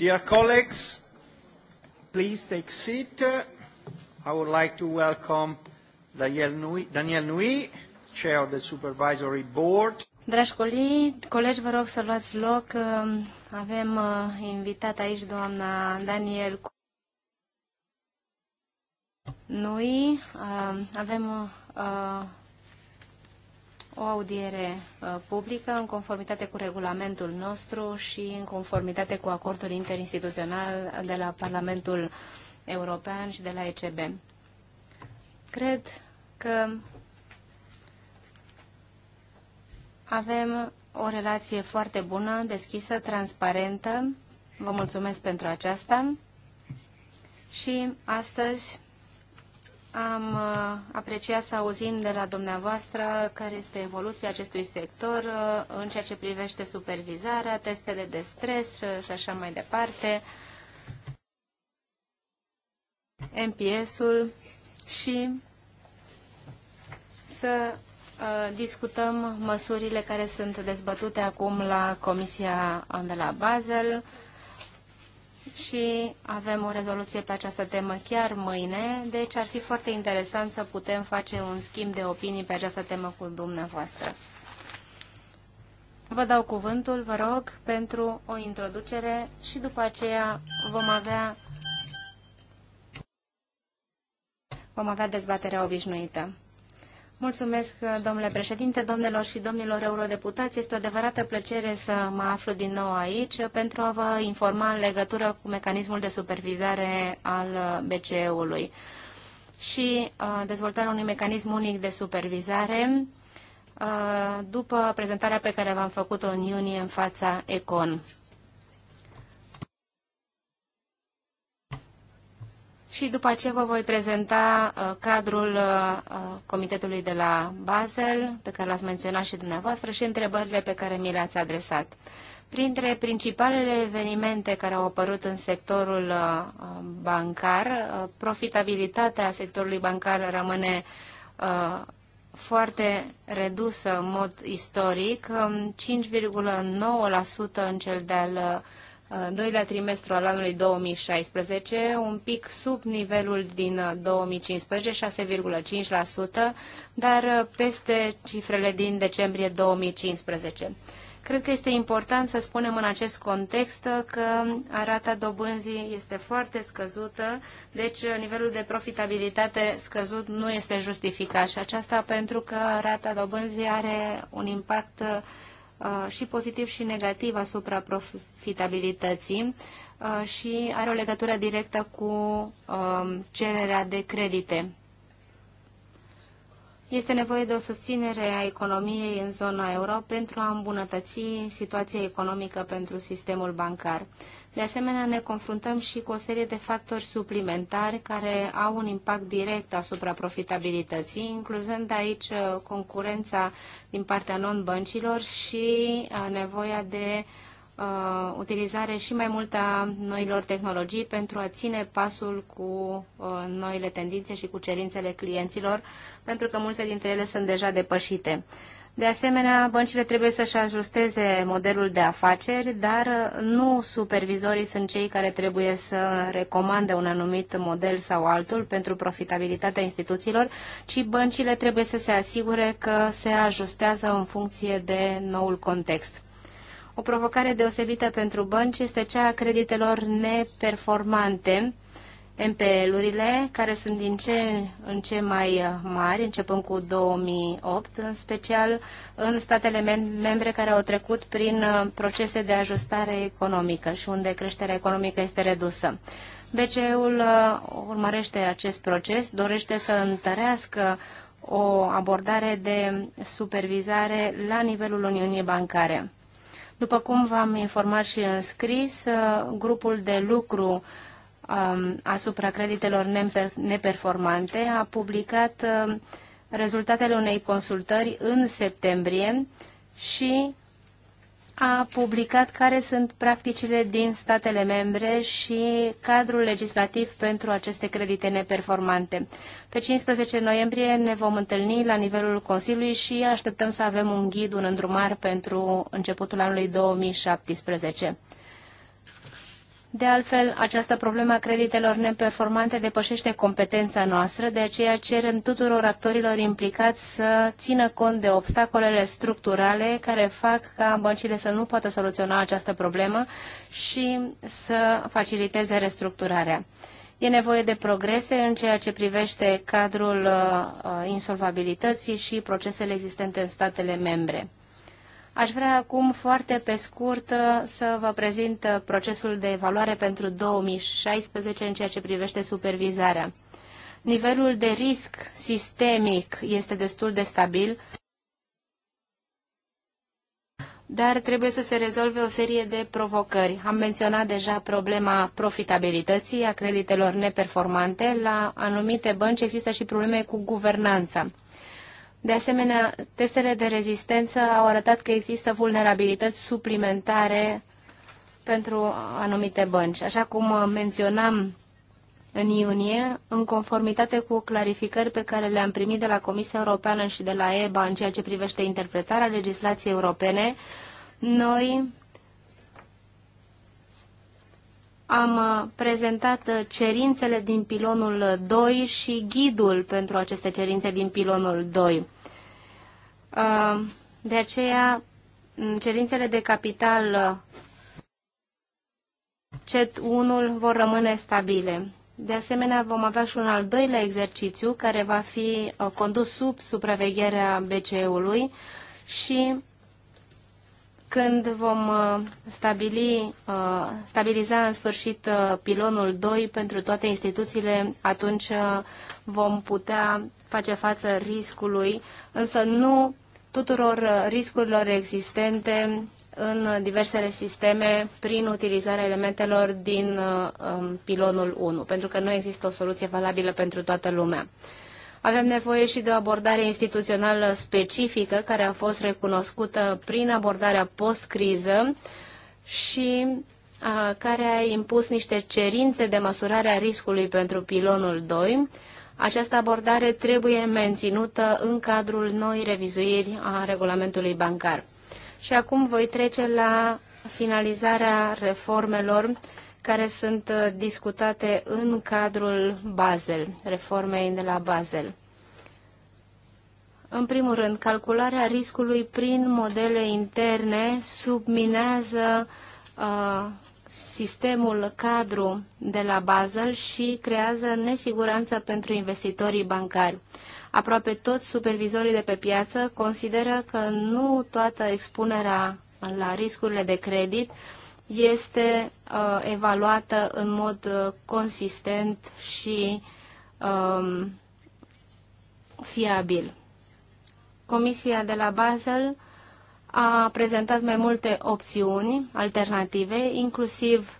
Dear colleagues, please take seat. I would like to welcome Daniel Nui, Daniel Nui Chair of the Supervisory Board. Dragi colegi, colegi, vă rog să luați loc. Avem uh, invitat aici doamna Daniel Nui. Uh, avem uh, o audiere uh, publică în conformitate cu regulamentul nostru și în conformitate cu acordul interinstituțional de la Parlamentul European și de la ECB. Cred că avem o relație foarte bună, deschisă, transparentă. Vă mulțumesc pentru aceasta. Și astăzi am uh, apreciat să auzim de la dumneavoastră care este evoluția acestui sector uh, în ceea ce privește supervizarea, testele de stres uh, și așa mai departe, MPS-ul și să discutăm măsurile care sunt dezbătute acum la Comisia de la Basel, și avem o rezoluție pe această temă chiar mâine, deci ar fi foarte interesant să putem face un schimb de opinii pe această temă cu dumneavoastră. Vă dau cuvântul, vă rog, pentru o introducere și după aceea vom avea, vom avea dezbaterea obișnuită. Mulțumesc, domnule președinte, domnilor și domnilor eurodeputați. Este o adevărată plăcere să mă aflu din nou aici pentru a vă informa în legătură cu mecanismul de supervizare al BCE-ului și uh, dezvoltarea unui mecanism unic de supervizare uh, după prezentarea pe care v-am făcut-o în iunie în fața ECON. și după aceea vă voi prezenta uh, cadrul uh, uh, comitetului de la Basel, pe care l-ați menționat și dumneavoastră, și întrebările pe care mi le-ați adresat. Printre principalele evenimente care au apărut în sectorul bancar, profitabilitatea sectorului bancar rămâne foarte redusă în mod istoric, 5,9% um, în cel de-al doilea trimestru al anului 2016, un pic sub nivelul din 2015, 6,5%, dar peste cifrele din decembrie 2015. Cred că este important să spunem în acest context că rata dobânzii este foarte scăzută, deci nivelul de profitabilitate scăzut nu este justificat și aceasta pentru că rata dobânzii are un impact Uh, și pozitiv și negativ asupra profitabilității uh, și are o legătură directă cu um, cererea de credite. Este nevoie de o susținere a economiei în zona euro pentru a îmbunătăți situația economică pentru sistemul bancar. De asemenea, ne confruntăm și cu o serie de factori suplimentari care au un impact direct asupra profitabilității, incluzând aici uh, concurența din partea non-băncilor și uh, nevoia de uh, utilizare și mai multă a noilor tehnologii pentru a ține pasul cu uh, noile tendințe și cu cerințele clienților, pentru că multe dintre ele sunt deja depășite. Uh, de asemenea, băncile trebuie să-și ajusteze modelul de afaceri, dar uh, nu supervizorii sunt cei care trebuie să recomande un anumit model sau altul pentru profitabilitatea instituțiilor, ci băncile trebuie să se asigure că se ajustează în funcție de noul context. O provocare deosebită pentru bănci este cea a creditelor neperformante, MPL-urile, care sunt din ce în ce mai uh, mari, începând cu 2008, în special în statele mem membre care au trecut prin uh, procese de ajustare economică și unde creșterea economică este redusă. BCE-ul uh, urmărește acest proces, dorește să întărească o abordare de supervizare la nivelul Uniunii Bancare. După cum v-am informat și în scris, grupul de lucru um, asupra creditelor neperformante a publicat um, rezultatele unei consultări în septembrie și a publicat care sunt practicile din statele membre și cadrul legislativ pentru aceste credite neperformante. Pe 15 noiembrie ne vom întâlni la nivelul Consiliului și așteptăm să avem un ghid, un îndrumar pentru începutul anului 2017. De altfel, această problemă a creditelor neperformante depășește competența noastră, de aceea cerem tuturor actorilor implicați să țină cont de obstacolele structurale care fac ca băncile să nu poată soluționa această problemă și să faciliteze restructurarea. E nevoie de progrese în ceea ce privește cadrul uh, uh, insolvabilității și procesele existente în statele membre. Aș vrea acum foarte pe scurt uh, să vă prezint uh, procesul de evaluare pentru 2016 în ceea ce privește supervizarea. Nivelul de risc sistemic este destul de stabil, dar trebuie să se rezolve o serie de provocări. Am menționat deja problema profitabilității a creditelor neperformante. La anumite bănci există și probleme cu guvernanța. De asemenea, testele de rezistență au arătat că există vulnerabilități suplimentare pentru anumite bănci. Așa cum menționam în iunie, în conformitate cu clarificări pe care le-am primit de la Comisia Europeană și de la EBA în ceea ce privește interpretarea legislației europene, noi Am uh, prezentat uh, cerințele din pilonul 2 uh, și ghidul pentru aceste cerințe din pilonul 2. De aceea, mm, cerințele de capital CET1 vor rămâne stabile. De asemenea, vom avea și un al doilea exercițiu care va fi condus sub supravegherea BCE-ului și când vom uh, stabili, uh, stabiliza în sfârșit uh, pilonul 2 pentru toate instituțiile, atunci vom putea face față riscului, însă nu tuturor riscurilor existente în diversele sisteme prin utilizarea elementelor din um, pilonul 1, pentru că nu există o soluție valabilă pentru toată lumea. Avem nevoie și de o abordare instituțională specifică care a fost recunoscută prin abordarea post-criză și a, care a impus niște cerințe de măsurare a riscului pentru pilonul 2. Această abordare trebuie menținută în cadrul noi revizuiri a regulamentului bancar. Și acum voi trece la finalizarea reformelor care sunt uh, discutate în cadrul Basel, reformei de la Basel. În primul rând, calcularea riscului prin modele interne subminează uh, sistemul cadru de la Basel și creează nesiguranță pentru investitorii bancari. Aproape toți supervizorii de pe piață consideră că nu toată expunerea la riscurile de credit uh, este uh, evaluată în mod uh, consistent și um, fiabil. Comisia de la Basel a prezentat mai multe opțiuni alternative, inclusiv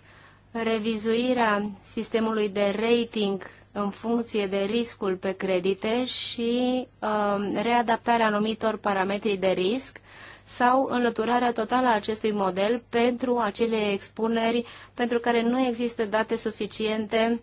revizuirea sistemului de rating în funcție de riscul pe credite și uh, readaptarea anumitor parametri de risc sau înlăturarea totală a acestui model pentru acele expuneri pentru care nu există date suficiente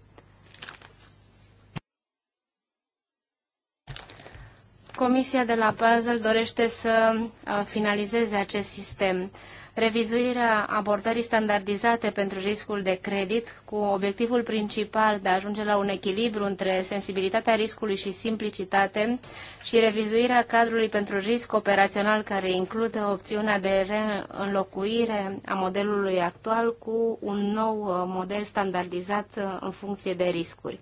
Comisia de la Basel dorește să uh, finalizeze acest sistem revizuirea abordării standardizate pentru riscul de credit cu obiectivul principal de a ajunge la un echilibru între sensibilitatea riscului și simplicitate și revizuirea cadrului pentru risc operațional care include opțiunea de reînlocuire a modelului actual cu un nou uh, model standardizat uh, în funcție de riscuri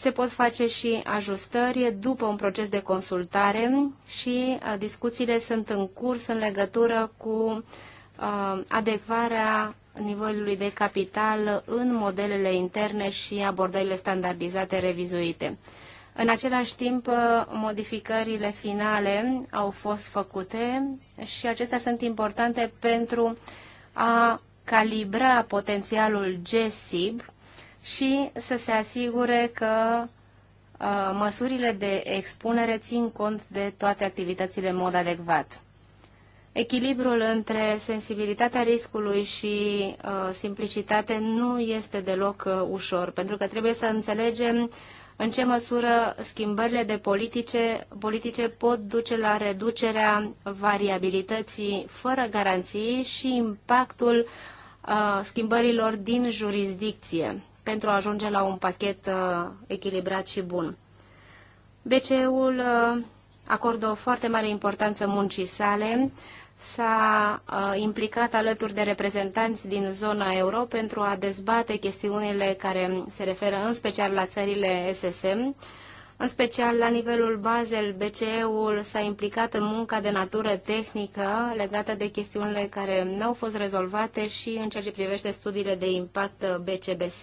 se pot face și ajustări după un proces de consultare și uh, discuțiile sunt în curs în legătură cu uh, adecvarea nivelului de capital în modelele interne și abordările standardizate revizuite. În același timp, uh, modificările finale au fost făcute și acestea sunt importante pentru a calibra potențialul GSIB, și să se asigure că uh, măsurile de expunere țin cont de toate activitățile în mod adecvat. Echilibrul între sensibilitatea riscului și uh, simplicitate nu este deloc uh, ușor, pentru că trebuie să înțelegem în ce măsură schimbările de politice, politice pot duce la reducerea variabilității fără garanții și impactul uh, schimbărilor din jurisdicție pentru a ajunge la un pachet uh, echilibrat și bun. BCE-ul uh, acordă o foarte mare importanță muncii sale, s-a uh, implicat alături de reprezentanți din zona euro pentru a dezbate chestiunile care se referă în special la țările SSM, în special, la nivelul Basel, BCE-ul s-a implicat în munca de natură tehnică legată de chestiunile care nu au fost rezolvate și în ceea ce privește studiile de impact uh, BCBS.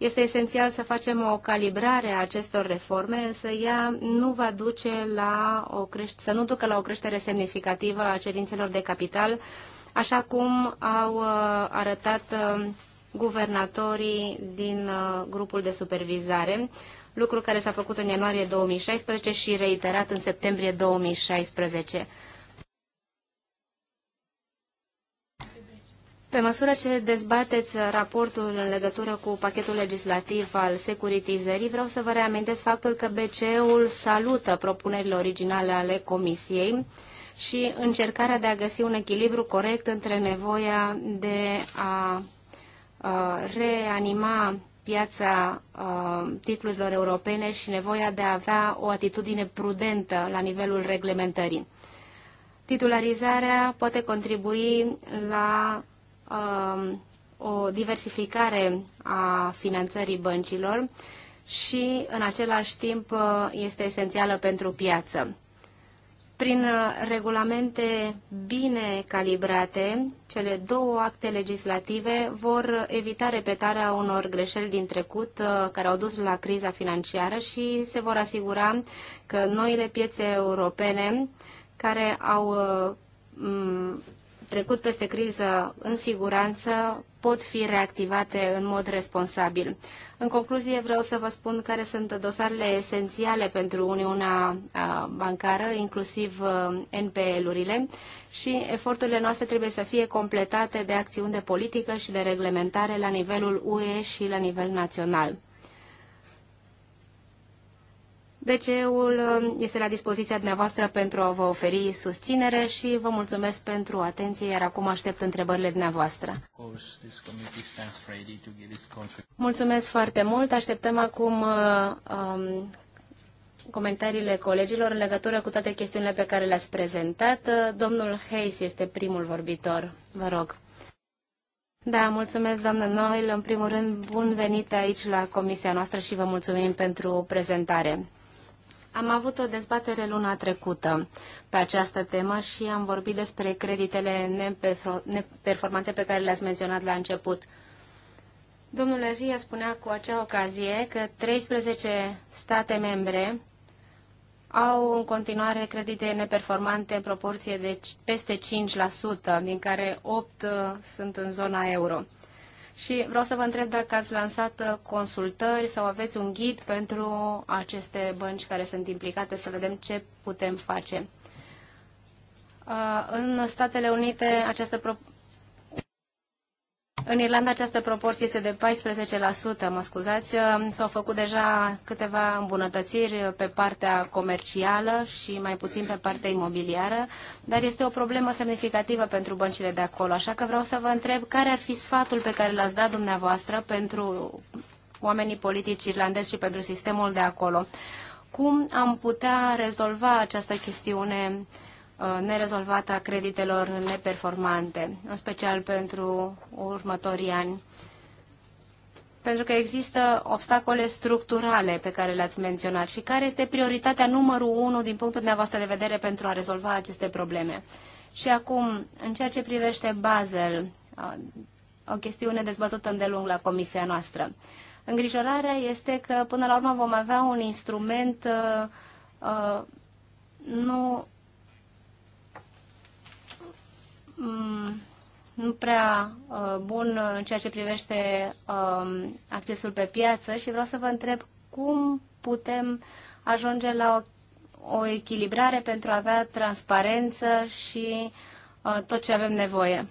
Este esențial să facem o calibrare a acestor reforme, însă ea nu va duce la o creștere, să nu ducă la o creștere semnificativă a cerințelor de capital, așa cum au uh, arătat uh, guvernatorii din uh, grupul de supervizare, lucru care s-a făcut în ianuarie 2016 și reiterat în septembrie 2016. Pe măsură ce dezbateți raportul în legătură cu pachetul legislativ al securitizării, vreau să vă reamintesc faptul că BCE-ul salută propunerile originale ale Comisiei și încercarea de a găsi un echilibru corect între nevoia de a, reanima piața titlurilor europene și nevoia de a avea o atitudine prudentă la nivelul reglementării. Titularizarea poate contribui la Um, o diversificare a finanțării băncilor și, în același timp, uh, este esențială pentru piață. Prin uh, regulamente bine calibrate, cele două acte legislative vor evita repetarea unor greșeli din trecut uh, care au dus la criza financiară și se vor asigura că noile piețe europene care au trecut peste criză în siguranță pot fi reactivate în mod responsabil. În concluzie, vreau să vă spun care sunt dosarele esențiale pentru Uniunea Bancară, inclusiv NPL-urile, și eforturile noastre trebuie să fie completate de acțiuni de politică și de reglementare la nivelul UE și la nivel național bce ul um, este la dispoziția dumneavoastră pentru a vă oferi susținere și vă mulțumesc pentru atenție, iar acum aștept întrebările dumneavoastră. Mulțumesc foarte mult. Așteptăm acum uh, um, comentariile colegilor în legătură cu toate chestiunile pe care le-ați prezentat. Uh, domnul Hayes este primul vorbitor. Vă rog. Da, mulțumesc, doamnă Noil. În primul rând, bun venit aici la comisia noastră și vă mulțumim pentru prezentare. Am avut o dezbatere luna trecută pe această temă și am vorbit despre creditele neperformante pe care le-ați menționat la început. Domnul Ria spunea cu acea ocazie că 13 state membre au în continuare credite neperformante în proporție de peste 5%, din care 8 uh, sunt în zona euro. Și vreau să vă întreb dacă ați lansat uh, consultări sau aveți un ghid pentru aceste bănci care sunt implicate, să vedem ce putem face. Uh, în Statele Unite această în Irlanda această proporție este de 14%, mă scuzați. S-au făcut deja câteva îmbunătățiri pe partea comercială și mai puțin pe partea imobiliară, dar este o problemă semnificativă pentru băncile de acolo. Așa că vreau să vă întreb care ar fi sfatul pe care l-ați dat dumneavoastră pentru oamenii politici irlandezi și pentru sistemul de acolo. Cum am putea rezolva această chestiune uh, Uh, nerezolvată a creditelor neperformante, în special pentru următorii ani. Pentru că există obstacole structurale pe care le-ați menționat și care este prioritatea numărul unu din punctul dumneavoastră de vedere pentru a rezolva aceste probleme. Și acum, în ceea ce privește Basel, uh, o chestiune dezbătută îndelung la comisia noastră. Îngrijorarea este că până la urmă vom avea un instrument uh, uh, nu Mm, nu prea uh, bun în ceea ce privește um, accesul pe piață și vreau să vă întreb cum putem ajunge la o, o echilibrare pentru a avea transparență și uh, tot ce avem nevoie.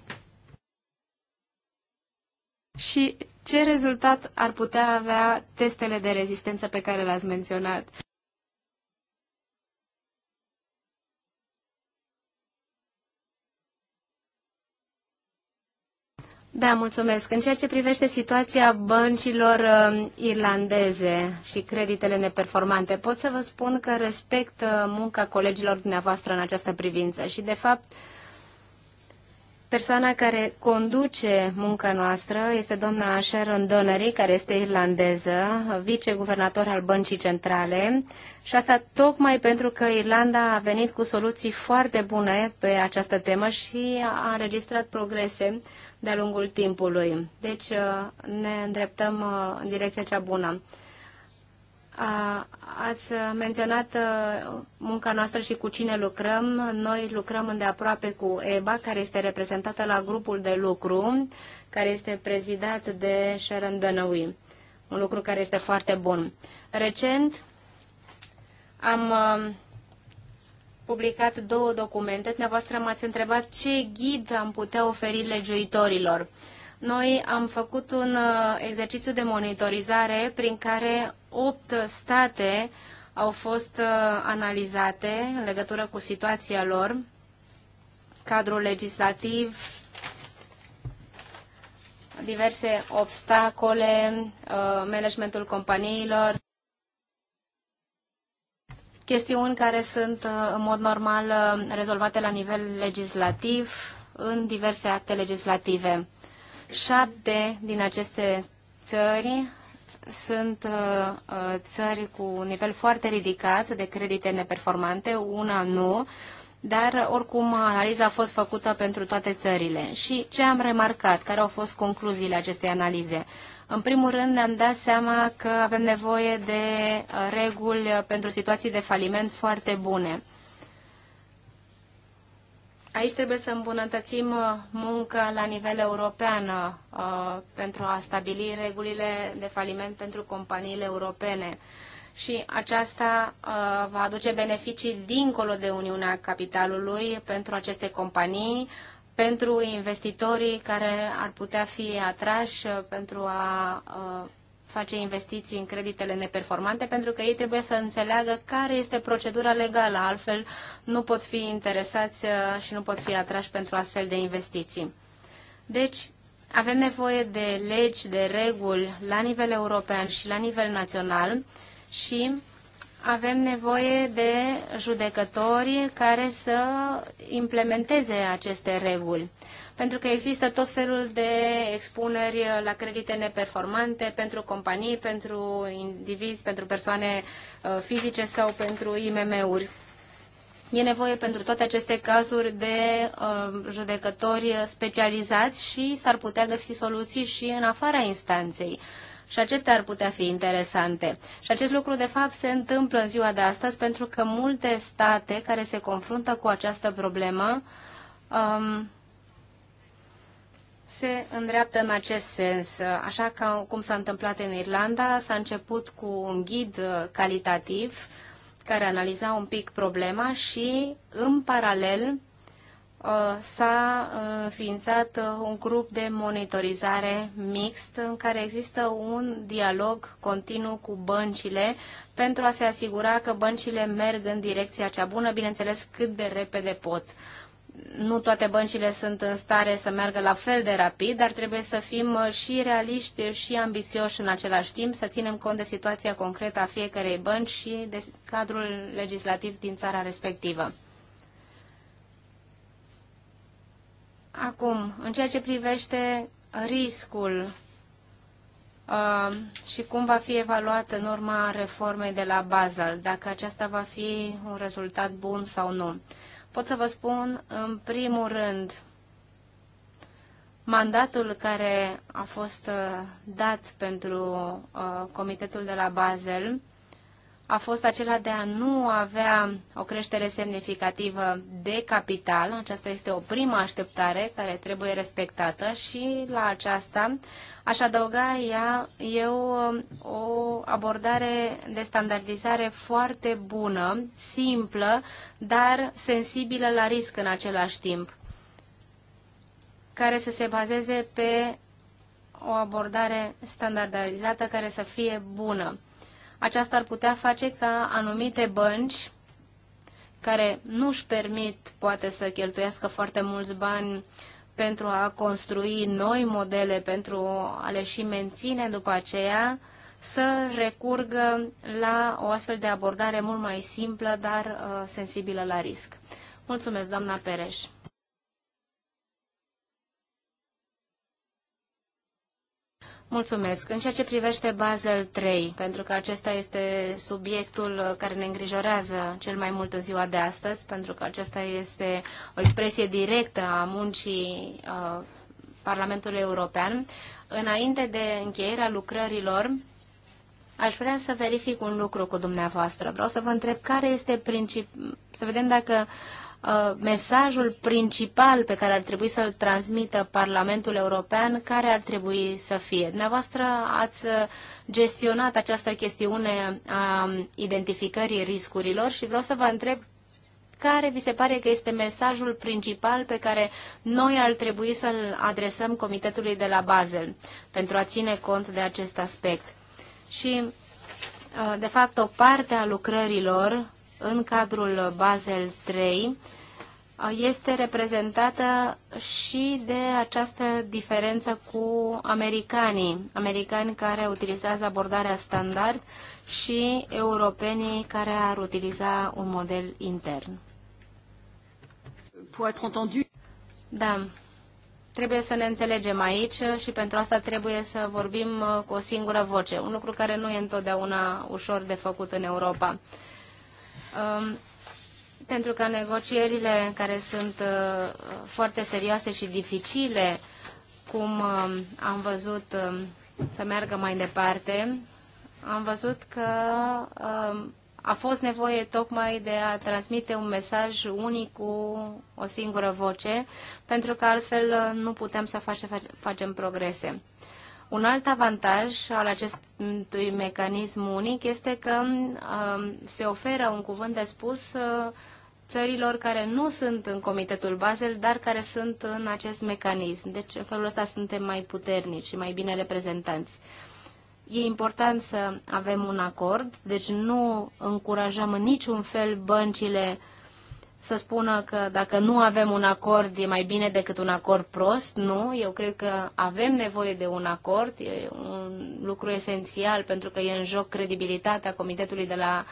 Și ce rezultat ar putea avea testele de rezistență pe care le-ați menționat? Da, mulțumesc. În ceea ce privește situația băncilor um, irlandeze și creditele neperformante, pot să vă spun că respect uh, munca colegilor dumneavoastră în această privință și, de fapt, Persoana care conduce munca noastră este doamna Sharon Donnery, care este irlandeză, viceguvernator al Băncii Centrale și asta tocmai pentru că Irlanda a venit cu soluții foarte bune pe această temă și a înregistrat progrese de-a lungul timpului. Deci uh, ne îndreptăm uh, în direcția cea bună. Ați menționat uh, munca noastră și cu cine lucrăm. Noi lucrăm îndeaproape cu EBA, care este reprezentată la grupul de lucru, care este prezidat de Sharon Dunaway. Un lucru care este foarte bun. Recent am publicat două documente. Dumneavoastră m-ați întrebat ce ghid am putea oferi legiuitorilor. Noi am făcut un uh, exercițiu de monitorizare prin care opt state au fost uh, analizate în legătură cu situația lor, cadrul legislativ, diverse obstacole, uh, managementul companiilor, chestiuni care sunt uh, în mod normal uh, rezolvate la nivel legislativ în diverse acte legislative. Șapte din aceste țări sunt uh, țări cu un nivel foarte ridicat de credite neperformante, una nu, dar oricum analiza a fost făcută pentru toate țările. Și ce am remarcat? Care au fost concluziile acestei analize? În primul rând ne-am dat seama că avem nevoie de uh, reguli pentru situații de faliment foarte bune. Aici trebuie să îmbunătățim uh, munca la nivel european uh, pentru a stabili regulile de faliment pentru companiile europene și aceasta va aduce beneficii dincolo de Uniunea Capitalului pentru aceste companii, pentru investitorii care ar putea fi atrași uh, pentru a uh, face investiții în creditele neperformante, pentru că ei trebuie să înțeleagă care este procedura legală, altfel nu pot fi interesați uh, și nu pot fi atrași pentru astfel de investiții. Deci, avem nevoie de legi, de reguli la nivel european și la nivel național și avem nevoie de judecători care să implementeze aceste reguli. Pentru că există tot felul de expuneri la credite neperformante pentru companii, pentru indivizi, pentru persoane uh, fizice sau pentru IMM-uri. E nevoie pentru toate aceste cazuri de uh, judecători specializați și s-ar putea găsi soluții și în afara instanței. Și acestea ar putea fi interesante. Și acest lucru, de fapt, se întâmplă în ziua de astăzi pentru că multe state care se confruntă cu această problemă um, se îndreaptă în acest sens. Așa că, cum s-a întâmplat în Irlanda, s-a început cu un ghid uh, calitativ care analiza un pic problema și, în paralel, Uh, s-a uh, ființat uh, un grup de monitorizare mixt în care există un dialog continuu cu băncile pentru a se asigura că băncile merg în direcția cea bună, bineînțeles cât de repede pot. Nu toate băncile sunt în stare să meargă la fel de rapid, dar trebuie să fim și realiști și ambițioși în același timp, să ținem cont de situația concretă a fiecarei bănci și de cadrul legislativ din țara respectivă. Acum, în ceea ce privește riscul uh, și cum va fi evaluată norma reformei de la Basel, dacă aceasta va fi un rezultat bun sau nu. Pot să vă spun, în primul rând, mandatul care a fost uh, dat pentru uh, comitetul de la Basel a fost acela de a nu avea o creștere semnificativă de capital. Aceasta este o primă așteptare care trebuie respectată și la aceasta aș adăuga ea, eu o abordare de standardizare foarte bună, simplă, dar sensibilă la risc în același timp, care să se bazeze pe o abordare standardizată care să fie bună. Aceasta ar putea face ca anumite bănci care nu își permit poate să cheltuiască foarte mulți bani pentru a construi noi modele, pentru a le și menține după aceea, să recurgă la o astfel de abordare mult mai simplă, dar uh, sensibilă la risc. Mulțumesc, doamna Pereș. Mulțumesc. În ceea ce privește Basel 3, pentru că acesta este subiectul care ne îngrijorează cel mai mult în ziua de astăzi, pentru că acesta este o expresie directă a muncii uh, Parlamentului European, înainte de încheierea lucrărilor, aș vrea să verific un lucru cu dumneavoastră. Vreau să vă întreb care este principiul, să vedem dacă uh, Uh, mesajul principal pe care ar trebui să-l transmită Parlamentul European, care ar trebui să fie? Dumneavoastră ați uh, gestionat această chestiune a um, identificării riscurilor și vreau să vă întreb care vi se pare că este mesajul principal pe care noi ar trebui să-l adresăm Comitetului de la Basel pentru a ține cont de acest aspect. Și, uh, de fapt, o parte a lucrărilor în cadrul Basel 3 este reprezentată și de această diferență cu americanii, americani care utilizează abordarea standard și europenii care ar utiliza un model intern. Da, trebuie să ne înțelegem aici și pentru asta trebuie să vorbim uh, cu o singură voce, un lucru care nu e întotdeauna ușor de făcut în Europa. Um, pentru că negocierile care sunt uh, foarte serioase și dificile, cum um, am văzut um, să meargă mai departe, am văzut că a fost nevoie tocmai de a transmite un mesaj unic cu o singură voce, pentru că altfel uh, nu putem să facem progrese. Un alt avantaj al acestui mecanism unic este că um, se oferă un cuvânt de spus uh, țărilor care nu sunt în Comitetul Basel, dar care sunt în acest mecanism. Deci, în felul ăsta, suntem mai puternici și mai bine reprezentanți. E important să avem un acord, deci nu încurajăm în niciun fel băncile uh, să spună că dacă nu avem un acord e mai bine decât un acord prost. Nu, eu cred că avem nevoie de un acord, e un lucru esențial pentru că e în joc credibilitatea Comitetului de la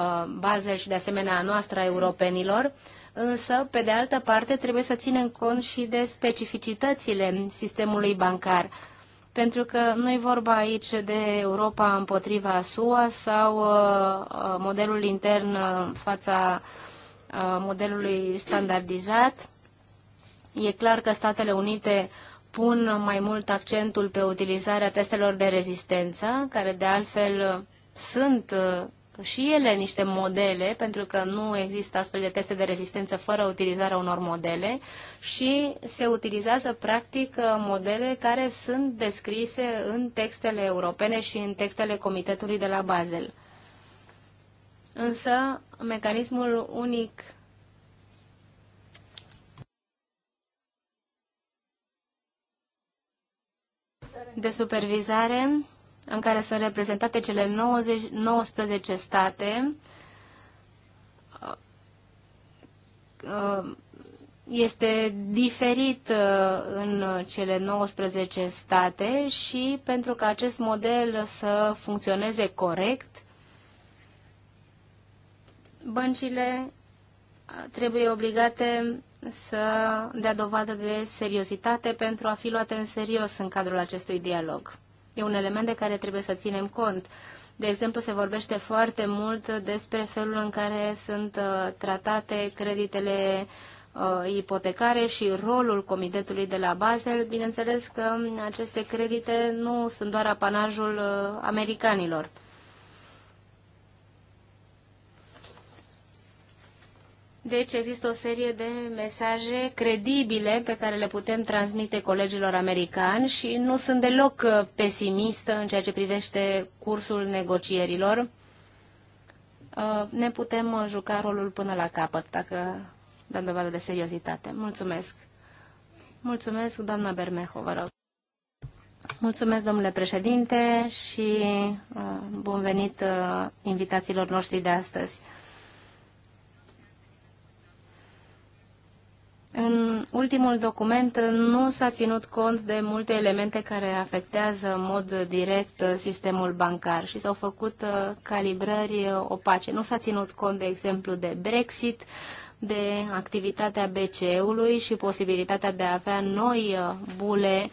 uh, Basel și de asemenea a noastră a europenilor. Însă, pe de altă parte, trebuie să ținem cont și de specificitățile sistemului bancar pentru că nu e vorba aici de Europa împotriva SUA sau uh, uh, modelul intern uh, fața modelului standardizat. E clar că Statele Unite pun mai mult accentul pe utilizarea testelor de rezistență, care de altfel sunt uh, și ele niște modele, pentru că nu există astfel de teste de rezistență fără utilizarea unor modele și se utilizează practic uh, modele care sunt descrise în textele europene și în textele Comitetului de la Basel. Însă, mecanismul unic de supervizare, în care sunt reprezentate cele 90, 19 state, este diferit uh, în cele 19 state și pentru ca acest model să funcționeze corect, băncile trebuie obligate să dea dovadă de seriozitate pentru a fi luate în serios în cadrul acestui dialog. E un element de care trebuie să ținem cont. De exemplu, se vorbește foarte mult despre felul în care sunt uh, tratate creditele uh, ipotecare și rolul comitetului de la Basel. Bineînțeles că aceste credite nu sunt doar apanajul uh, americanilor. Deci există o serie de mesaje credibile pe care le putem transmite colegilor americani și nu sunt deloc uh, pesimistă în ceea ce privește cursul negocierilor. Uh, ne putem uh, juca rolul până la capăt, dacă dăm dovadă de seriozitate. Mulțumesc! Mulțumesc, doamna Bermeho, vă rog. Mulțumesc, domnule președinte, și bun venit invitațiilor noștri de astăzi. În ultimul document nu s-a ținut cont de multe elemente care afectează în mod direct sistemul bancar și s-au făcut uh, calibrări uh, opace. Nu s-a ținut cont, de exemplu, de Brexit, de activitatea BCE-ului și posibilitatea de a avea noi uh, bule uh,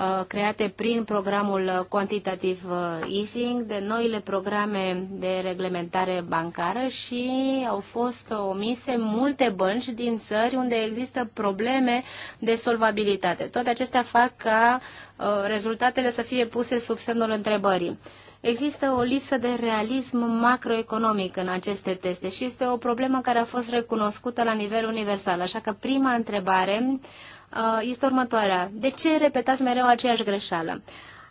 Uh, create prin programul Quantitative uh, Easing, de noile programe de reglementare bancară și au fost omise multe bănci din țări unde există probleme de solvabilitate. Toate acestea fac ca uh, rezultatele să fie puse sub semnul întrebării. Există o lipsă de realism macroeconomic în aceste teste și este o problemă care a fost recunoscută la nivel universal. Așa că prima întrebare Uh, este următoarea. De ce repetați mereu aceeași greșeală?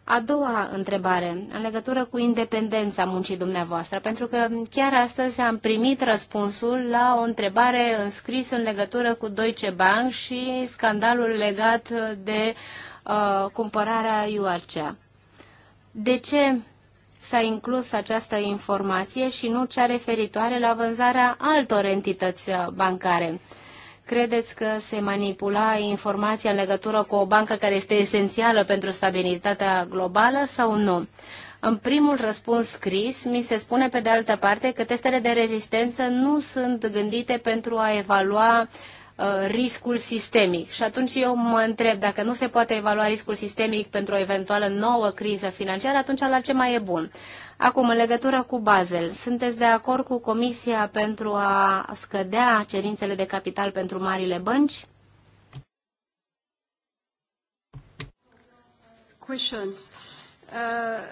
A doua întrebare, în legătură cu independența muncii dumneavoastră, pentru că chiar astăzi am primit răspunsul la o întrebare înscrisă în legătură cu Deutsche Bank și scandalul legat de uh, cumpărarea URCea. De ce s-a inclus această informație și nu cea referitoare la vânzarea altor entități uh, bancare? Uh, Credeți că se manipula informația în legătură cu o bancă care este esențială pentru stabilitatea globală sau nu? În primul răspuns scris, mi se spune pe de altă parte că testele de rezistență nu sunt gândite pentru a evalua uh, riscul sistemic. Și atunci eu mă întreb, dacă nu se poate evalua riscul sistemic pentru o eventuală nouă criză financiară, atunci la ce mai e bun? Acum, în legătură cu Basel, sunteți de acord cu Comisia pentru a scădea cerințele de capital pentru marile bănci? Questions. Uh,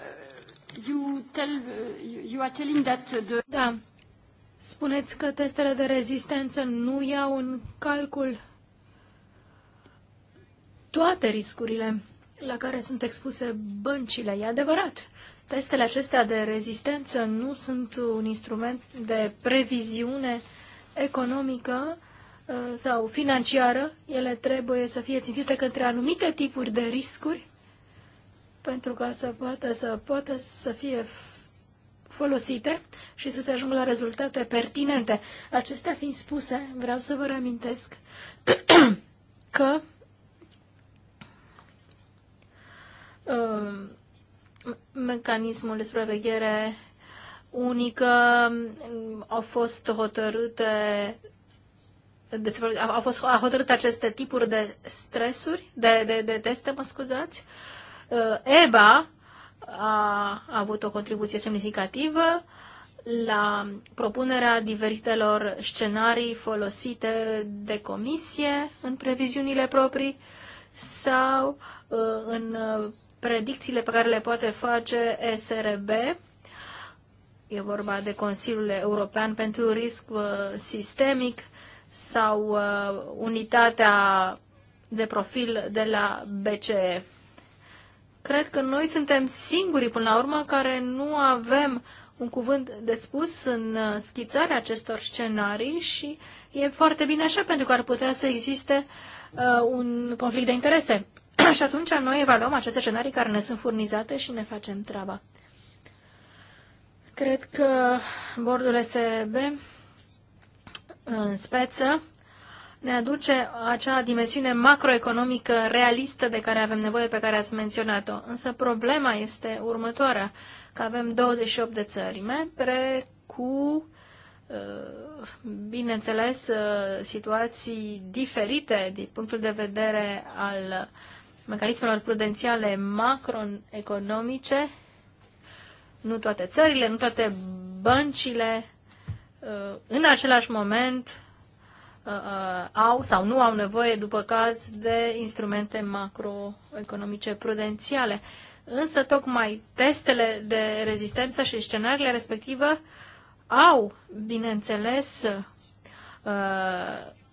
you, tell, uh, you are telling that the... Da. Spuneți că testele de rezistență nu iau în calcul toate riscurile la care sunt expuse băncile. E adevărat. Testele acestea de rezistență nu sunt un instrument de previziune economică uh, sau financiară. Ele trebuie să fie ținute către anumite tipuri de riscuri pentru ca să poată să, poată să fie folosite și să se ajungă la rezultate pertinente. Acestea fiind spuse, vreau să vă reamintesc că uh, mecanismul de supraveghere unică mm, au fost hotărâte deci au fost hotărât aceste tipuri de stresuri, de, de, de teste, mă scuzați. Uh, EBA a avut o contribuție semnificativă la propunerea diferitelor scenarii folosite de comisie în previziunile proprii sau uh, în uh, predicțiile pe care le poate face SRB, e vorba de Consiliul European pentru Risc uh, Sistemic sau uh, unitatea de profil de la BCE. Cred că noi suntem singurii, până la urmă, care nu avem un cuvânt de spus în uh, schițarea acestor scenarii și e foarte bine așa, pentru că ar putea să existe uh, un conflict de interese. și atunci noi evaluăm aceste scenarii care ne sunt furnizate și ne facem treaba. Cred că bordul SRB în speță ne aduce acea dimensiune macroeconomică realistă de care avem nevoie, pe care ați menționat-o. Însă problema este următoarea, că avem 28 de țări membre cu, uh, bineînțeles, uh, situații diferite din punctul de vedere al mecanismelor prudențiale macroeconomice. Nu toate țările, nu toate băncile uh, în același moment uh, uh, au sau nu au nevoie, după caz, de instrumente macroeconomice prudențiale. Însă, tocmai testele de rezistență și scenariile respective au, bineînțeles,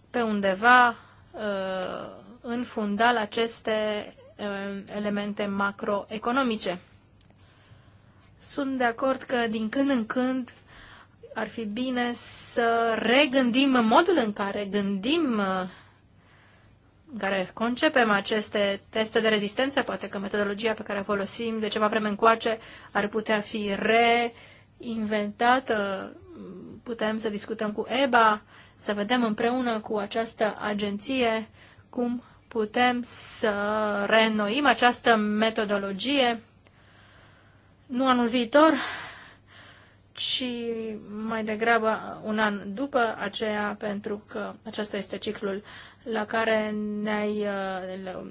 pe undeva în fundal aceste uh, elemente macroeconomice. Sunt de acord că din când în când ar fi bine să regândim modul în care gândim, uh, în care concepem aceste teste de rezistență, poate că metodologia pe care o folosim de ceva vreme încoace ar putea fi reinventată, putem să discutăm cu EBA, să vedem împreună cu această agenție cum putem să reînnoim această metodologie nu anul viitor, ci mai degrabă un an după aceea, pentru că acesta este ciclul la care, ne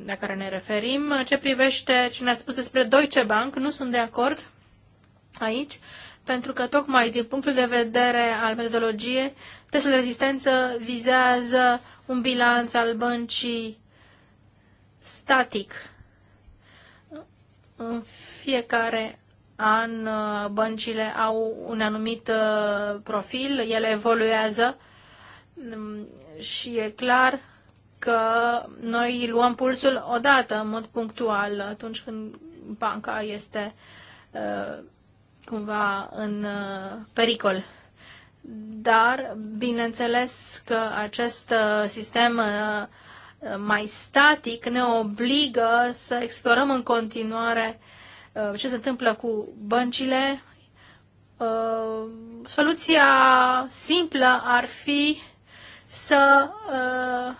la care ne referim. Ce privește ce ne-a spus despre Deutsche Bank, nu sunt de acord aici, pentru că tocmai din punctul de vedere al metodologiei, testul de rezistență vizează un bilanț al băncii static. În fiecare an uh, băncile au un anumit uh, profil, ele evoluează mm, și e clar că noi luăm pulsul odată, în mod punctual, atunci când banca este uh, cumva în pericol. Dar, bineînțeles că acest sistem mai static ne obligă să explorăm în continuare uh, ce se întâmplă cu băncile. Uh, soluția simplă ar fi să uh,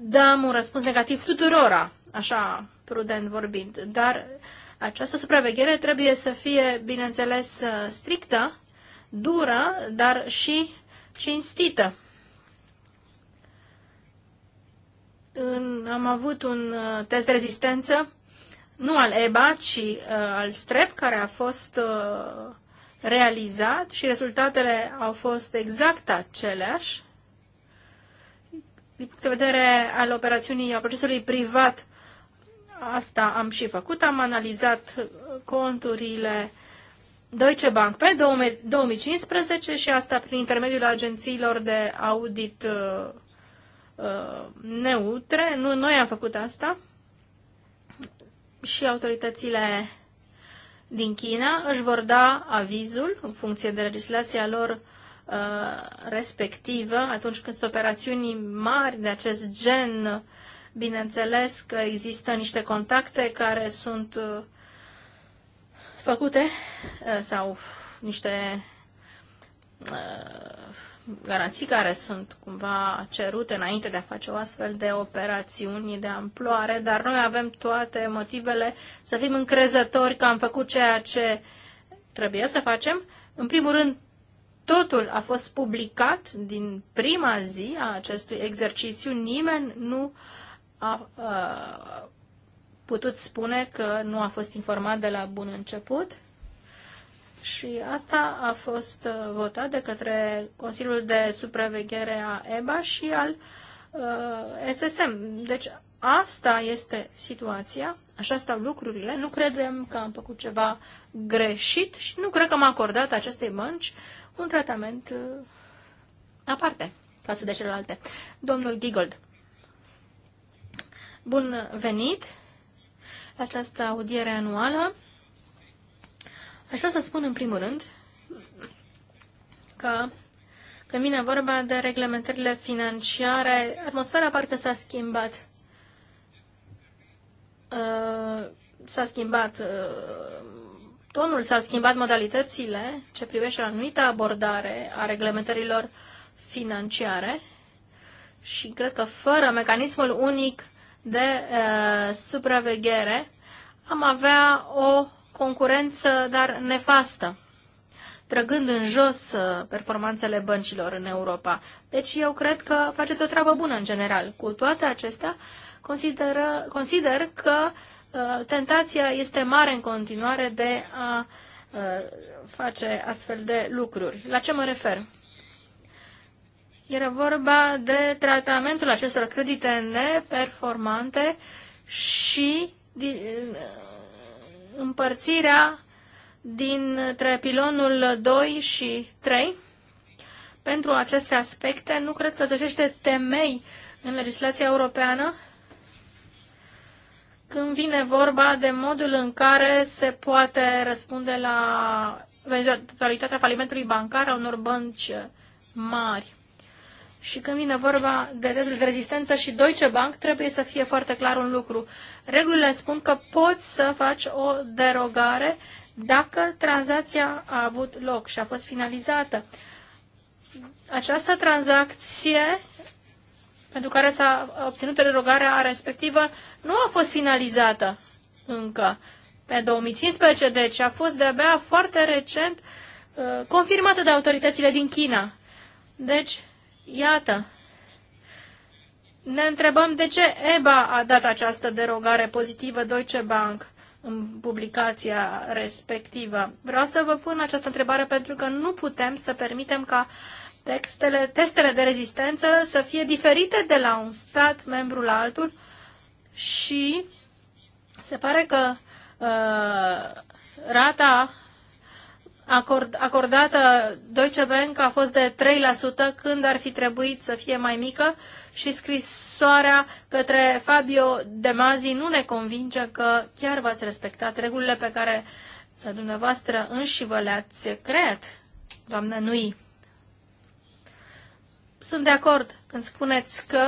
dăm un răspuns negativ tuturora, așa prudent vorbind, dar această supraveghere trebuie să fie, bineînțeles, strictă, dură, dar și cinstită. în, am avut un uh, test de rezistență, nu al EBA, ci uh, al STREP, care a fost uh, realizat și rezultatele au fost exact aceleași. Din punct de vedere al operațiunii, a procesului privat, asta am și făcut. Am analizat uh, conturile Deutsche Bank pe 2015 și asta prin intermediul agențiilor de audit uh, Uh, neutre. Nu, noi am făcut asta și autoritățile din China își vor da avizul în funcție de legislația lor uh, respectivă atunci când sunt operațiuni mari de acest gen. Bineînțeles că există niște contacte care sunt uh, făcute uh, sau niște uh, garanții care sunt cumva cerute înainte de a face o astfel de operațiuni de amploare, dar noi avem toate motivele să fim încrezători că am făcut ceea ce trebuie să facem. În primul rând, totul a fost publicat din prima zi a acestui exercițiu. Nimeni nu a, a putut spune că nu a fost informat de la bun început și asta a fost uh, votat de către Consiliul de Supraveghere a EBA și al uh, SSM. Deci asta este situația, așa stau lucrurile, nu credem că am făcut ceva greșit și nu cred că am acordat acestei bănci un tratament uh, aparte față de celelalte. Domnul Gigold, bun venit la această audiere anuală Aș vrea să spun în primul rând că când vine vorba de reglementările financiare, atmosfera parcă s-a schimbat. Uh, s-a schimbat uh, tonul, s-au schimbat modalitățile ce privește anumită abordare a reglementărilor financiare și cred că fără mecanismul unic de uh, supraveghere am avea o concurență, dar nefastă, trăgând în jos uh, performanțele băncilor în Europa. Deci eu cred că faceți o treabă bună în general. Cu toate acestea, consideră, consider că uh, tentația este mare în continuare de a uh, face astfel de lucruri. La ce mă refer? Era vorba de tratamentul acestor credite neperformante și împărțirea dintre pilonul 2 și 3 pentru aceste aspecte. Nu cred că găsește temei în legislația europeană când vine vorba de modul în care se poate răspunde la eventualitatea falimentului bancar a unor bănci mari. Și când vine vorba de tezele de rezistență și Deutsche Bank, trebuie să fie foarte clar un lucru. Regulile spun că poți să faci o derogare dacă tranzacția a avut loc și a fost finalizată. Această tranzacție pentru care s-a obținut derogarea respectivă nu a fost finalizată încă. Pe 2015, deci, a fost de-abia foarte recent uh, confirmată de autoritățile din China. Deci, Iată, ne întrebăm de ce EBA a dat această derogare pozitivă Deutsche Bank în publicația respectivă. Vreau să vă pun această întrebare pentru că nu putem să permitem ca textele, testele de rezistență să fie diferite de la un stat membru la altul și se pare că uh, rata acord, acordată Deutsche Bank a fost de 3% când ar fi trebuit să fie mai mică și scrisoarea către Fabio De Mazi nu ne convinge că chiar v-ați respectat regulile pe care dumneavoastră înși vă le-ați creat, doamnă Nui. Sunt de acord când spuneți că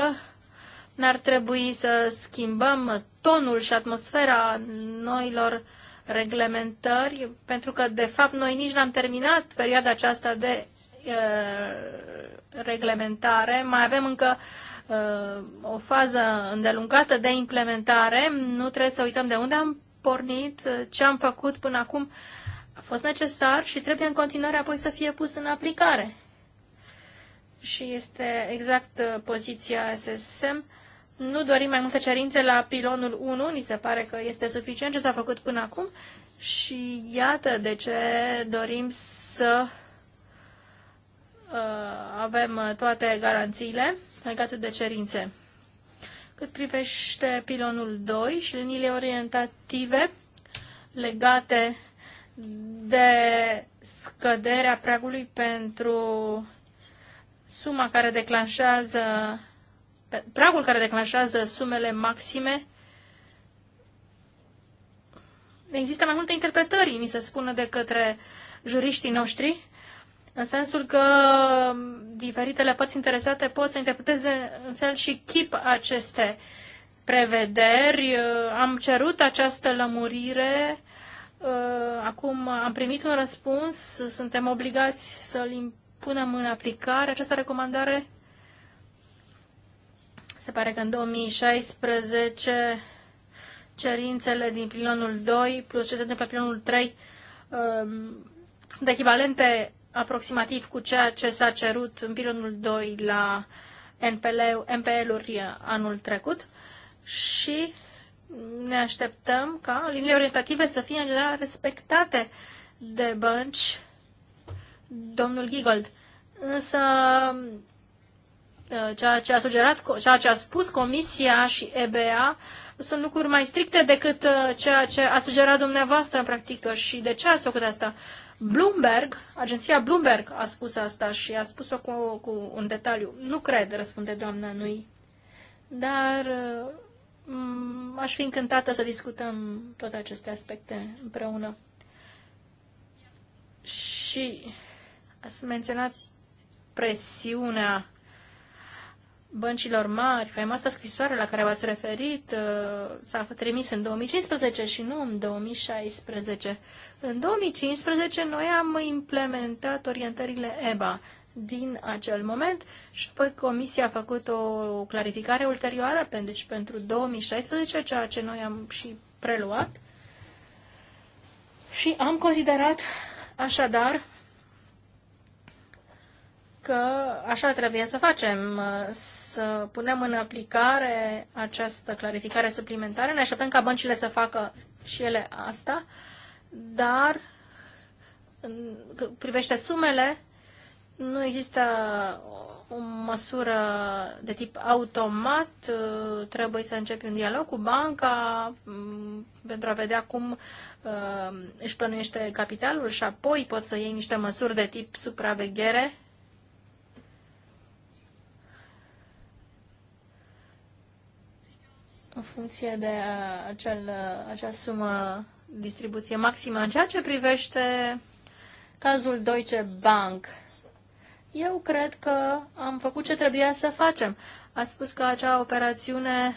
n-ar trebui să schimbăm tonul și atmosfera noilor uh, reglementări, pentru că, de fapt, noi nici n-am terminat perioada aceasta de uh, reglementare. Mai avem încă uh, o fază îndelungată de implementare. Nu trebuie să uităm de unde am pornit, ce am făcut până acum a fost necesar și trebuie în continuare apoi să fie pus în aplicare. Și este exact uh, poziția SSM nu dorim mai multe cerințe la pilonul 1, ni se pare că este suficient ce s-a făcut până acum și iată de ce dorim să uh, avem toate garanțiile legate de cerințe. Cât privește pilonul 2 și liniile orientative legate de scăderea pragului pentru suma care declanșează pragul care declanșează sumele maxime. Există mai multe interpretări, mi se spune, de către juriștii noștri, în sensul că diferitele părți interesate pot să interpreteze în fel și chip aceste prevederi. Am cerut această lămurire, acum am primit un răspuns, suntem obligați să-l impunem în aplicare. Această recomandare se pare că în 2016 cerințele din pilonul 2 plus ce se întâmplă pilonul 3 um, sunt echivalente aproximativ cu ceea ce s-a cerut în pilonul 2 la NPL-uri anul trecut și ne așteptăm ca liniile orientative să fie în general respectate de bănci, domnul Gigold. Însă Uh, ceea ce a sugerat, ceea ce a spus Comisia și EBA sunt lucruri mai stricte decât uh, ceea ce a sugerat dumneavoastră în practică. Și de ce ați făcut asta? Bloomberg, agenția Bloomberg a spus asta și a spus-o cu, cu un detaliu. Nu cred, răspunde doamna Nui. Dar uh, aș fi încântată să discutăm toate aceste aspecte împreună. Și ați menționat presiunea băncilor mari, faimoasa scrisoare la care v-ați referit uh, s-a trimis în 2015 și nu în 2016. În 2015 noi am implementat orientările EBA din acel moment și apoi Comisia a făcut o clarificare ulterioară deci pentru 2016, ceea ce noi am și preluat. Și am considerat așadar că așa trebuie să facem, să punem în aplicare această clarificare suplimentară. Ne așteptăm ca băncile să facă și ele asta, dar în privește sumele, nu există o măsură de tip automat, trebuie să începi un dialog cu banca mm, pentru a vedea cum uh, își plănuiește capitalul și apoi poți să iei niște măsuri de tip supraveghere în funcție de uh, acel, uh, acea sumă distribuție maximă. În ceea ce privește cazul Deutsche Bank, eu cred că am făcut ce trebuia să facem. A spus că acea operațiune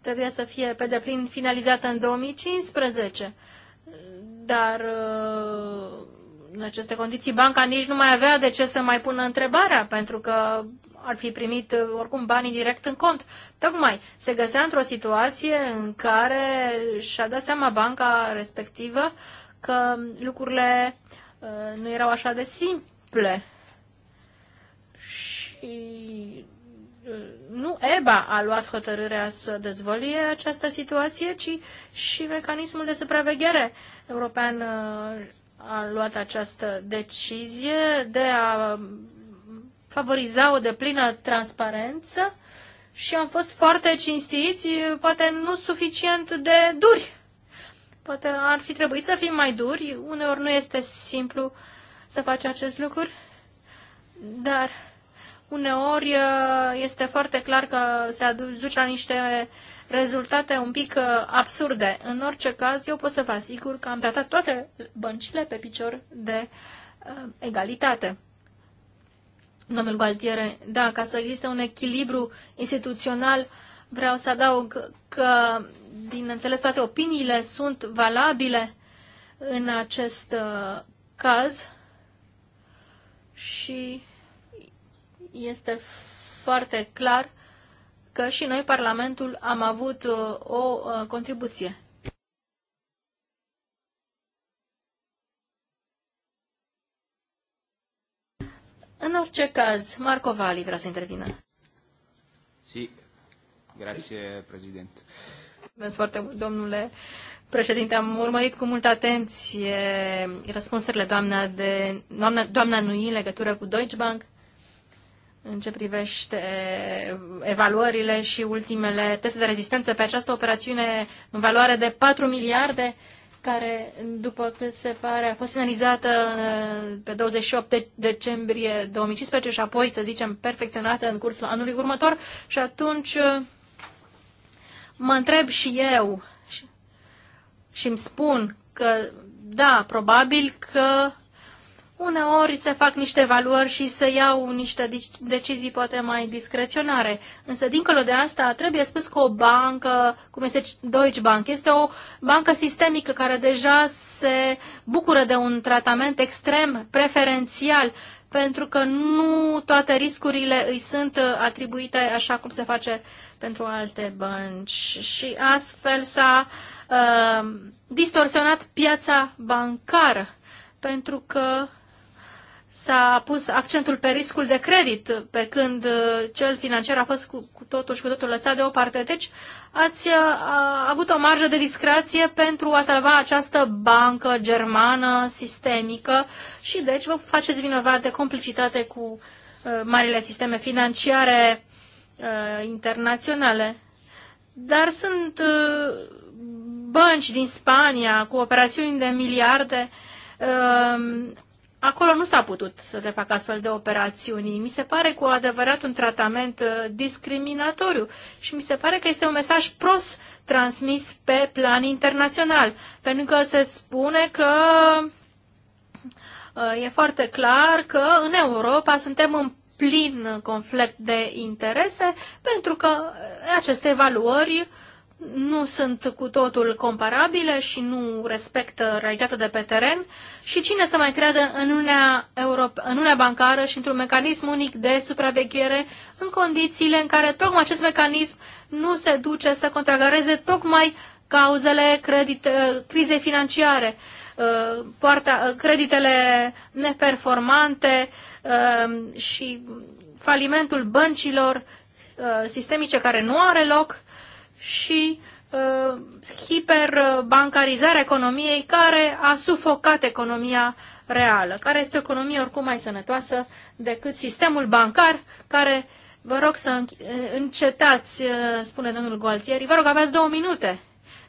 trebuia să fie pe deplin finalizată în 2015, dar uh, în aceste condiții banca nici nu mai avea de ce să mai pună întrebarea, pentru că ar fi primit uh, oricum banii direct în cont. Tocmai se găsea într-o situație în care și-a dat seama banca respectivă că lucrurile uh, nu erau așa de simple. Și uh, nu EBA a luat hotărârea să dezvolie această situație, ci și mecanismul de supraveghere european a luat această decizie de a favoriza o deplină transparență și am fost foarte cinstiți, poate nu suficient de duri. Poate ar fi trebuit să fim mai duri, uneori nu este simplu să faci acest lucru, dar uneori uh, este foarte clar că se aduce la niște rezultate un pic uh, absurde. În orice caz, eu pot să vă asigur că am tratat toate băncile pe picior de uh, egalitate. Domnul Baltiere, da, ca să existe un echilibru instituțional, vreau să adaug că, bineînțeles, toate opiniile sunt valabile în acest uh, caz și este foarte clar că și noi, Parlamentul, am avut uh, o uh, contribuție În orice caz, Marco Vali vrea să intervină. Si, grazie, președinte. Mulțumesc foarte mult, domnule președinte. Am urmărit cu multă atenție răspunsurile doamna, de, doamna, doamna Nui în legătură cu Deutsche Bank în ce privește evaluările și ultimele teste de rezistență pe această operațiune în valoare de 4 miliarde. Uh, care, după cât se pare, a fost finalizată uh, pe 28 decembrie 2015 și apoi, să zicem, perfecționată în cursul anului următor. Și atunci uh, mă întreb și eu și îmi spun că, da, probabil că Uneori se fac niște valori și se iau niște decizii poate mai discreționare. Însă, dincolo de asta, trebuie spus că o bancă, cum este Deutsche Bank, este o bancă sistemică care deja se bucură de un tratament extrem preferențial pentru că nu toate riscurile îi sunt uh, atribuite așa cum se face pentru alte bănci. Și astfel s-a uh, distorsionat piața bancară, pentru că s-a pus accentul pe riscul de credit, pe când uh, cel financiar a fost cu, cu totul și cu totul lăsat deoparte. Deci ați uh, a, avut o marjă de discrație pentru a salva această bancă germană sistemică și deci vă faceți vinovat de complicitate cu uh, marile sisteme financiare internaționale. Dar sunt uh, bănci din Spania cu operațiuni de miliarde Acolo nu s-a putut să se facă astfel de operațiuni. Mi se pare cu adevărat un tratament uh, discriminatoriu și mi se pare că este un mesaj prost transmis pe plan internațional, pentru că se spune că uh, e foarte clar că în Europa suntem în plin conflict de interese pentru că uh, aceste valori uh, nu sunt cu totul comparabile și nu respectă realitatea de pe teren și cine să mai creadă în Uniunea, Europe- în Uniunea Bancară și într-un mecanism unic de supraveghere în condițiile în care tocmai acest mecanism nu se duce să contragareze tocmai cauzele credite, crizei financiare, uh, poarta, uh, creditele neperformante uh, și falimentul băncilor sistemice care nu are loc și uh, hiperbancarizarea economiei care a sufocat economia reală, care este o economie oricum mai sănătoasă decât sistemul bancar care, vă rog să încetați, uh, spune domnul Gualtieri, vă rog, aveți două minute.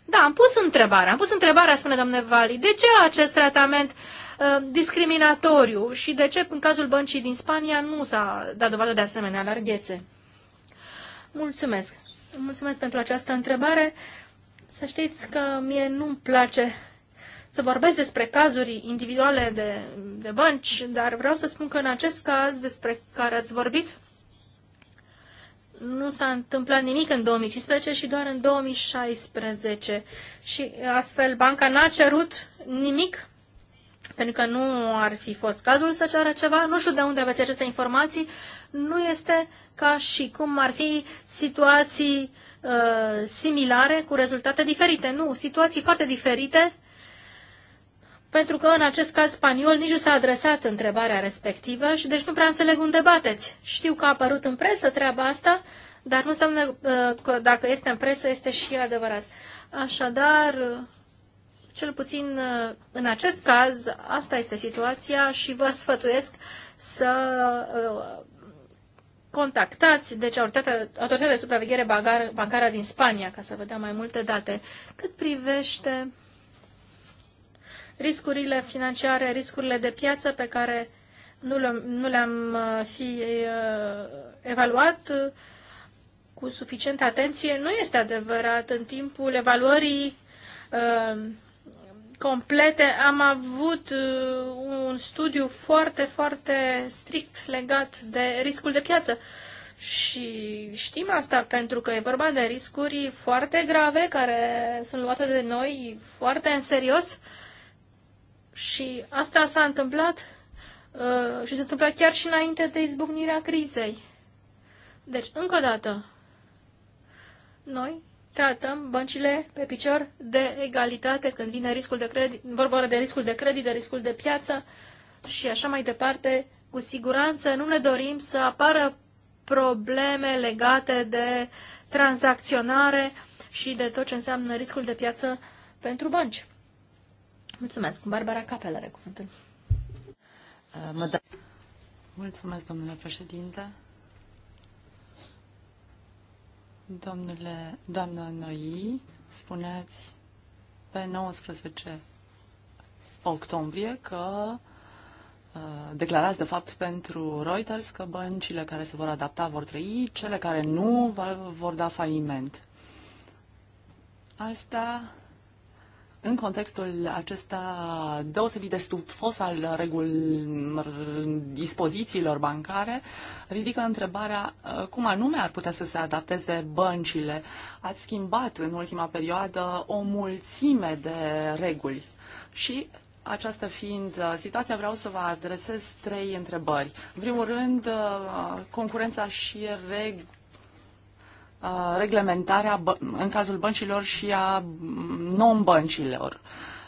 Da, am pus întrebarea, am pus întrebarea, spune domnul Vali, de ce acest tratament uh, discriminatoriu și de ce în cazul băncii din Spania nu s-a dat dovadă de asemenea larghețe. Mulțumesc. Mulțumesc pentru această întrebare. Să știți că mie nu-mi place să vorbesc despre cazuri individuale de, de bănci, dar vreau să spun că în acest caz despre care ați vorbit, nu s-a întâmplat nimic în 2015 și doar în 2016. Și astfel banca n-a cerut nimic pentru că nu ar fi fost cazul să ceară ceva. Nu știu de unde aveți aceste informații. Nu este ca și cum ar fi situații uh, similare cu rezultate diferite. Nu, situații foarte diferite, pentru că în acest caz spaniol nici nu s-a adresat întrebarea respectivă și deci nu prea înțeleg unde bateți. Știu că a apărut în presă treaba asta, dar nu înseamnă uh, că dacă este în presă este și adevărat. Așadar, uh, cel puțin uh, în acest caz, asta este situația și vă sfătuiesc să uh, contactați deci autoritatea, autoritatea de supraveghere bancară din Spania ca să vă dea mai multe date. Cât privește riscurile financiare, riscurile de piață pe care nu le-am, nu le-am uh, fi evaluat cu suficientă atenție, nu este adevărat. În timpul evaluării complete. Am avut uh, un studiu foarte, foarte strict legat de riscul de piață. Și știm asta pentru că e vorba de riscuri foarte grave care sunt luate de noi foarte în serios. Și asta s-a întâmplat uh, și s-a întâmplat chiar și înainte de izbucnirea crizei. Deci, încă o dată, noi tratăm băncile pe picior de egalitate când vine riscul de credit, vorba de riscul de credit, de riscul de piață și așa mai departe. Cu siguranță nu ne dorim să apară probleme legate de tranzacționare și de tot ce înseamnă riscul de piață pentru bănci. Mulțumesc. Barbara Capel are cuvântul. Uh, da- Mulțumesc, domnule președinte. Domnule, doamna Noi, spuneați pe 19 octombrie că uh, declarați de fapt pentru Reuters că băncile care se vor adapta vor trăi, cele care nu vor da faliment. Asta în contextul acesta deosebit de stufos al regul dispozițiilor bancare, ridică întrebarea uh, cum anume ar putea să se adapteze băncile. Ați schimbat în ultima perioadă o mulțime de reguli și aceasta fiind uh, situația, vreau să vă adresez trei întrebări. În primul rând, uh, concurența și reg- Uh, reglementarea în cazul băncilor și a non-băncilor.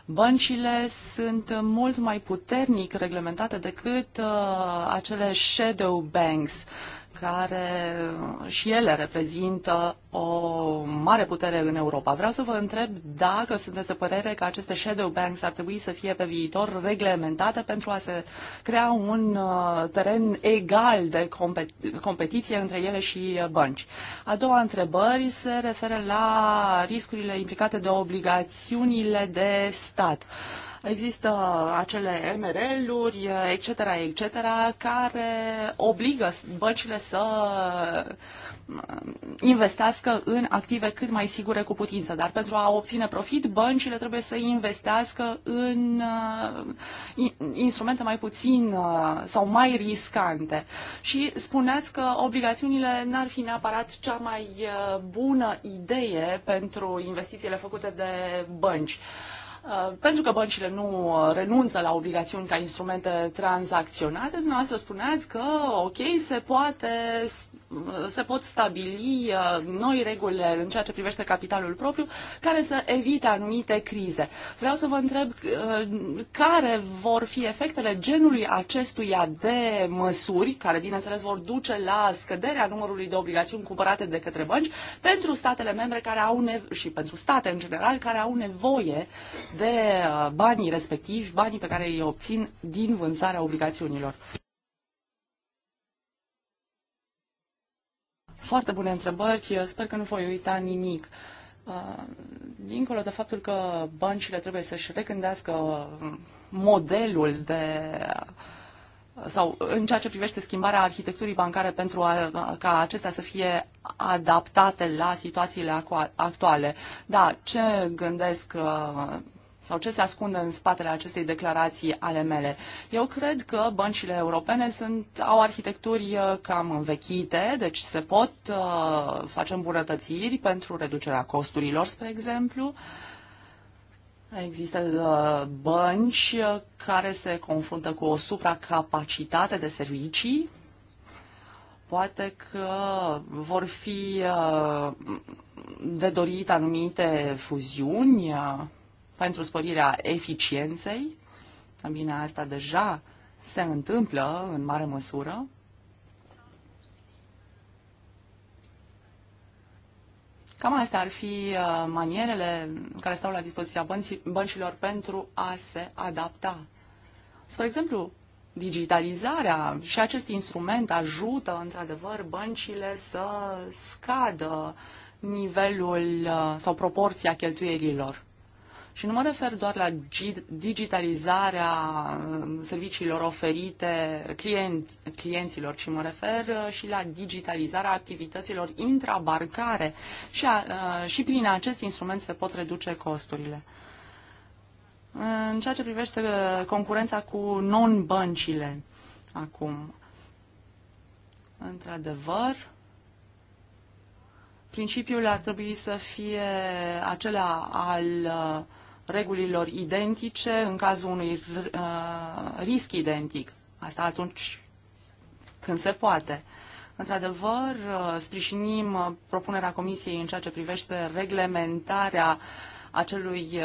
Băncile sunt mult mai puternic reglementate decât uh, acele shadow banks. Uh, care uh, și ele reprezintă o mare putere în Europa. Vreau să vă întreb dacă sunteți de părere că aceste shadow banks ar trebui să fie pe viitor reglementate pentru a se crea un uh, teren egal de competiție între ele și uh, bănci. A doua întrebări se referă la riscurile implicate de obligațiunile de stat. Uh, Există acele MRL-uri, etc., etc., care obligă băncile să mm, investească în active cât mai sigure cu putință. Dar pentru a obține profit, băncile trebuie să investească în uh, instrumente mai puțin uh, sau mai riscante. Și spuneați că obligațiunile n-ar fi neapărat cea mai uh, bună idee pentru investițiile făcute de bănci. Uh, pentru că băncile nu uh, renunță la obligațiuni ca instrumente tranzacționate, dumneavoastră spuneați că, ok, se poate se pot stabili uh, noi reguli în ceea ce privește capitalul propriu care să evite anumite crize. Vreau să vă întreb uh, care vor fi efectele genului acestuia de măsuri, care bineînțeles vor duce la scăderea numărului de obligațiuni cumpărate de către bănci pentru statele membre care au și pentru state în general care au nevoie de uh, banii respectivi, banii pe care îi obțin din vânzarea obligațiunilor. Foarte bune întrebări, Eu sper că nu voi uita nimic. Uh, dincolo de faptul că băncile trebuie să-și regândească uh, modelul de sau în ceea ce privește schimbarea arhitecturii bancare pentru a, ca acestea să fie adaptate la situațiile actuale. Da, ce gândesc uh, sau ce se ascunde în spatele acestei declarații ale mele. Eu cred că băncile europene sunt, au arhitecturi uh, cam învechite, deci se pot uh, face îmbunătățiri pentru reducerea costurilor, spre exemplu. Există uh, bănci uh, care se confruntă cu o supracapacitate de servicii. Poate că vor fi uh, de dorit anumite fuziuni, uh, pentru sporirea eficienței. Bine, asta deja se întâmplă în mare măsură. Cam astea ar fi uh, manierele care stau la dispoziția băncilor pentru a se adapta. Spre exemplu, digitalizarea și acest instrument ajută, într-adevăr, băncile să scadă nivelul uh, sau proporția cheltuierilor. Și nu mă refer doar la digitalizarea um, serviciilor oferite client, clienților, ci mă refer uh, și la digitalizarea activităților intrabarcare și, a, uh, și prin acest instrument se pot reduce costurile. În ceea ce privește uh, concurența cu non-băncile, acum, într-adevăr, principiul ar trebui să fie acela al uh, regulilor identice în cazul unui uh, risc identic. Asta atunci când se poate. Într-adevăr, uh, sprijinim uh, propunerea Comisiei în ceea ce privește reglementarea acelui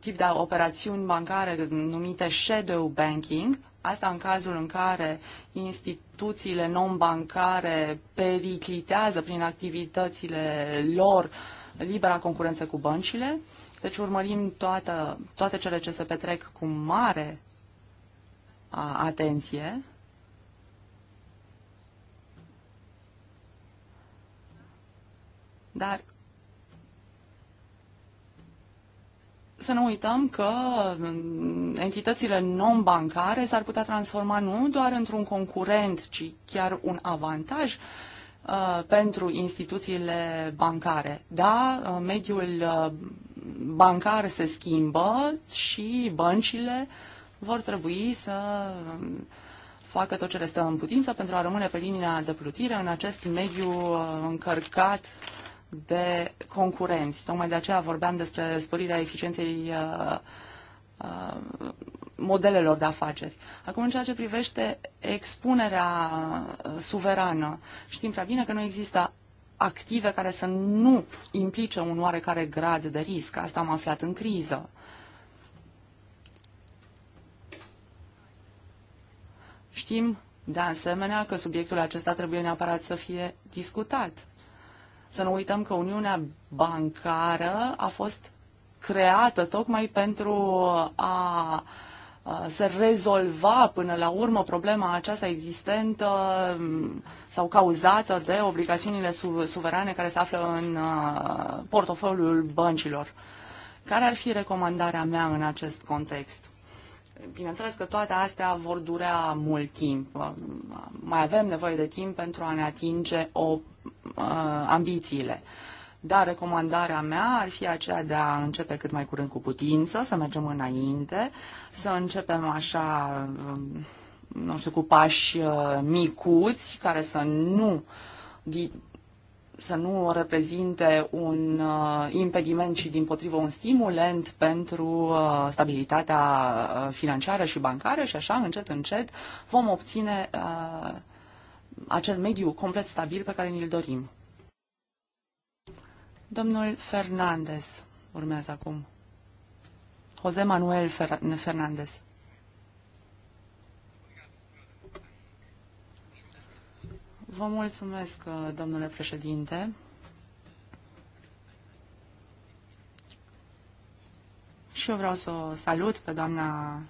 tip de operațiuni bancare numite shadow banking, Asta în cazul în care instituțiile non-bancare periclitează prin activitățile lor libera concurență cu băncile. Deci urmărim toată, toate cele ce se petrec cu mare atenție. Dar să nu uităm că entitățile non-bancare s-ar putea transforma nu doar într-un concurent, ci chiar un avantaj uh, pentru instituțiile bancare. Da, uh, mediul uh, bancar se schimbă și băncile vor trebui să um, facă tot ce le stă în putință pentru a rămâne pe linia de plutire în acest mediu uh, încărcat de concurenți. Tocmai de aceea vorbeam despre sporirea eficienței uh, uh, modelelor de afaceri. Acum, în ceea ce privește expunerea suverană, știm prea bine că nu există active care să nu implice un oarecare grad de risc. Asta am aflat în criză. Știm, de asemenea, că subiectul acesta trebuie neapărat să fie discutat. Să nu uităm că Uniunea Bancară a fost creată tocmai pentru a uh, Uh, să rezolva până la urmă problema aceasta existentă um, sau cauzată de obligațiunile suverane care se află în uh, portofoliul băncilor. Care ar fi recomandarea mea în acest context? Bineînțeles că toate astea vor dura mult timp. Uh, mai avem nevoie de timp pentru a ne atinge o, ambițiile. Uh, dar recomandarea mea ar fi aceea de a începe cât mai curând cu putință, să mergem înainte, să începem așa, um, nu știu, cu pași uh, micuți, care să nu să nu reprezinte un uh, impediment, ci din potrivă un stimulent pentru uh, stabilitatea financiară și bancară și așa, încet, încet, vom obține acel mediu complet stabil pe care ni-l dorim. Domnul Fernandez urmează acum. Jose Manuel Fer Fernandez. Vă mulțumesc, uh, domnule președinte. Și eu vreau să o salut pe doamna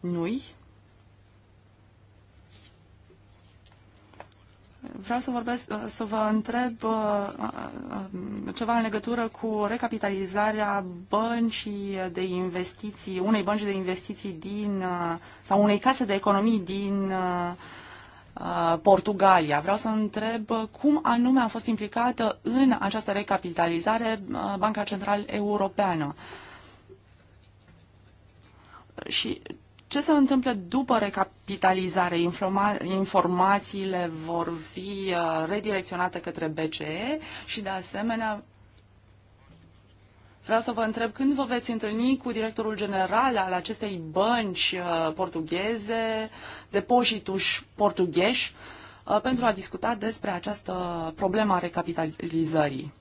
Nui, Vreau să, vorbesc, uh, să vă întreb uh, uh, ceva în legătură cu recapitalizarea băncii de investiții, unei bănci de investiții din, sau unei case de economii din Portugalia. Vreau să întreb cum anume a fost implicată în această recapitalizare Banca Central Europeană. Și ce se întâmplă după recapitalizare? Informa- informațiile vor fi uh, redirecționate către BCE și, de asemenea, vreau să vă întreb când vă veți întâlni cu directorul general al acestei bănci uh, portugheze, depozitus portugheși, uh, pentru a discuta despre această problemă a recapitalizării.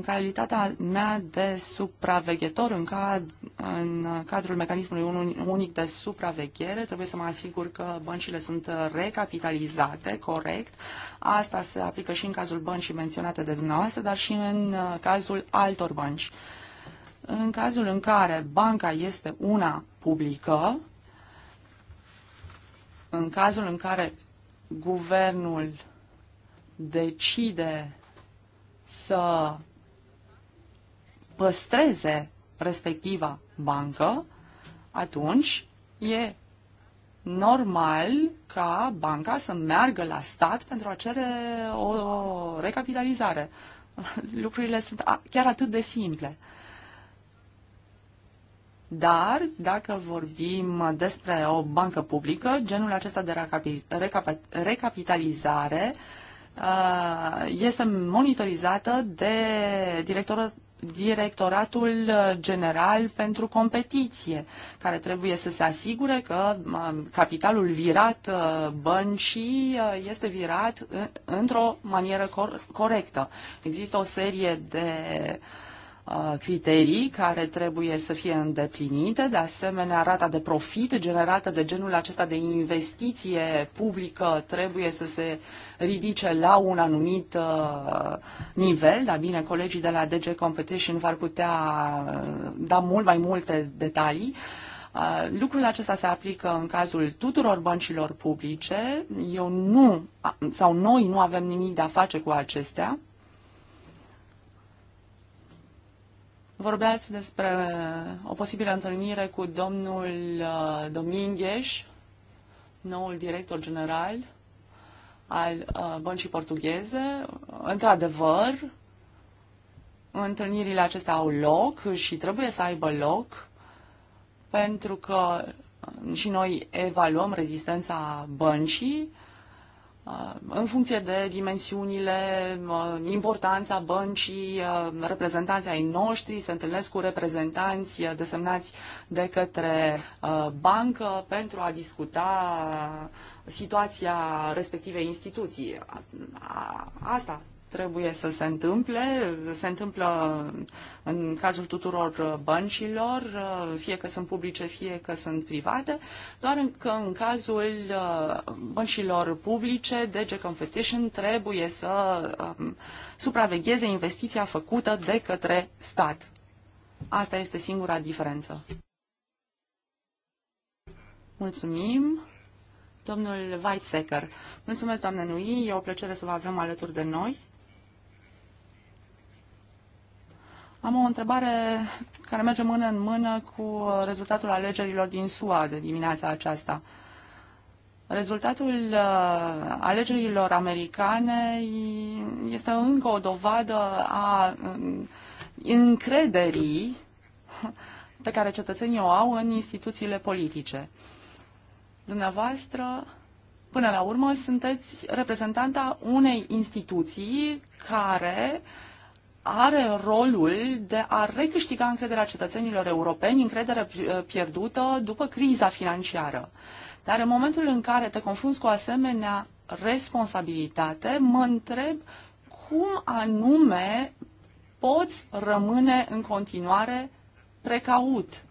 În calitatea mea de supraveghetor în, cad, în cadrul mecanismului unic de supraveghere, trebuie să mă asigur că băncile sunt recapitalizate corect. Asta se aplică și în cazul băncii menționate de dumneavoastră, dar și în uh, cazul altor bănci. În cazul în care banca este una publică, în cazul în care guvernul decide să păstreze respectiva bancă, atunci e normal ca banca să meargă la stat pentru a cere o, recapitalizare. Lucrurile sunt chiar atât de simple. Dar, dacă vorbim despre o bancă publică, genul acesta de recapitalizare uh, este monitorizată de directorul Directoratul uh, General pentru Competiție, care trebuie să se asigure că uh, capitalul virat uh, băncii este virat într-o manieră corectă. Există o serie de uh, Uh, criterii care trebuie să fie îndeplinite, de asemenea rata de profit generată de genul acesta de investiție publică trebuie să se ridice la un anumit uh, nivel, dar bine, colegii de la DG Competition v-ar putea uh, da mult mai multe detalii. Lucrul acesta se aplică în cazul tuturor băncilor publice. Eu nu, sau noi nu avem nimic de a face cu acestea. Vorbeați despre o posibilă întâlnire cu domnul uh, Domingues, noul director general al uh, băncii portugheze. Într-adevăr, întâlnirile acestea au loc și trebuie să aibă loc pentru că și noi evaluăm rezistența băncii Uh, în funcție de dimensiunile, uh, importanța băncii, uh, reprezentanții ai noștri se întâlnesc cu reprezentanți desemnați de către bancă pentru a discuta situația respectivei instituții. Asta trebuie să se întâmple. Se întâmplă în cazul tuturor uh, băncilor, uh, fie că sunt publice, fie că sunt private, doar că în cazul uh, băncilor publice, DG Competition trebuie să um, supravegheze investiția făcută de către stat. Asta este singura diferență. Mulțumim domnul Weizsäcker. Mulțumesc, doamne Nui, e o plăcere să vă avem alături de noi. Am o întrebare care merge mână în mână cu rezultatul alegerilor din SUA de dimineața aceasta. Rezultatul uh, alegerilor americane este încă o dovadă a încrederii pe care cetățenii o au în instituțiile politice. Dumneavoastră, până la urmă, sunteți reprezentanta unei instituții care uh, are rolul de a recâștiga încrederea cetățenilor europeni, încredere eh, pierdută după criza financiară. Dar în momentul în care te confrunți cu o asemenea responsabilitate, mă întreb cum anume poți rămâne în continuare precaut.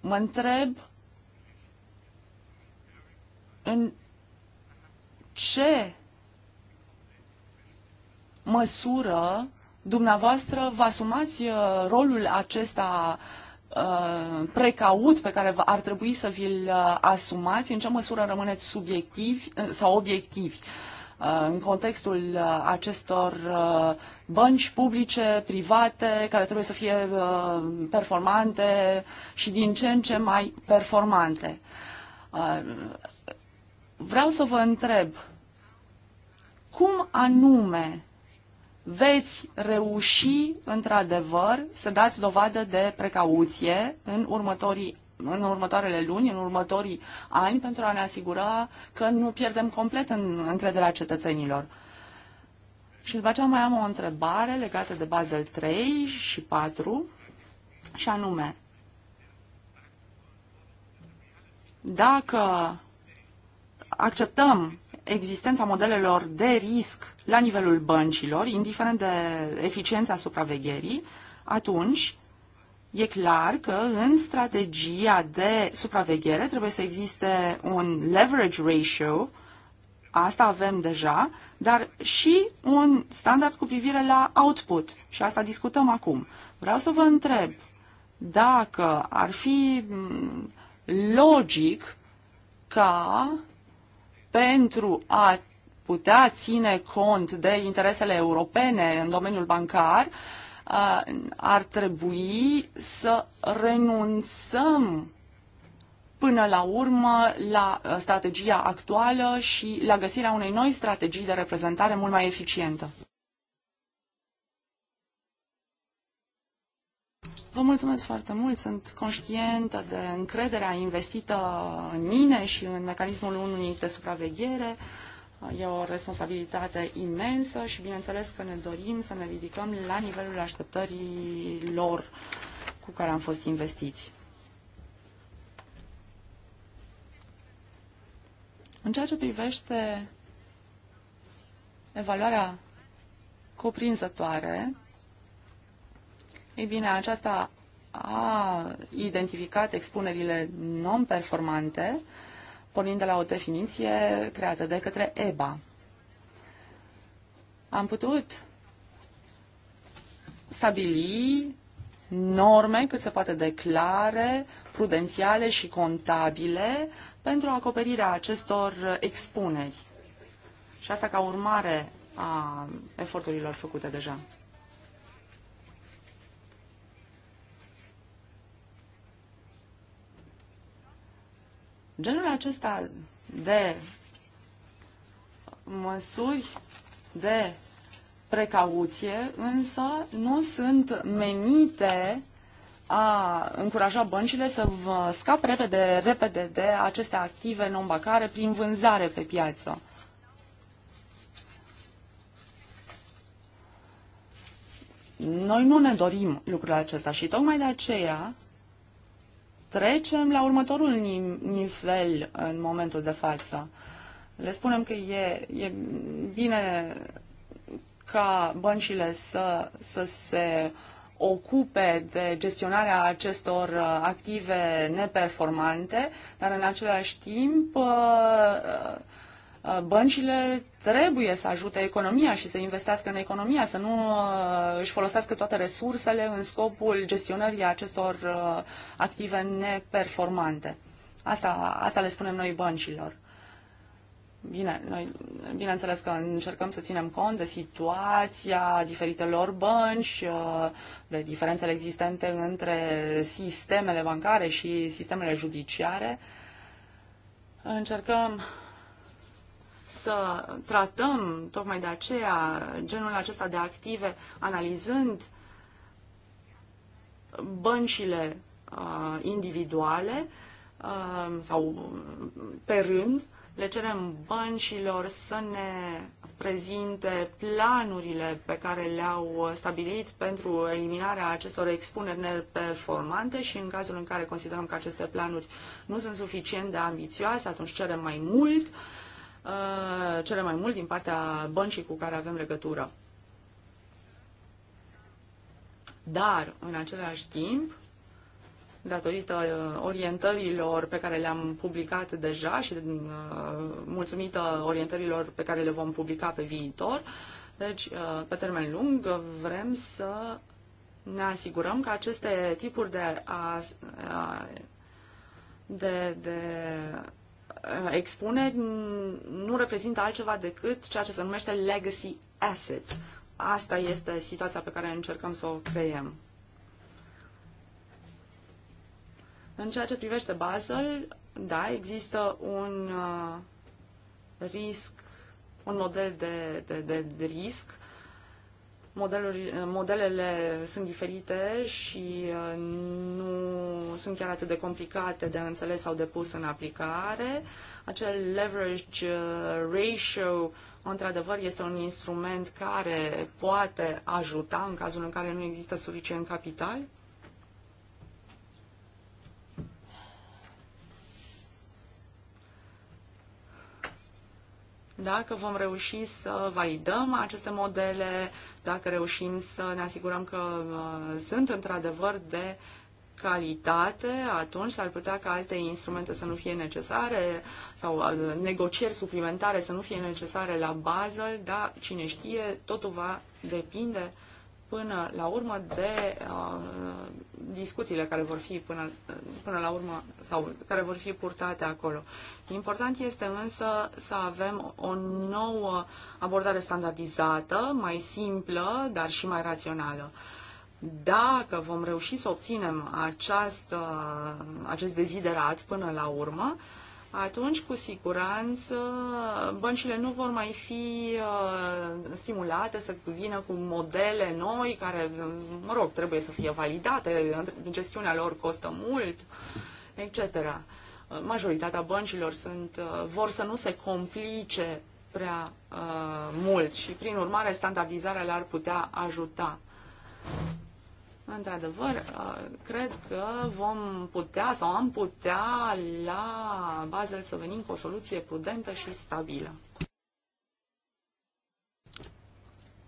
Mă întreb în ce măsură dumneavoastră vă asumați uh, rolul acesta uh, precaut pe care ar trebui să vi-l uh, asumați, în ce măsură rămâneți subiectivi sau obiectivi în contextul acestor bănci publice, private, care trebuie să fie performante și din ce în ce mai performante Vreau să vă întreb, cum anume veți reuși, într-adevăr, să dați dovadă de precauție în următorii în următoarele luni, în următorii ani, pentru a ne asigura că nu pierdem complet în încrederea cetățenilor. Și după aceea mai am o întrebare legată de Basel 3 și 4, și anume, dacă acceptăm existența modelelor de risc la nivelul băncilor, indiferent de eficiența supravegherii, atunci e clar că în strategia de supraveghere trebuie să existe un leverage ratio, asta avem deja, dar și un standard cu privire la output și asta discutăm acum. Vreau să vă întreb dacă ar fi mm, logic ca pentru a putea ține cont de interesele europene în domeniul bancar, uh, ar trebui să renunțăm până la urmă la uh, strategia actuală și la găsirea unei noi strategii de reprezentare mult mai eficientă. Vă mulțumesc foarte mult, sunt conștientă de încrederea investită în mine și în mecanismul unui de supraveghere. E o responsabilitate imensă și bineînțeles că ne dorim să ne ridicăm la nivelul așteptării lor cu care am fost investiți. În ceea ce privește evaluarea cuprinzătoare, ei bine, aceasta a identificat expunerile non-performante, pornind de la o definiție creată de către EBA. Am putut stabili norme cât se poate declare, prudențiale și contabile pentru acoperirea acestor expuneri. Și asta ca urmare a eforturilor făcute deja. Genul acesta de măsuri de precauție, însă nu sunt menite a încuraja băncile să scape repede, repede de aceste active non-bancare prin vânzare pe piață. Noi nu ne dorim lucrul acesta și tocmai de aceea trecem la următorul nivel în momentul de față. Le spunem că e, e bine ca băncile să, să se ocupe de gestionarea acestor uh, active neperformante, dar în același timp uh, Uh, băncile trebuie să ajute economia și să investească în economia, să nu uh, își folosească toate resursele în scopul gestionării acestor uh, active neperformante. Asta, asta le spunem noi băncilor. Bine, noi bineînțeles că încercăm să ținem cont de situația diferitelor bănci, de diferențele existente între sistemele bancare și sistemele judiciare. Încercăm să tratăm tocmai de aceea genul acesta de active, analizând băncile uh, individuale uh, sau pe rând, le cerem băncilor să ne prezinte planurile pe care le-au stabilit pentru eliminarea acestor expuneri neperformante și în cazul în care considerăm că aceste planuri nu sunt suficient de ambițioase, atunci cerem mai mult uh, Uh, cele mai mult din partea băncii cu care avem legătură. Dar, în același timp, datorită uh, orientărilor pe care le-am publicat deja și uh, mulțumită orientărilor pe care le vom publica pe viitor, deci, pe termen lung, vrem să ne asigurăm că aceste tipuri de, de, de Uh, expuneri nu reprezintă altceva decât ceea ce se numește legacy assets. Asta este situația pe care încercăm să o creiem. În ceea ce privește Basel, da, există un uh, risc, un model de, de, de, de risc modelele sunt diferite și uh, nu sunt chiar atât de complicate de înțeles sau de pus în aplicare. Acel leverage uh, ratio, într-adevăr, este un instrument care poate ajuta în cazul în care nu există suficient capital. Dacă vom reuși să validăm aceste modele, dacă reușim să ne asigurăm că uh, sunt într-adevăr de calitate, atunci s-ar putea ca alte instrumente să nu fie necesare sau uh, negocieri suplimentare să nu fie necesare la Basel, dar cine știe, totul va depinde până la urmă de uh, discuțiile care vor fi până, până la urmă sau care vor fi purtate acolo. Important este însă să avem o nouă abordare standardizată, mai simplă, dar și mai rațională. Dacă vom reuși să obținem această, acest deziderat până la urmă, uh, atunci, cu siguranță, băncile nu vor mai fi uh, stimulate să vină cu modele noi care, mă rog, trebuie să fie validate, gestiunea lor costă mult, etc. Uh, majoritatea băncilor sunt, uh, vor să nu se complice prea uh, mult și, prin urmare, standardizarea le-ar putea ajuta. Într-adevăr, uh, cred că vom putea sau am putea la Basel să venim cu o soluție prudentă și stabilă.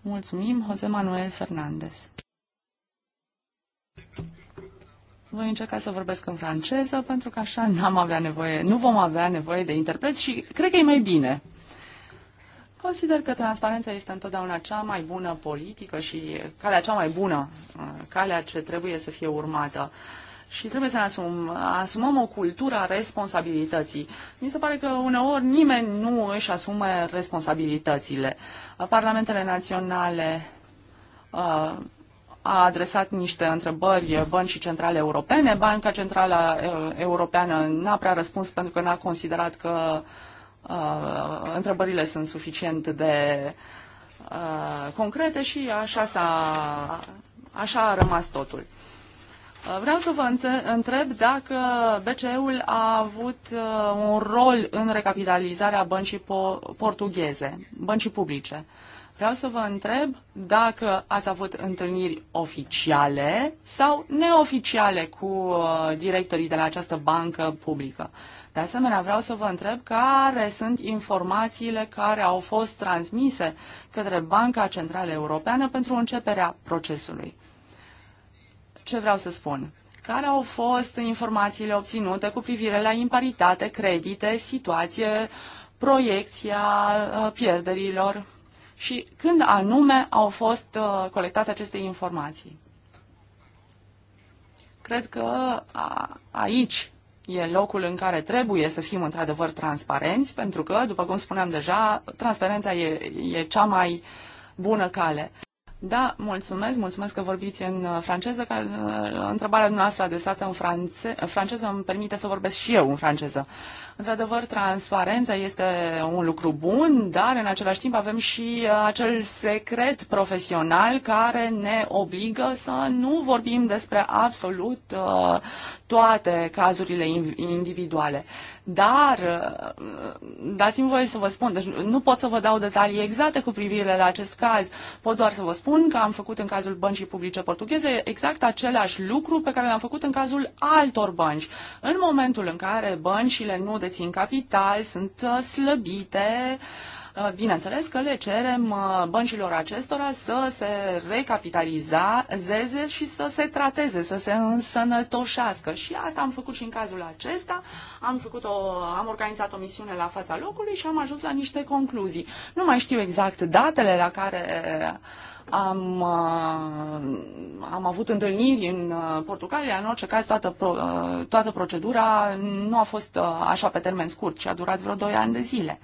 Mulțumim, Jose Manuel Fernandez. Voi încerca să vorbesc în franceză, pentru că așa n-am avea nevoie, nu vom avea nevoie de interpreți și cred că e mai bine. Consider că transparența este întotdeauna cea mai bună politică și calea cea mai bună, uh, calea ce trebuie să fie urmată. Și trebuie să ne asum, asumăm o cultură a responsabilității. Mi se pare că uneori nimeni nu își asume responsabilitățile. Uh, Parlamentele naționale uh, a adresat niște întrebări băncii centrale europene. Banca Centrală Europeană n-a prea răspuns pentru că n-a considerat că uh, Uh, întrebările sunt suficient de uh, concrete și așa, s-a, așa a rămas totul. Uh, vreau să vă întreb dacă BCE-ul a avut uh, un rol în recapitalizarea băncii portugheze, băncii publice. Vreau să vă întreb dacă ați avut întâlniri oficiale sau neoficiale cu uh, directorii de la această bancă publică. De asemenea, vreau să vă întreb care sunt informațiile care au fost transmise către Banca Centrală Europeană pentru începerea procesului. Ce vreau să spun? Care au fost informațiile obținute cu privire la imparitate, credite, situație, proiecția uh, pierderilor? și când anume au fost uh, colectate aceste informații. Cred că aici e locul în care trebuie să fim într-adevăr transparenți, pentru că, după cum spuneam deja, transparența e, e cea mai bună cale. Da, mulțumesc, mulțumesc că vorbiți în uh, franceză, că uh, întrebarea noastră adresată în france, franceză îmi permite să vorbesc și eu în franceză. Uh, Într-adevăr, transparența este un lucru bun, dar în același timp avem și uh, acel secret profesional care ne obligă să nu vorbim despre absolut uh, toate cazurile individuale. Dar uh, dați-mi voie să vă spun, deci nu pot să vă dau detalii exacte cu privire la acest caz, pot doar să vă spun că am făcut în cazul băncii publice portugheze exact același lucru pe care l-am făcut în cazul altor bănci. În momentul în care băncile nu dețin capital, sunt uh, slăbite. Uh, bineînțeles că le cerem uh, băncilor acestora să se recapitalizeze și să se trateze, să se însănătoșească. Și asta am făcut și în cazul acesta. Am, făcut o, am organizat o misiune la fața locului și am ajuns la niște concluzii. Nu mai știu exact datele la care am, uh, am avut întâlniri în uh, Portugalia, în orice caz toată, pro, uh, toată procedura nu a fost așa pe termen scurt, ci a durat vreo 2 ani de zile.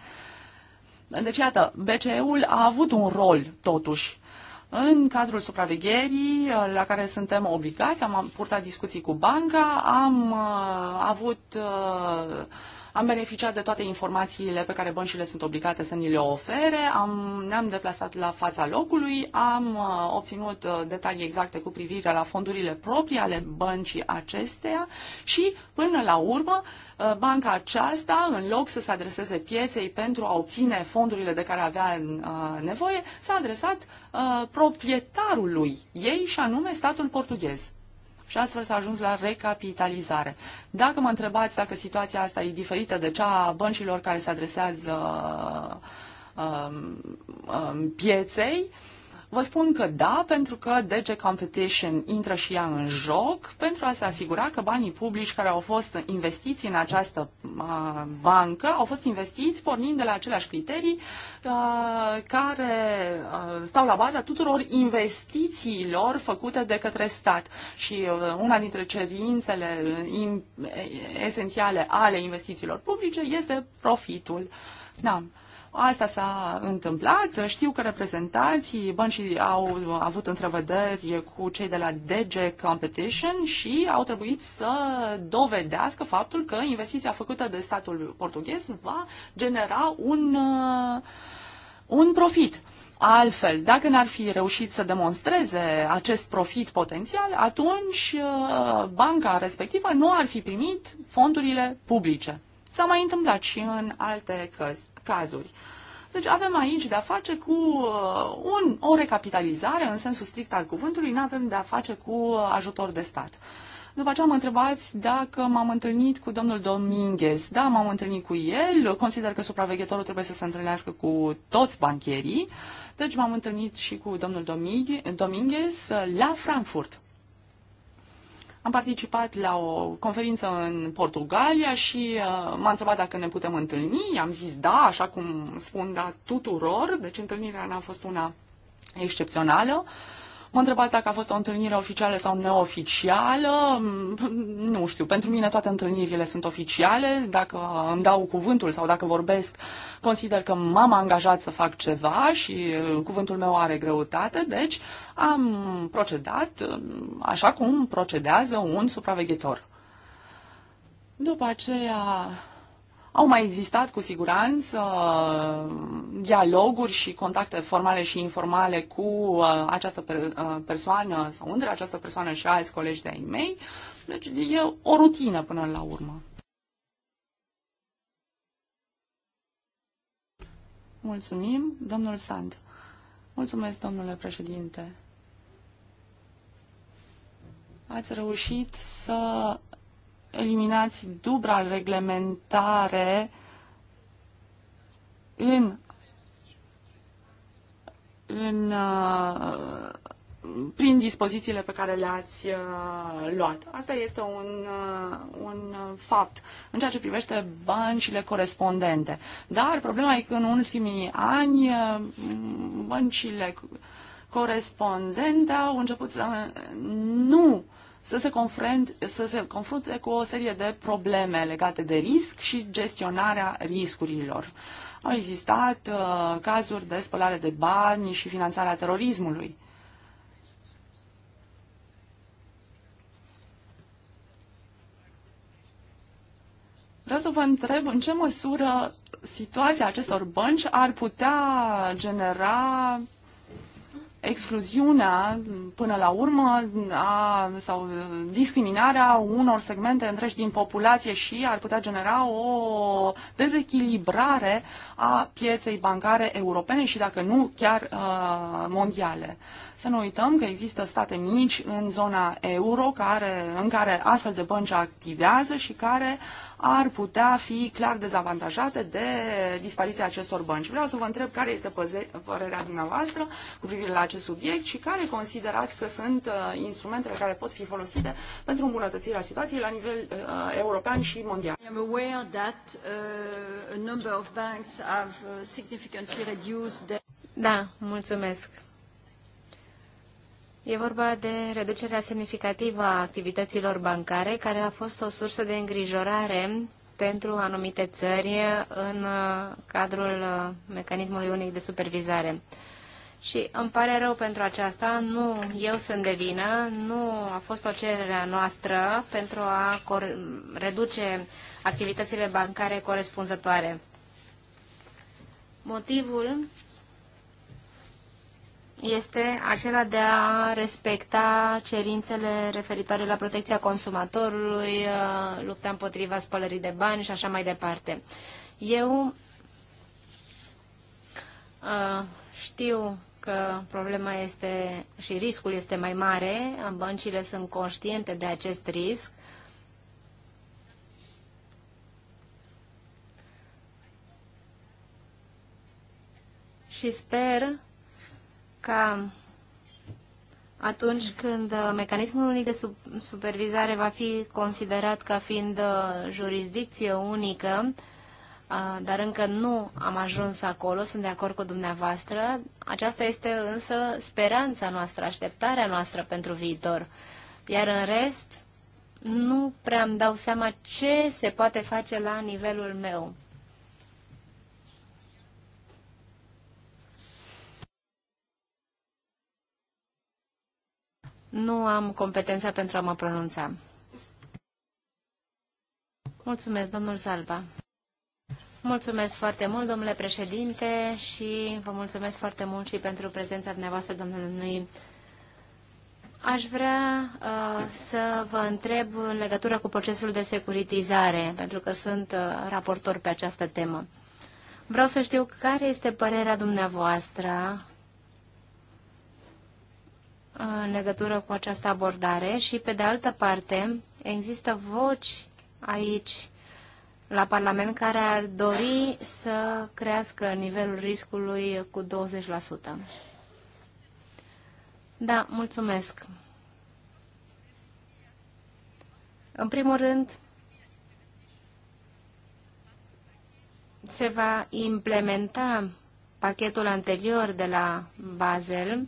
Deci, iată, BCE-ul a avut un rol, totuși, în cadrul supravegherii la care suntem obligați, am purtat discuții cu banca, am avut uh, am beneficiat de toate informațiile pe care băncile sunt obligate să ni le ofere, am, ne-am deplasat la fața locului, am uh, obținut uh, detalii exacte cu privire la fondurile proprii ale băncii acesteia și, până la urmă, uh, banca aceasta, în loc să se adreseze pieței pentru a obține fondurile de care avea uh, nevoie, s-a adresat uh, proprietarului ei și anume statul portughez și astfel s-a ajuns la recapitalizare. Dacă mă întrebați dacă situația asta e diferită de cea a băncilor care se adresează uh, uh, uh, pieței, uh, Vă spun că da, pentru că DG Competition intră și ea în joc pentru a se asigura că banii publici care au fost investiți în această uh, bancă au fost investiți pornind de la aceleași criterii uh, care uh, stau la baza tuturor investițiilor făcute de către stat. Și uh, una dintre cerințele uh, in, esențiale ale investițiilor publice este profitul. Da. Asta s-a întâmplat. Știu că reprezentanții băncii au avut întrevederi cu cei de la DG Competition și au trebuit să dovedească faptul că investiția făcută de statul portughez va genera un, uh, un profit. Altfel, dacă n-ar fi reușit să demonstreze acest profit potențial, atunci uh, banca respectivă nu ar fi primit fondurile publice. S-a mai întâmplat și în alte căzi, cazuri. Deci avem aici de-a face cu uh, un, o recapitalizare în sensul strict al cuvântului, nu avem de-a face cu uh, ajutor de stat. După aceea mă întrebați dacă m-am întâlnit cu domnul Dominguez. Da, m-am întâlnit cu el. Consider că supraveghetorul trebuie să se întâlnească cu toți bancherii. Deci m-am întâlnit și cu domnul Dominguez uh, la Frankfurt. Am participat la o conferință în Portugalia și uh, m-a întrebat dacă ne putem întâlni. I-am zis da, așa cum spun da tuturor, deci întâlnirea n-a fost una excepțională. Uh, Mă întrebați dacă a fost o întâlnire oficială sau neoficială. Mm, nu știu, pentru mine toate întâlnirile sunt oficiale. Dacă îmi dau cuvântul sau dacă vorbesc, consider că m-am angajat să fac ceva și uh, cuvântul meu are greutate, deci am procedat mm, așa cum procedează un supraveghetor. După aceea, au mai existat cu siguranță dialoguri și contacte formale și informale cu uh, această uh, persoană sau între această persoană și alți colegi de-ai mei. Deci e o rutină până la urmă. Mulțumim, domnul Sand. Mulțumesc, domnule președinte. Ați reușit să eliminați dubla reglementare în, în, uh, prin dispozițiile pe care le-ați uh, luat. Asta este un, uh, un fapt în ceea ce privește băncile corespondente. Dar problema e că în ultimii ani băncile corespondente au început să nu uh, să se, confrunt, să se confrunte cu o serie de probleme legate de risc și gestionarea riscurilor. Au existat uh, cazuri de spălare de bani și finanțarea terorismului. Vreau să vă întreb în ce măsură situația acestor bănci ar putea genera excluziunea, până la urmă, a, sau discriminarea unor segmente întregi din populație și ar putea genera o dezechilibrare a pieței bancare europene și, dacă nu, chiar mondiale. Să nu uităm că există state mici în zona euro care, în care astfel de bănci activează și care ar putea fi clar dezavantajate de dispariția acestor bănci. Vreau să vă întreb care este părerea dumneavoastră cu privire la acest subiect și care considerați că sunt uh, instrumentele care pot fi folosite pentru îmbunătățirea situației la nivel uh, european și mondial. I am aware that uh, a number of banks have uh, significantly reduced their... Da, mulțumesc. E vorba de reducerea semnificativă a activităților bancare, care a fost o sursă de îngrijorare pentru anumite țări în uh, cadrul uh, mecanismului unic de supervizare. Și îmi pare rău pentru aceasta, nu eu sunt de vină, nu a fost o cerere a noastră pentru a reduce activitățile bancare corespunzătoare. Motivul este acela de a respecta cerințele referitoare la protecția consumatorului, uh, lupta împotriva spălării de bani și așa mai departe. Eu uh, știu că problema este și riscul este mai mare, băncile sunt conștiente de acest risc, și sper ca atunci când uh, mecanismul unic de supervizare va fi considerat ca fiind uh, jurisdicție unică, uh, dar încă nu am ajuns acolo, sunt de acord cu dumneavoastră. Aceasta este însă speranța noastră, așteptarea noastră pentru viitor. Iar în rest, nu prea îmi dau seama ce se poate face la nivelul meu. nu am competența pentru a mă pronunța. Mulțumesc, domnul Salba. Mulțumesc foarte mult, domnule președinte, și vă mulțumesc foarte mult și pentru prezența dumneavoastră, domnului. Aș vrea uh, să vă întreb în legătură cu procesul de securitizare, pentru că sunt uh, raportor pe această temă. Vreau să știu care este părerea dumneavoastră în legătură cu această abordare și, pe de altă parte, există voci aici la Parlament care ar dori să crească nivelul riscului cu 20%. Da, mulțumesc. În primul rând, se va implementa pachetul anterior de la Basel,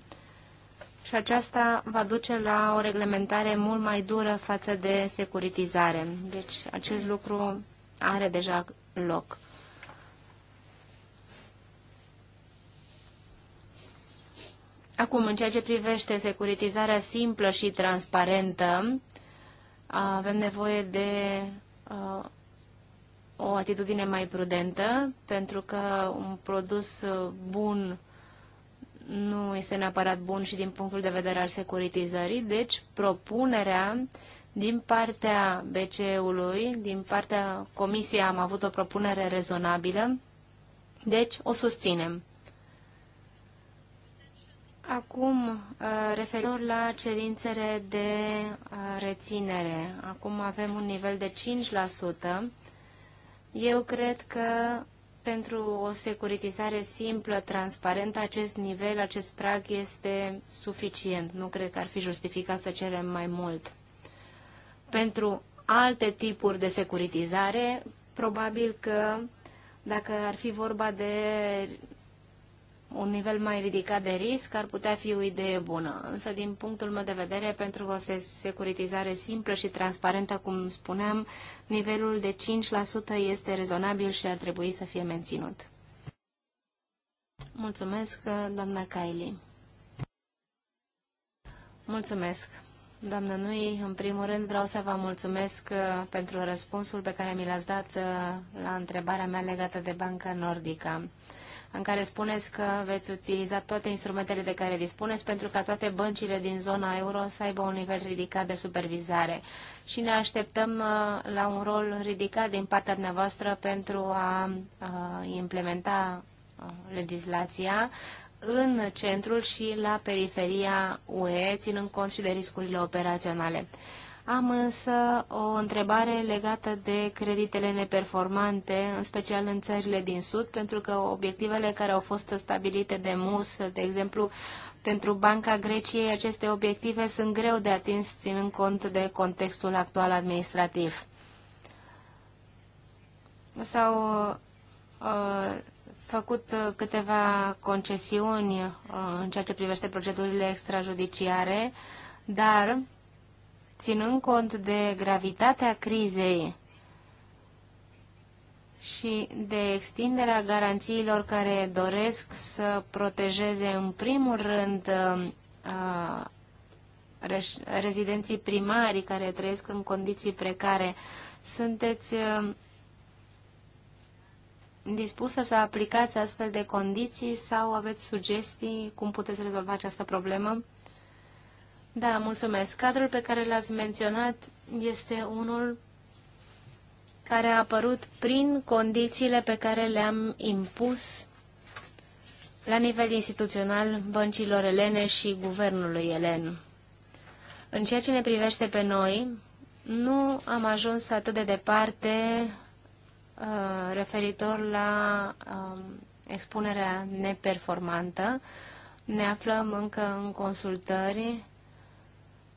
și aceasta va duce la o reglementare mult mai dură față de securitizare. Deci acest lucru are deja loc. Acum, în ceea ce privește securitizarea simplă și transparentă, avem nevoie de uh, o atitudine mai prudentă, pentru că un produs bun nu este neapărat bun și din punctul de vedere al securitizării, deci propunerea din partea BCE-ului, din partea Comisiei am avut o propunere rezonabilă, deci o susținem. Acum, uh, referitor la cerințele de uh, reținere, acum avem un nivel de 5%. Eu cred că pentru o securitizare simplă, transparentă, acest nivel, acest prag este suficient. Nu cred că ar fi justificat să cerem mai mult. Pentru alte tipuri de securitizare, probabil că dacă ar fi vorba de un nivel mai ridicat de risc ar putea fi o idee bună, însă din punctul meu de vedere, pentru o securitizare simplă și transparentă, cum spuneam, nivelul de 5% este rezonabil și ar trebui să fie menținut. Mulțumesc, doamna Kylie. Mulțumesc. Doamnă Nui, în primul rând vreau să vă mulțumesc uh, pentru răspunsul pe care mi l-ați dat uh, la întrebarea mea legată de Banca Nordica în care spuneți că veți utiliza toate instrumentele de care dispuneți pentru ca toate băncile din zona euro să aibă un nivel ridicat de supervizare. Și ne așteptăm uh, la un rol ridicat din partea dumneavoastră pentru a uh, implementa uh, legislația în centrul și la periferia UE, ținând cont și de riscurile operaționale. Am însă o întrebare legată de creditele neperformante, în special în țările din Sud, pentru că obiectivele care au fost stabilite de MUS, de exemplu, pentru Banca Greciei, aceste obiective sunt greu de atins ținând cont de contextul actual administrativ. S-au uh, făcut câteva concesiuni uh, în ceea ce privește procedurile extrajudiciare, dar uh, ținând cont de gravitatea crizei și de extinderea garanțiilor care doresc să protejeze în primul rând um, rezidenții primari care trăiesc în condiții precare, sunteți um, dispusă să aplicați astfel de condiții sau aveți sugestii cum puteți rezolva această problemă? Da, mulțumesc. Cadrul pe care l-ați menționat este unul care a apărut prin condițiile pe care le-am impus la nivel instituțional băncilor elene și guvernului elen. În ceea ce ne privește pe noi, nu am ajuns atât de departe uh, referitor la uh, expunerea neperformantă. Ne aflăm încă în consultări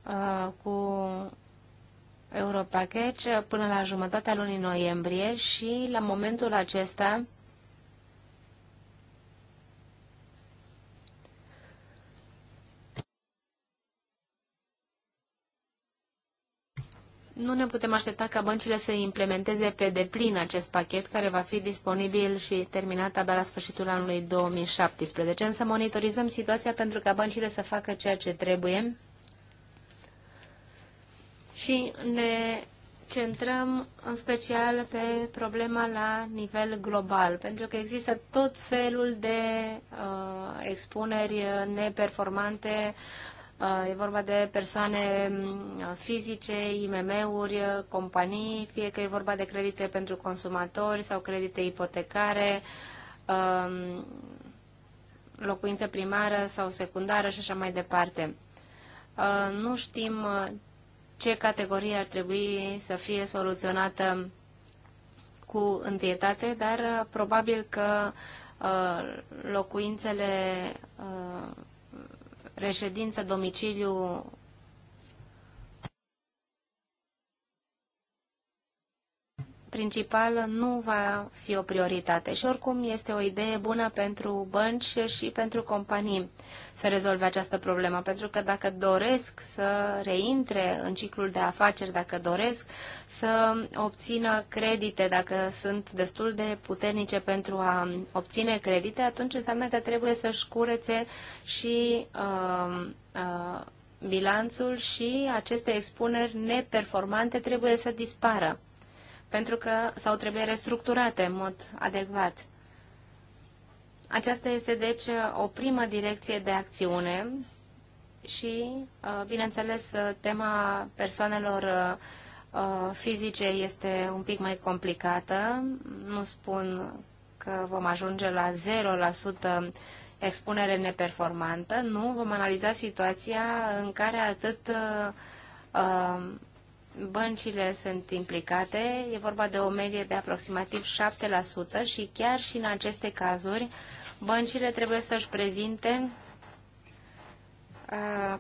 Uh, cu Europackage până la jumătatea lunii noiembrie și la momentul acesta nu ne putem aștepta ca băncile să implementeze pe deplin acest pachet, care va fi disponibil și terminat abia la sfârșitul anului 2017. Însă monitorizăm situația pentru ca băncile să facă ceea ce trebuie și ne centrăm în special pe problema la nivel global, pentru că există tot felul de uh, expuneri neperformante, uh, e vorba de persoane mm, fizice, IMM-uri, companii, fie că e vorba de credite pentru consumatori sau credite ipotecare, uh, locuință primară sau secundară și așa mai departe. Uh, nu știm ce categorie ar trebui să fie soluționată cu întietate, dar uh, probabil că uh, locuințele uh, reședință, domiciliu principală nu va fi o prioritate și oricum este o idee bună pentru bănci și pentru companii să rezolve această problemă, pentru că dacă doresc să reintre în ciclul de afaceri, dacă doresc să obțină credite, dacă sunt destul de puternice pentru a obține credite, atunci înseamnă că trebuie să-și curețe și uh, uh, bilanțul și aceste expuneri neperformante trebuie să dispară pentru că sau trebuie restructurate în mod adecvat. Aceasta este deci o primă direcție de acțiune și, uh, bineînțeles, uh, tema persoanelor uh, fizice este un pic mai complicată. Nu spun că vom ajunge la 0% expunere neperformantă, nu, vom analiza situația în care atât băncile sunt implicate, e vorba de o medie de aproximativ 7% și chiar și în aceste cazuri băncile trebuie să-și prezinte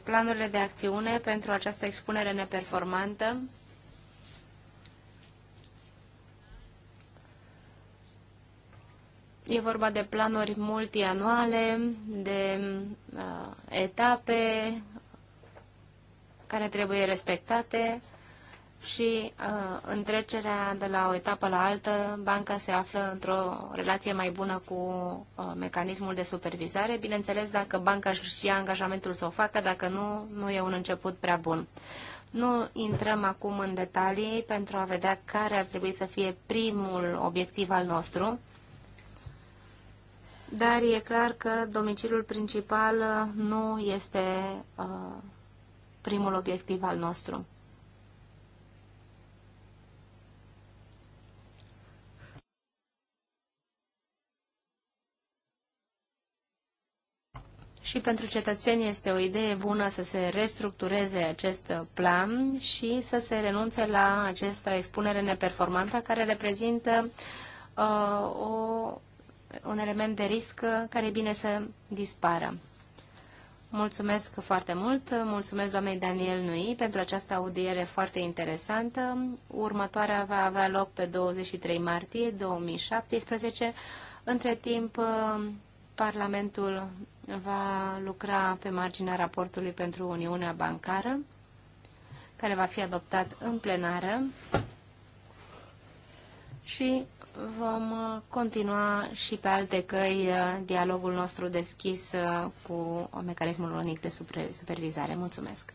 planurile de acțiune pentru această expunere neperformantă E vorba de planuri multianuale, de uh, etape care trebuie respectate și uh, în trecerea de la o etapă la altă, banca se află într-o relație mai bună cu uh, mecanismul de supervizare. Bineînțeles, dacă banca își ia angajamentul să o facă, dacă nu, nu e un început prea bun. Nu intrăm acum în detalii pentru a vedea care ar trebui să fie primul obiectiv al nostru, dar e clar că domiciliul principal nu este uh, primul obiectiv al nostru. și pentru cetățeni este o idee bună să se restructureze acest plan și să se renunțe la această expunere neperformantă care reprezintă uh, o, un element de risc care e bine să dispară. Mulțumesc foarte mult, mulțumesc doamnei Daniel Nui pentru această audiere foarte interesantă. Următoarea va avea loc pe 23 martie 2017. Între timp, uh, Parlamentul va lucra pe marginea raportului pentru Uniunea Bancară, care va fi adoptat în plenară și vom uh, continua și pe alte căi uh, dialogul nostru deschis uh, cu mecanismul unic de supervizare. Mulțumesc!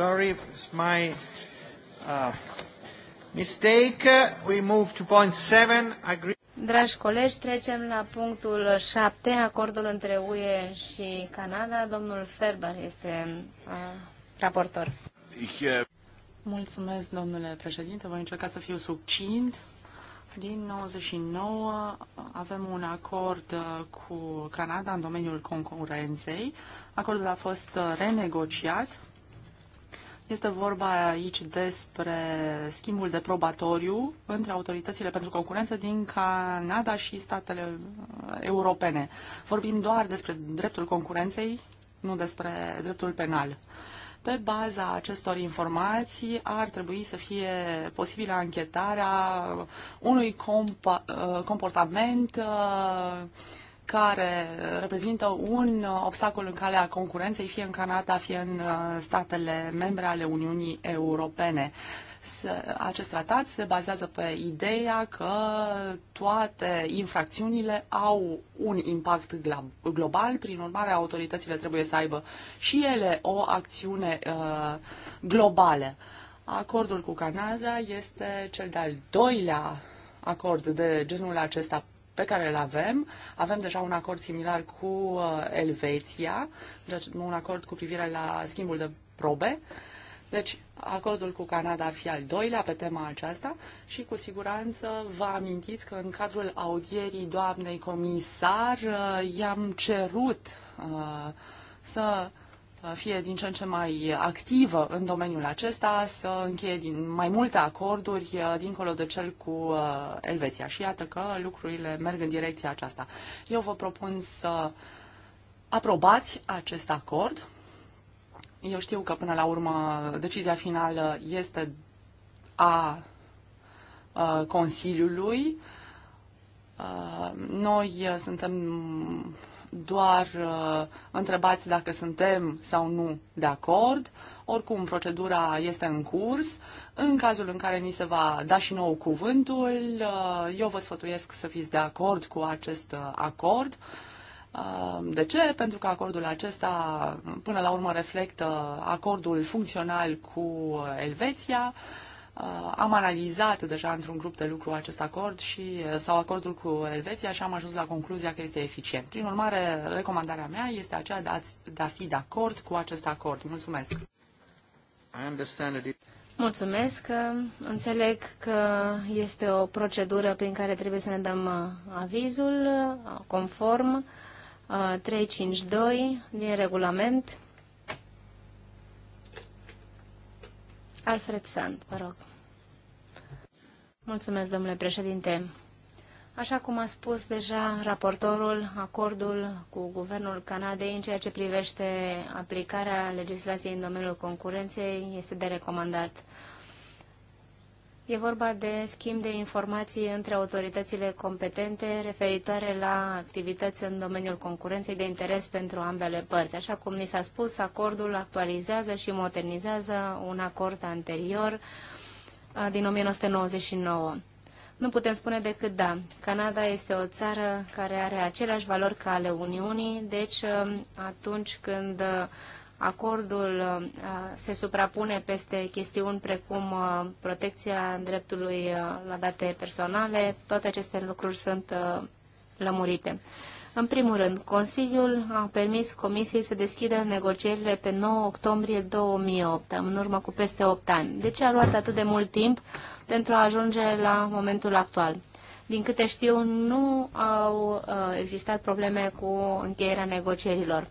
sorry, it's my uh, mistake. We move to point seven. Agree Dragi colegi, trecem la punctul 7, acordul între UE și Canada. Domnul Ferber este uh, raportor. Mulțumesc, domnule președinte. Voi încerca să fiu subcint. Din 99 avem un acord uh, cu Canada în domeniul concurenței. Acordul a fost uh, renegociat este vorba aici despre schimbul de probatoriu între autoritățile pentru concurență din Canada și statele uh, europene. Vorbim doar despre dreptul concurenței, nu despre dreptul penal. Pe baza acestor informații ar trebui să fie posibilă anchetarea unui uh, comportament uh, care uh, reprezintă un uh, obstacol în calea concurenței, fie în Canada, fie în uh, statele membre ale Uniunii Europene. Acest tratat se bazează pe ideea că toate infracțiunile au un impact global, prin urmare autoritățile trebuie să aibă și ele o acțiune globală. Acordul cu Canada este cel de-al doilea acord de genul acesta pe care îl avem. Avem deja un acord similar cu uh, Elveția, deci un acord cu privire la schimbul de probe. Deci, acordul cu Canada ar fi al doilea pe tema aceasta și cu siguranță vă amintiți că în cadrul audierii doamnei comisar uh, i-am cerut uh, să Uh, fie din ce în ce mai activă în domeniul acesta, să încheie din mai multe acorduri uh, dincolo de cel cu uh, Elveția. Și iată că lucrurile merg în direcția aceasta. Eu vă propun să aprobați acest acord. Eu știu că până la urmă decizia finală este a Consiliului. Noi suntem doar uh, întrebați dacă suntem sau nu de acord. Oricum, procedura este în curs. În cazul în care ni se va da și nou cuvântul, uh, eu vă sfătuiesc să fiți de acord cu acest uh, acord. Uh, de ce? Pentru că acordul acesta, până la urmă, reflectă acordul funcțional cu uh, Elveția. Uh, am analizat deja într-un grup de lucru acest acord și, uh, sau acordul cu Elveția și am ajuns la concluzia că este eficient. Prin urmare, recomandarea mea este aceea de a, de a fi de acord cu acest acord. Mulțumesc! Mulțumesc. Uh, înțeleg că este o procedură prin care trebuie să ne dăm avizul conform 352 din regulament. Alfred Sand, vă rog. Mulțumesc, domnule președinte. Așa cum a spus deja raportorul, acordul cu Guvernul Canadei în ceea ce privește aplicarea legislației în domeniul concurenței este de recomandat. E vorba de schimb de informații între autoritățile competente referitoare la activități în domeniul concurenței de interes pentru ambele părți. Așa cum ni s-a spus, acordul actualizează și modernizează un acord anterior uh, din 1999. Nu putem spune decât da. Canada este o țară care are aceleași valori ca ale Uniunii, deci atunci când acordul se suprapune peste chestiuni precum protecția dreptului la date personale, toate aceste lucruri sunt lămurite. În primul rând, Consiliul a permis Comisiei să deschidă negocierile pe 9 octombrie 2008, în urmă cu peste 8 ani. De ce a luat atât de mult timp pentru a ajunge la momentul actual? Din câte știu, nu au uh, existat probleme cu încheierea negocierilor.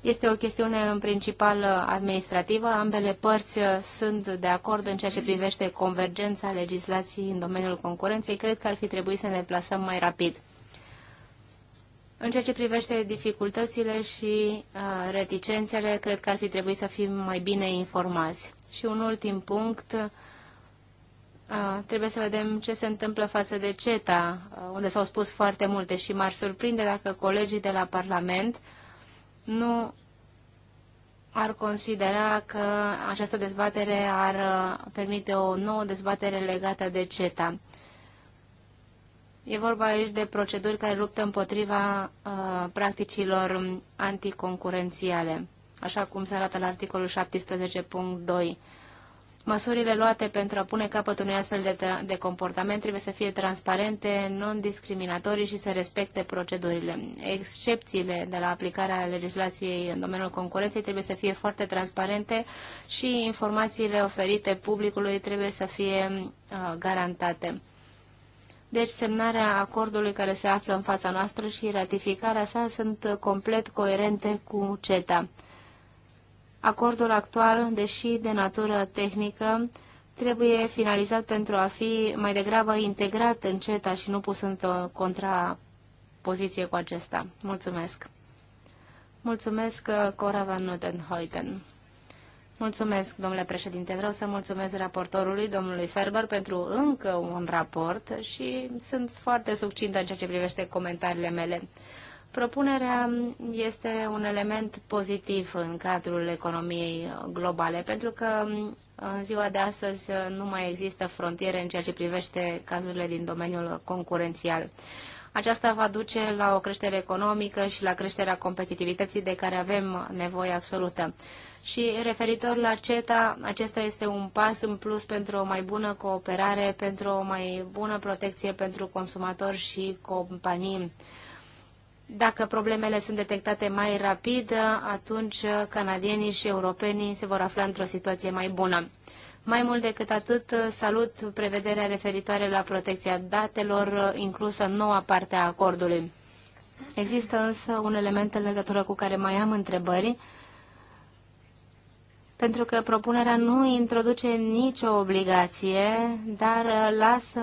Este o chestiune în principal administrativă. Ambele părți uh, sunt de acord în ceea ce privește convergența legislației în domeniul concurenței. Cred că ar fi trebuit să ne plasăm mai rapid. În ceea ce privește dificultățile și uh, reticențele, cred că ar fi trebuit să fim mai bine informați. Și un ultim punct, uh, trebuie să vedem ce se întâmplă față de CETA, uh, unde s-au spus foarte multe și m-ar surprinde dacă colegii de la Parlament nu ar considera că această dezbatere ar uh, permite o nouă dezbatere legată de CETA. E vorba aici de proceduri care luptă împotriva uh, practicilor anticoncurențiale, așa cum se arată la articolul 17.2. Măsurile luate pentru a pune capăt unui astfel de, de comportament trebuie să fie transparente, non-discriminatorii și să respecte procedurile. Excepțiile de la aplicarea legislației în domeniul concurenței trebuie să fie foarte transparente și informațiile oferite publicului trebuie să fie uh, garantate. Deci semnarea acordului care se află în fața noastră și ratificarea sa sunt complet coerente cu CETA. Acordul actual, deși de natură tehnică, trebuie finalizat pentru a fi mai degrabă integrat în CETA și nu pus în contrapoziție cu acesta. Mulțumesc! Mulțumesc, Cora Van Nutenhoiten. Mulțumesc, domnule președinte. Vreau să mulțumesc raportorului, domnului Ferber, pentru încă un raport și sunt foarte succintă în ceea ce privește comentariile mele. Propunerea este un element pozitiv în cadrul economiei globale, pentru că în ziua de astăzi nu mai există frontiere în ceea ce privește cazurile din domeniul concurențial. Aceasta va duce la o creștere economică și la creșterea competitivității de care avem nevoie absolută. Și referitor la CETA, acesta este un pas în plus pentru o mai bună cooperare, pentru o mai bună protecție pentru consumatori și companii. Dacă problemele sunt detectate mai rapid, atunci canadienii și europenii se vor afla într-o situație mai bună. Mai mult decât atât, salut prevederea referitoare la protecția datelor inclusă în noua parte a acordului. Există însă un element în legătură cu care mai am întrebări pentru că propunerea nu introduce nicio obligație, dar uh, lasă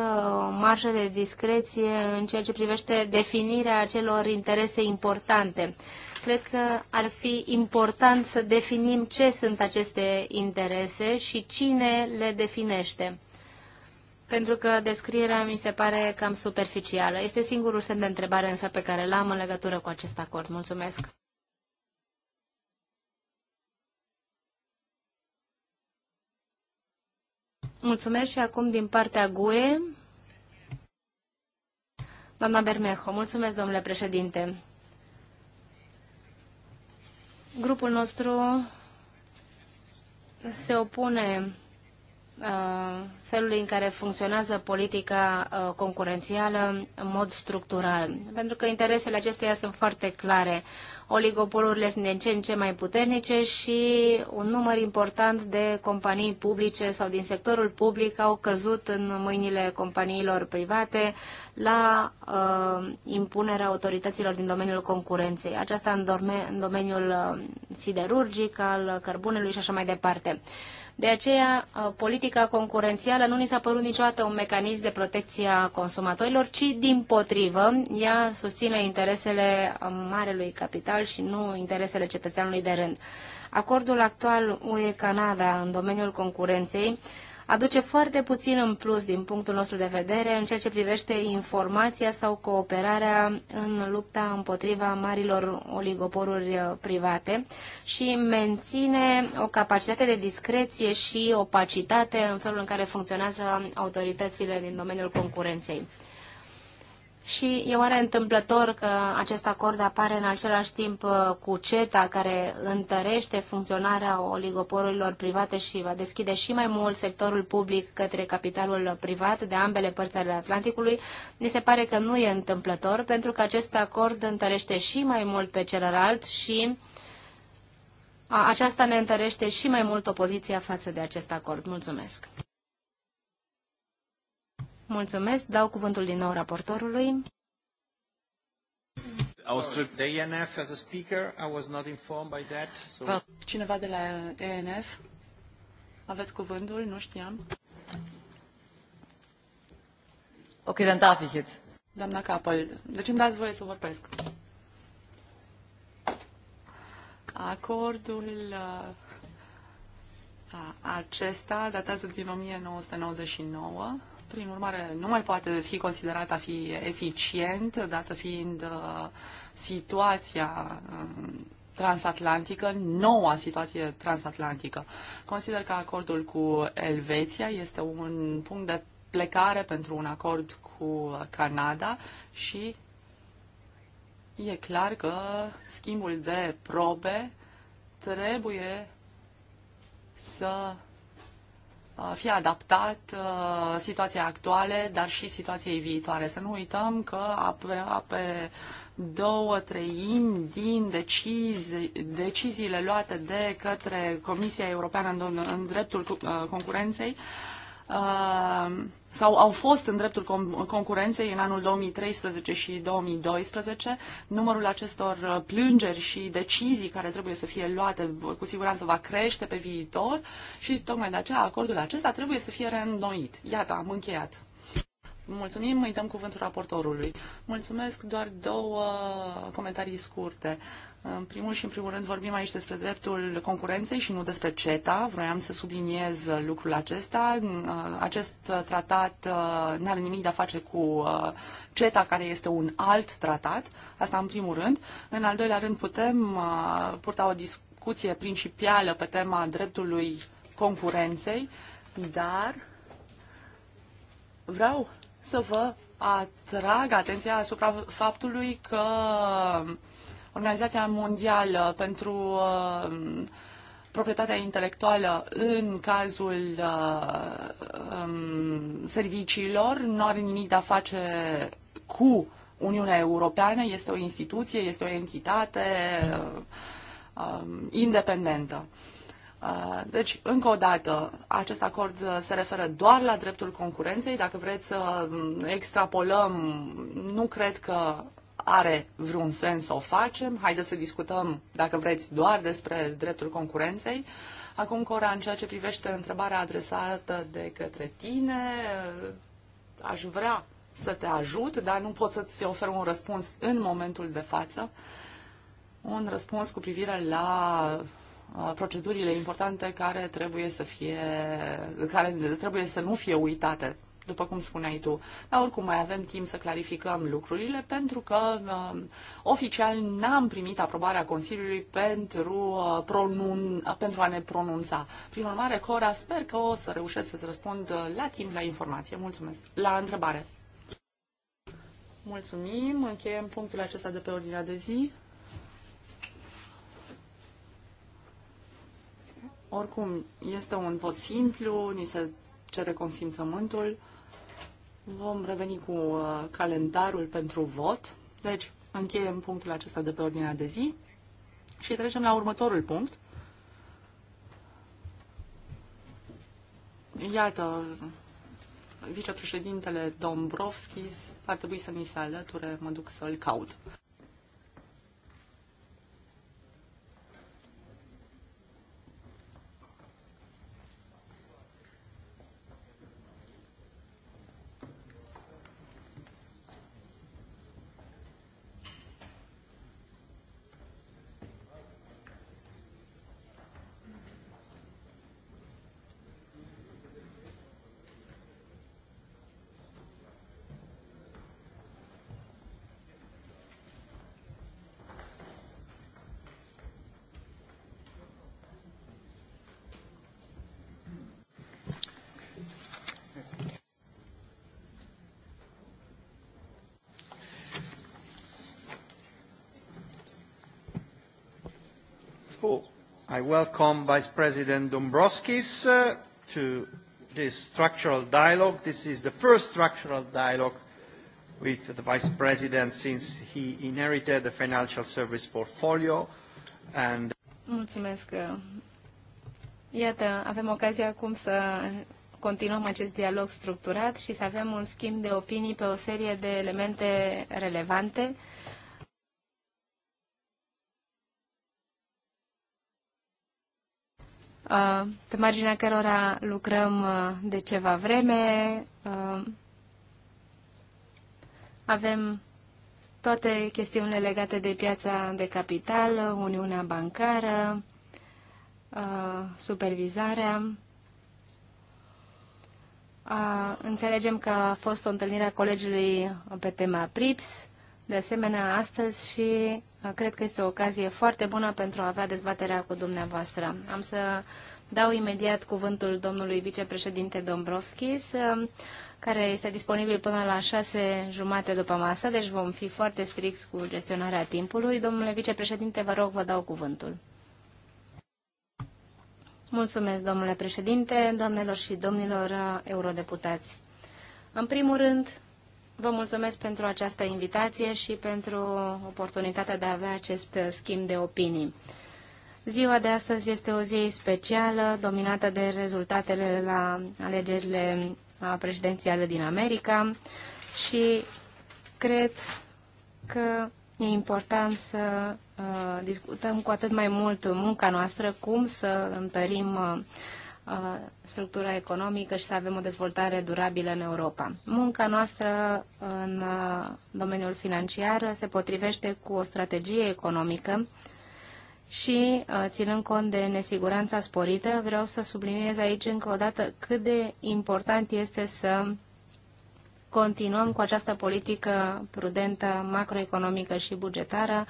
o marjă de discreție în ceea ce privește definirea acelor interese importante. Cred că ar fi important să definim ce sunt aceste interese și cine le definește. Pentru că descrierea mi se pare cam superficială. Este singurul semn de întrebare însă pe care l-am în legătură cu acest acord. Mulțumesc! Mulțumesc și acum din partea GUE. Doamna Bermejo, mulțumesc, domnule președinte. Grupul nostru se opune uh, felului în care funcționează politica uh, concurențială în mod structural. Pentru că interesele acesteia sunt foarte clare oligopolurile sunt din ce în ce mai puternice și un număr important de companii publice sau din sectorul public au căzut în mâinile companiilor private la uh, impunerea autorităților din domeniul concurenței. Aceasta în, dorme, în domeniul uh, siderurgic, al cărbunelui și așa mai departe. Uh, de aceea, uh, politica concurențială nu ni s-a părut niciodată un mecanism de protecție a consumatorilor, ci din potrivă, ea susține interesele uh, marelui capital și nu interesele cetățeanului de rând. Acordul actual UE-Canada în domeniul concurenței aduce foarte puțin în plus din punctul nostru de vedere în ceea ce privește informația sau cooperarea în lupta împotriva marilor oligoporuri uh, private și menține o capacitate de discreție și opacitate în felul în care funcționează autoritățile din domeniul concurenței. Și e oare întâmplător că acest acord apare în același timp uh, cu CETA, care întărește funcționarea oligopolurilor private și va deschide și mai mult sectorul public către capitalul privat de ambele părți ale Atlanticului? Mi se pare că nu e întâmplător, pentru că acest acord întărește și mai mult pe celălalt și aceasta ne întărește și mai mult opoziția față de acest acord. Mulțumesc! Mulțumesc. Dau cuvântul din nou raportorului. Ah. Cineva de la ENF? Aveți cuvântul? Nu știam. Ok, dann darf ich jetzt. Doamna Capăl, deci îmi dați voie să vorbesc. Acordul uh, acesta datează din 1999 prin urmare, nu mai poate fi considerat a fi eficient, dată fiind uh, situația um, transatlantică, noua situație transatlantică. Consider că acordul cu Elveția este un punct de plecare pentru un acord cu Canada și e clar că schimbul de probe trebuie să fie adaptat uh, situației actuale, dar și situației viitoare. Să nu uităm că aproape două treimi din decizi, deciziile luate de către Comisia Europeană în, în dreptul uh, concurenței uh, sau au fost în dreptul concurenței în anul 2013 și 2012. Numărul acestor uh, plângeri și decizii care trebuie să fie luate uh, cu siguranță va crește pe viitor și tocmai de aceea acordul acesta trebuie să fie reînnoit. Iată, am încheiat. Mulțumim, îi dăm cuvântul raportorului. Mulțumesc, doar două uh, comentarii scurte. În primul și în primul rând vorbim aici despre dreptul concurenței și nu despre CETA. Vroiam să subliniez lucrul acesta. Acest tratat uh, nu are nimic de a face cu uh, CETA, care este un alt tratat. Asta în primul rând. În al doilea rând putem uh, purta o discuție principială pe tema dreptului concurenței, dar vreau să vă atrag atenția asupra faptului că Organizația Mondială pentru uh, proprietatea intelectuală în cazul uh, um, serviciilor nu are nimic de a face cu Uniunea Europeană, este o instituție, este o entitate uh, um, independentă. Deci, încă o dată, acest acord se referă doar la dreptul concurenței. Dacă vreți să um, extrapolăm, nu cred că are vreun sens să o facem. Haideți să discutăm, dacă vreți, doar despre dreptul concurenței. Acum, Cora, în ceea ce privește întrebarea adresată de către tine, aș vrea să te ajut, dar nu pot să-ți ofer un răspuns în momentul de față. Un răspuns cu privire la uh, procedurile importante care trebuie să fie, care trebuie să nu fie uitate după cum spuneai tu. Dar oricum mai avem timp să clarificăm lucrurile pentru că uh, oficial n-am primit aprobarea Consiliului pentru, uh, pronun, pentru a ne pronunța. Prin urmare, Cora, sper că o să reușesc să-ți răspund uh, la timp la informație. Mulțumesc. La întrebare. Mulțumim. Încheiem punctul acesta de pe ordinea de zi. Oricum, este un vot simplu, ni se cere consimțământul. Vom reveni cu uh, calendarul pentru vot. Deci, încheiem punctul acesta de pe ordinea de zi și trecem la următorul punct. Iată, vicepreședintele Dombrovskis ar trebui să mi se alăture, mă duc să-l caut. Oh, I welcome Vice President Dombrovskis uh, to this structural dialogue. This is the first structural dialogue with the Vice President since he inherited the financial service portfolio. And Mulțumesc. Iată, avem ocazia acum să continuăm acest dialog structurat și să avem un schimb de opinii pe o serie de elemente relevante pe marginea cărora lucrăm de ceva vreme. Avem toate chestiunile legate de piața de capital, Uniunea Bancară, supervizarea. Înțelegem că a fost o întâlnire a colegiului pe tema PRIPS, de asemenea astăzi și Cred că este o ocazie foarte bună pentru a avea dezbaterea cu dumneavoastră. Am să dau imediat cuvântul domnului vicepreședinte Dombrovskis, um, care este disponibil până la șase jumate după masă, deci vom fi foarte stricți cu gestionarea timpului. Domnule vicepreședinte, vă rog, vă dau cuvântul. Mulțumesc, domnule președinte, doamnelor și domnilor uh, eurodeputați. În primul rând, Vă mulțumesc pentru această invitație și pentru oportunitatea de a avea acest schimb de opinii. Ziua de astăzi este o zi specială, dominată de rezultatele la alegerile prezidențiale din America și cred că e important să uh, discutăm cu atât mai mult munca noastră, cum să întărim uh, structura economică și să avem o dezvoltare durabilă în Europa. Munca noastră în domeniul financiar se potrivește cu o strategie economică și, ținând cont de nesiguranța sporită, vreau să subliniez aici încă o dată cât de important este să continuăm cu această politică prudentă, macroeconomică și bugetară,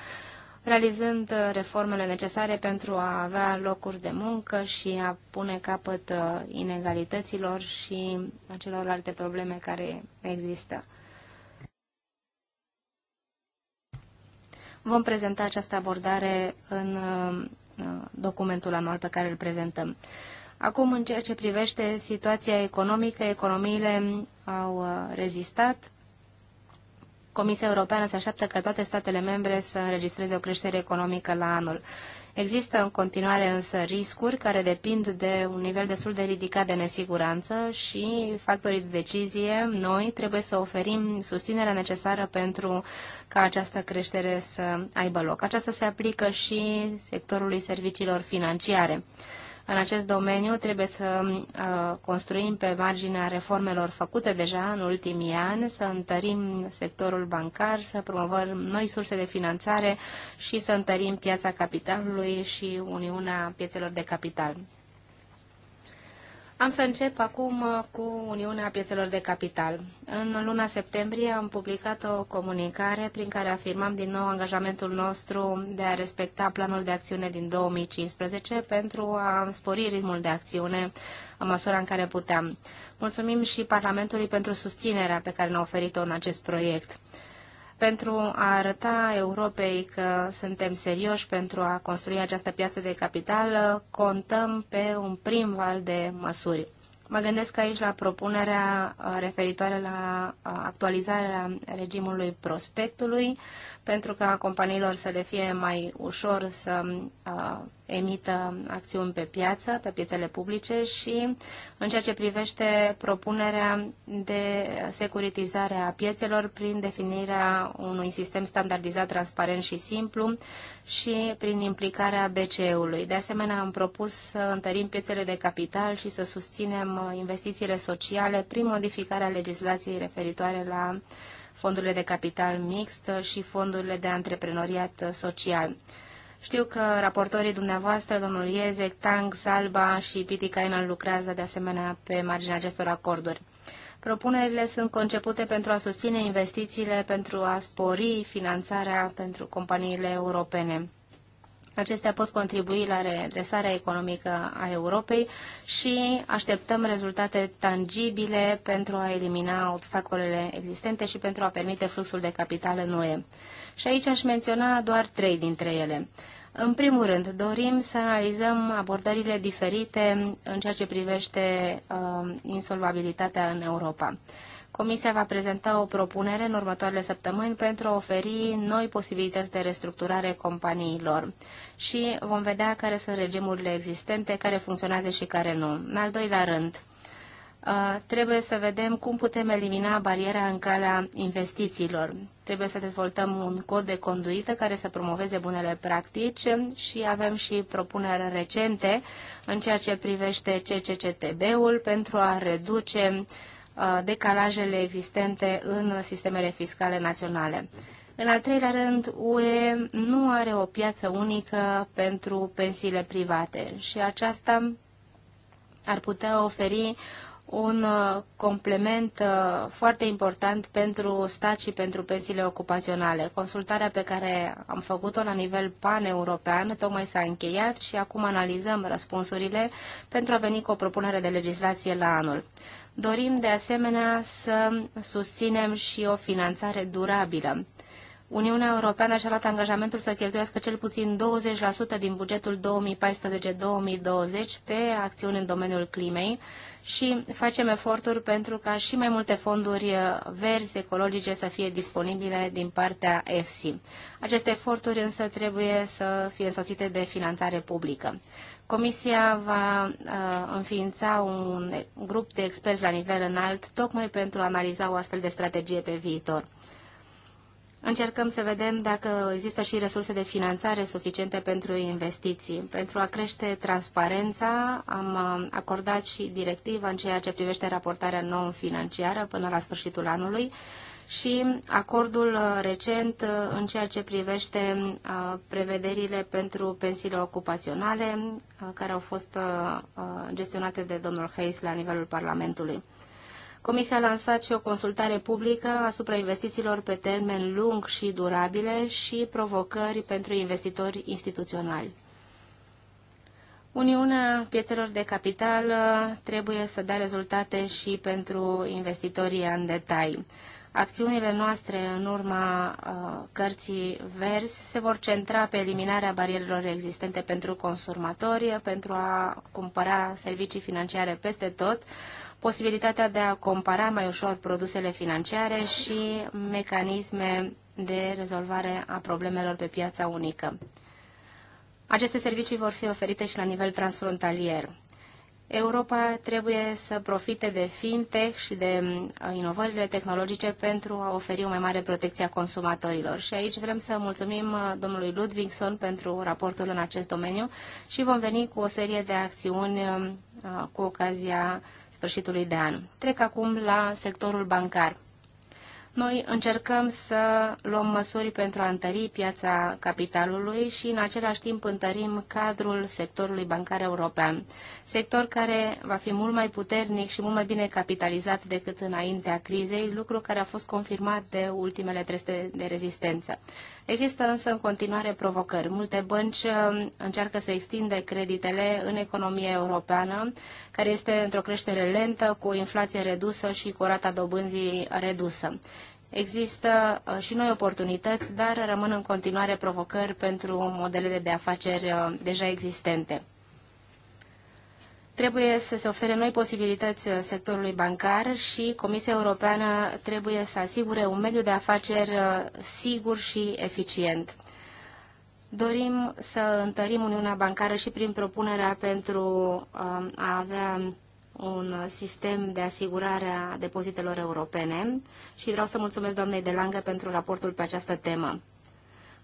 realizând uh, reformele necesare pentru a avea locuri de muncă și a pune capăt uh, inegalităților și celorlalte probleme care există. Vom prezenta această abordare în uh, documentul anual pe care îl prezentăm. Acum, în ceea ce privește situația economică, economiile au rezistat Comisia Europeană se așteaptă că toate statele membre să înregistreze o creștere economică la anul. Există în continuare însă riscuri care depind de un nivel destul de ridicat de nesiguranță și factorii de decizie, noi trebuie să oferim susținerea necesară pentru ca această creștere să aibă loc. Aceasta se aplică și sectorului serviciilor financiare. În acest domeniu trebuie să uh, construim pe marginea reformelor făcute deja în ultimii ani, să întărim sectorul bancar, să promovăm noi surse de finanțare și să întărim piața capitalului și Uniunea Piețelor de Capital. Am să încep acum uh, cu Uniunea Piețelor de Capital. În luna septembrie am publicat o comunicare prin care afirmam din nou angajamentul nostru de a respecta planul de acțiune din 2015 pentru a spori ritmul de acțiune în măsura în care puteam. Mulțumim și Parlamentului pentru susținerea pe care ne-a oferit-o în acest proiect pentru a arăta Europei că suntem serioși pentru a construi această piață de capital, contăm pe un prim val de măsuri. Mă gândesc aici la propunerea uh, referitoare la uh, actualizarea regimului prospectului, pentru ca companiilor să le fie mai ușor să uh, emită acțiuni pe piață, pe piețele publice și în ceea ce privește propunerea de securitizare a piețelor prin definirea unui sistem standardizat, transparent și simplu și prin implicarea BCE-ului. De asemenea, am propus să întărim piețele de capital și să susținem investițiile sociale prin modificarea legislației referitoare la fondurile de capital mixt și fondurile de antreprenoriat social. Știu că raportorii dumneavoastră, domnul Iezec, Tang, Salba și Piti Kainal lucrează de asemenea pe marginea acestor acorduri. Propunerile sunt concepute pentru a susține investițiile, pentru a spori finanțarea pentru companiile europene. Acestea pot contribui la redresarea economică a Europei și așteptăm rezultate tangibile pentru a elimina obstacolele existente și pentru a permite fluxul de capital în UE. Și aici aș menționa doar trei dintre ele. În primul rând, dorim să analizăm abordările diferite în ceea ce privește uh, insolvabilitatea în Europa. Comisia va prezenta o propunere în următoarele săptămâni pentru a oferi noi posibilități de restructurare companiilor și vom vedea care sunt regimurile existente, care funcționează și care nu. În al doilea rând, trebuie să vedem cum putem elimina bariera în calea investițiilor. Trebuie să dezvoltăm un cod de conduită care să promoveze bunele practici și avem și propuneri recente în ceea ce privește CCCTB-ul pentru a reduce decalajele existente în sistemele fiscale naționale. În al treilea rând, UE nu are o piață unică pentru pensiile private și aceasta ar putea oferi un uh, complement uh, foarte important pentru stat și pentru pensiile ocupaționale. Consultarea pe care am făcut-o la nivel pan-european tocmai s-a încheiat și acum analizăm răspunsurile pentru a veni cu o propunere de legislație la anul. Dorim de asemenea să susținem și o finanțare durabilă. Uniunea Europeană și-a luat angajamentul să cheltuiască cel puțin 20% din bugetul 2014-2020 pe acțiuni în domeniul climei, și facem eforturi pentru ca și mai multe fonduri uh, verzi ecologice să fie disponibile din partea EFSI. Aceste eforturi însă trebuie să fie însoțite de finanțare publică. Comisia va uh, înființa un grup de experți la nivel înalt tocmai pentru a analiza o astfel de strategie pe viitor. Încercăm să vedem dacă există și resurse de finanțare suficiente pentru investiții. Pentru a crește transparența, am uh, acordat și directiva în ceea ce privește raportarea non-financiară până la sfârșitul anului și acordul uh, recent uh, în ceea ce privește prevederile pentru pensiile ocupaționale care au fost gestionate de domnul Hayes la nivelul Parlamentului. Comisia a lansat și o consultare publică asupra investițiilor pe termen lung și durabile și provocări pentru investitori instituționali. Uniunea piețelor de capital uh, trebuie să dea rezultate și pentru investitorii în detalii. Acțiunile noastre în urma uh, cărții verzi se vor centra pe eliminarea barierelor existente pentru consumatori, pentru a cumpăra servicii financiare peste tot, posibilitatea de a compara mai ușor produsele financiare și mecanisme de rezolvare a problemelor pe piața unică. Aceste servicii vor fi oferite și la nivel transfrontalier. Europa trebuie să profite de fintech și de uh, inovările tehnologice pentru a oferi o mai mare protecție a consumatorilor. Și aici vrem să mulțumim uh, domnului Ludvigson pentru raportul în acest domeniu și vom veni cu o serie de acțiuni uh, cu ocazia sfârșitului de an. Trec acum la sectorul bancar. Noi încercăm să luăm măsuri pentru a întări piața capitalului și în același timp întărim cadrul sectorului bancar european sector care va fi mult mai puternic și mult mai bine capitalizat decât înaintea crizei, lucru care a fost confirmat de ultimele teste de rezistență. Există însă în continuare provocări. Multe bănci uh, încearcă să extinde creditele în economia europeană, care este într-o creștere lentă, cu o inflație redusă și cu rata dobânzii redusă. Există uh, și noi oportunități, dar rămân în continuare provocări pentru modelele de afaceri uh, deja existente. Trebuie să se ofere noi posibilități uh, sectorului bancar și Comisia Europeană trebuie să asigure un mediu de afaceri uh, sigur și eficient. Dorim să întărim Uniunea Bancară și prin propunerea pentru uh, a avea un sistem de asigurare a depozitelor europene și vreau să mulțumesc doamnei Delangă pentru raportul pe această temă.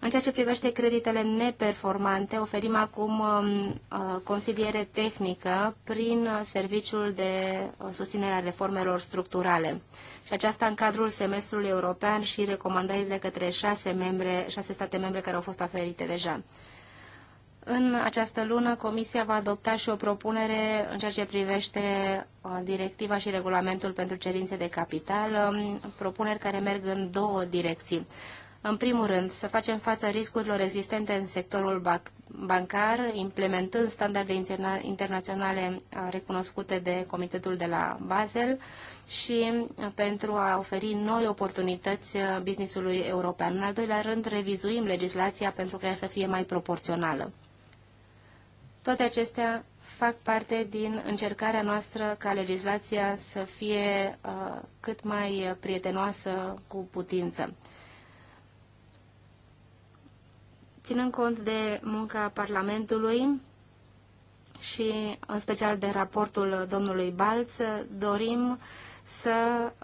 În ceea ce privește creditele neperformante, oferim acum um, uh, consiliere tehnică prin uh, Serviciul de uh, Susținere a Reformelor Structurale. Și aceasta în cadrul semestrului european și recomandările către șase, membre, șase state membre care au fost aferite deja. În această lună, Comisia va adopta și o propunere în ceea ce privește directiva și regulamentul pentru cerințe de capital, um, propuneri care merg în două direcții. În primul rând, să facem față riscurilor existente în sectorul bancar, implementând standarde internaționale uh, recunoscute de Comitetul de la Basel și uh, pentru a oferi noi oportunități uh, businessului european. În al doilea rând, revizuim legislația pentru ca ea să fie mai proporțională. Toate acestea fac parte din încercarea noastră ca legislația să fie cât mai prietenoasă cu putință. ținând cont de munca Parlamentului și în special de raportul domnului Balț, dorim să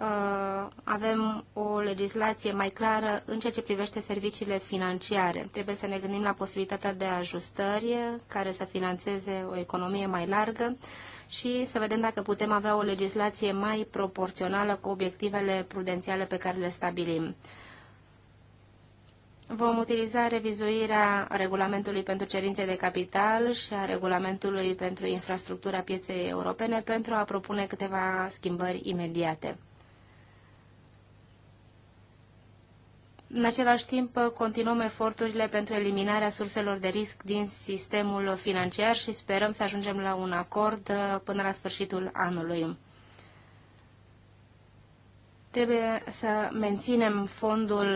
uh, avem o legislație mai clară în ceea ce privește serviciile financiare. Trebuie să ne gândim la posibilitatea de ajustări care să financeze o economie mai largă și să vedem dacă putem avea o legislație mai proporțională cu obiectivele prudențiale pe care le stabilim. Vom utiliza revizuirea regulamentului pentru cerințe de capital și a regulamentului pentru infrastructura pieței europene pentru a propune câteva schimbări imediate. În același timp, continuăm eforturile pentru eliminarea surselor de risc din sistemul financiar și sperăm să ajungem la un acord până la sfârșitul anului. Trebuie să menținem fondul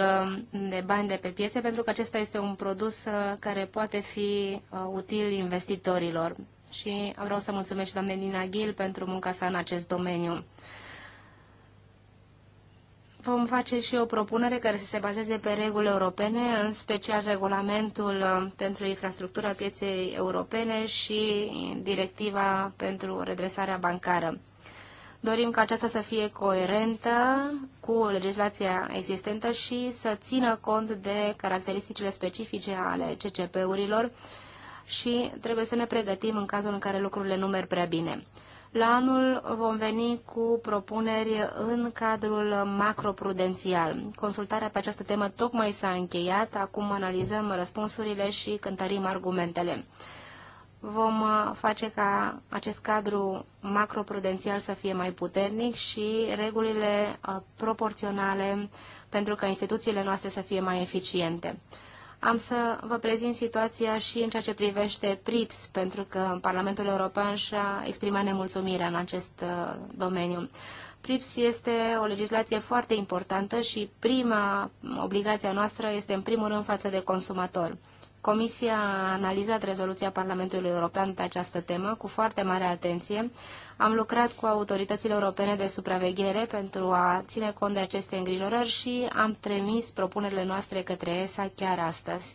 um, de bani de pe piețe pentru că acesta este un produs uh, care poate fi uh, util investitorilor. Și vreau să mulțumesc doamnei Nina Ghil pentru munca sa în acest domeniu vom face și o propunere care să se bazeze pe reguli europene, în special regulamentul um, pentru infrastructura pieței europene și directiva pentru redresarea bancară. Dorim ca aceasta să fie coerentă cu legislația existentă și să țină cont de caracteristicile specifice ale CCP-urilor și trebuie să ne pregătim în cazul în care lucrurile nu merg prea bine. La anul vom veni cu propuneri în cadrul macroprudențial. Consultarea pe această temă tocmai s-a încheiat, acum analizăm răspunsurile și cântărim argumentele vom uh, face ca acest cadru macroprudențial să fie mai puternic și regulile uh, proporționale pentru ca instituțiile noastre să fie mai eficiente. Am să vă prezint situația și în ceea ce privește PRIPS, pentru că Parlamentul European și-a exprimat nemulțumirea în acest uh, domeniu. PRIPS este o legislație foarte importantă și prima obligație noastră este în primul rând față de consumator. Comisia a analizat rezoluția Parlamentului European pe această temă cu foarte mare atenție. Am lucrat cu autoritățile europene de supraveghere pentru a ține cont de aceste îngrijorări și am trimis propunerile noastre către ESA chiar astăzi.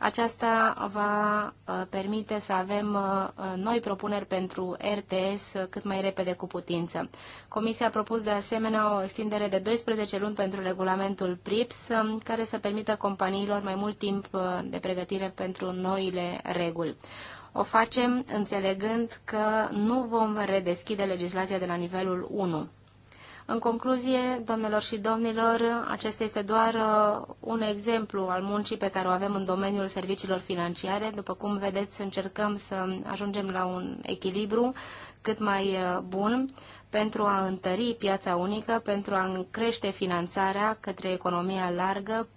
Aceasta va uh, permite să avem uh, noi propuneri pentru RTS uh, cât mai repede cu putință. Comisia a propus de asemenea o extindere de 12 luni pentru regulamentul PRIPS, um, care să permită companiilor mai mult timp de pregătire pentru noile reguli. O facem înțelegând că nu vom redeschide legislația de la nivelul 1. În concluzie, domnilor și domnilor, acesta este doar uh, un exemplu al muncii pe care o avem în domeniul serviciilor financiare. După cum vedeți, încercăm să ajungem la un echilibru cât mai uh, bun pentru a întări piața unică, pentru a crește finanțarea către economia largă,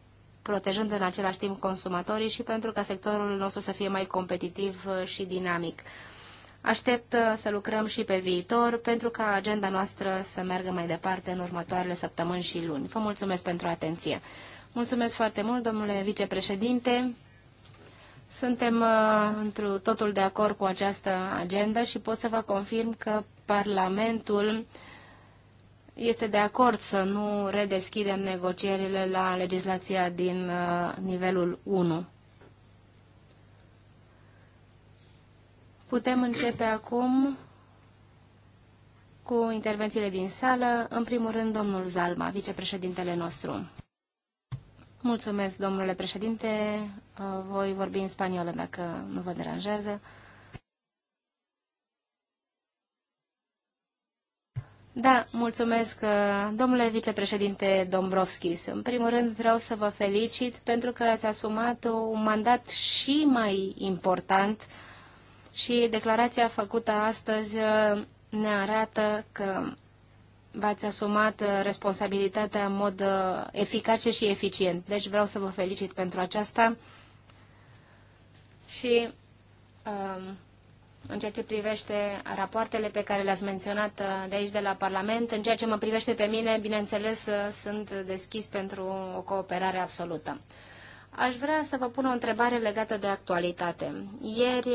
protejând în același timp consumatorii și pentru ca sectorul nostru să fie mai competitiv uh, și dinamic. Aștept uh, să lucrăm și pe viitor pentru ca agenda noastră să meargă mai departe în următoarele săptămâni și luni. Vă mulțumesc pentru atenție. Mulțumesc foarte mult, domnule vicepreședinte. Suntem uh, într totul de acord cu această agenda și pot să vă confirm că Parlamentul este de acord să nu redeschidem negocierile la legislația din uh, nivelul 1. Putem începe acum cu intervențiile din sală. În primul rând, domnul Zalma, vicepreședintele nostru. Mulțumesc, domnule președinte. Voi vorbi în spaniolă dacă nu vă deranjează. Da, mulțumesc, domnule vicepreședinte Dombrovskis. În primul rând vreau să vă felicit pentru că ați asumat un mandat și mai important uh, și declarația făcută astăzi uh, ne arată că v-ați asumat uh, responsabilitatea în mod uh, eficace și eficient. Deci vreau să vă felicit pentru aceasta și um, în ceea ce privește rapoartele pe care le-ați menționat de aici de la Parlament, în ceea ce mă privește pe mine, bineînțeles, sunt deschis pentru o cooperare absolută. Aș vrea să vă pun o întrebare legată de actualitate. Ieri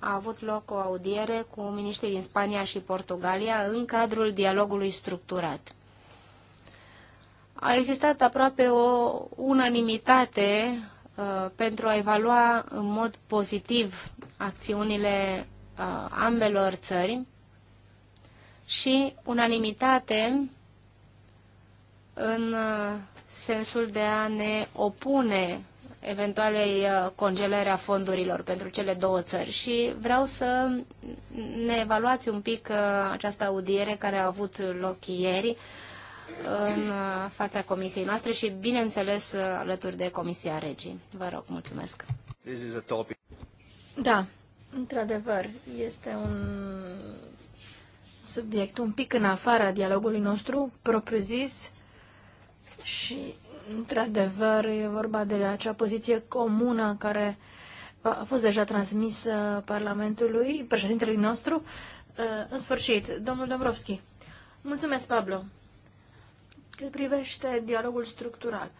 a avut loc o audiere cu miniștrii din Spania și Portugalia în cadrul dialogului structurat. A existat aproape o unanimitate uh, pentru a evalua în mod pozitiv acțiunile uh, ambelor țări și unanimitate în uh, sensul de a ne opune eventualei uh, congelări a fondurilor pentru cele două țări și vreau să ne evaluați un pic uh, această audiere care a avut loc ieri în uh, fața comisiei noastre și, bineînțeles, alături de Comisia Regii. Vă rog, mulțumesc. Da, într-adevăr, este un subiect un pic în afara dialogului nostru propriu-zis și într-adevăr, e vorba de acea poziție comună care a fost deja transmisă Parlamentului, președintelui nostru. În sfârșit, domnul Dombrovski. Mulțumesc, Pablo. Cât privește dialogul structural.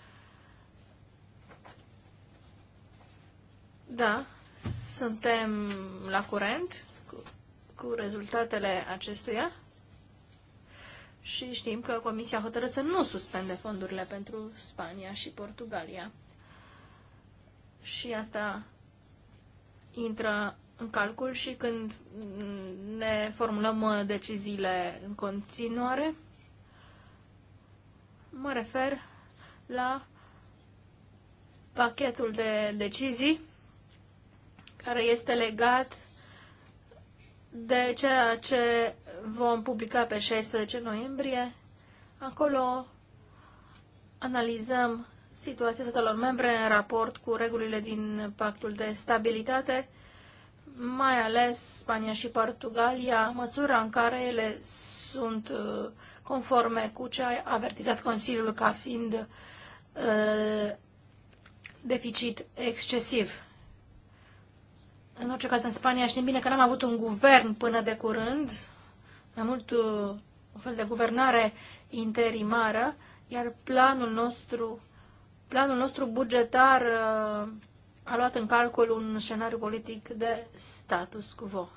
Da, suntem la curent cu, cu rezultatele acestuia și știm că Comisia a hotărât să nu suspende fondurile pentru Spania și Portugalia. Și asta intră în calcul și când ne formulăm uh, deciziile în continuare. Mă refer la pachetul de decizii care este legat de ceea ce vom publica pe 16 noiembrie. Acolo analizăm situația statelor membre în raport cu regulile din pactul de stabilitate, mai ales Spania și Portugalia, măsura în care ele sunt uh, conforme cu ce a avertizat Consiliul ca fiind uh, deficit excesiv. În orice caz, în Spania știm bine că n-am avut un guvern până de curând, mai mult uh, un fel de guvernare interimară, iar planul nostru, planul nostru bugetar uh, a luat în calcul un scenariu politic de status quo.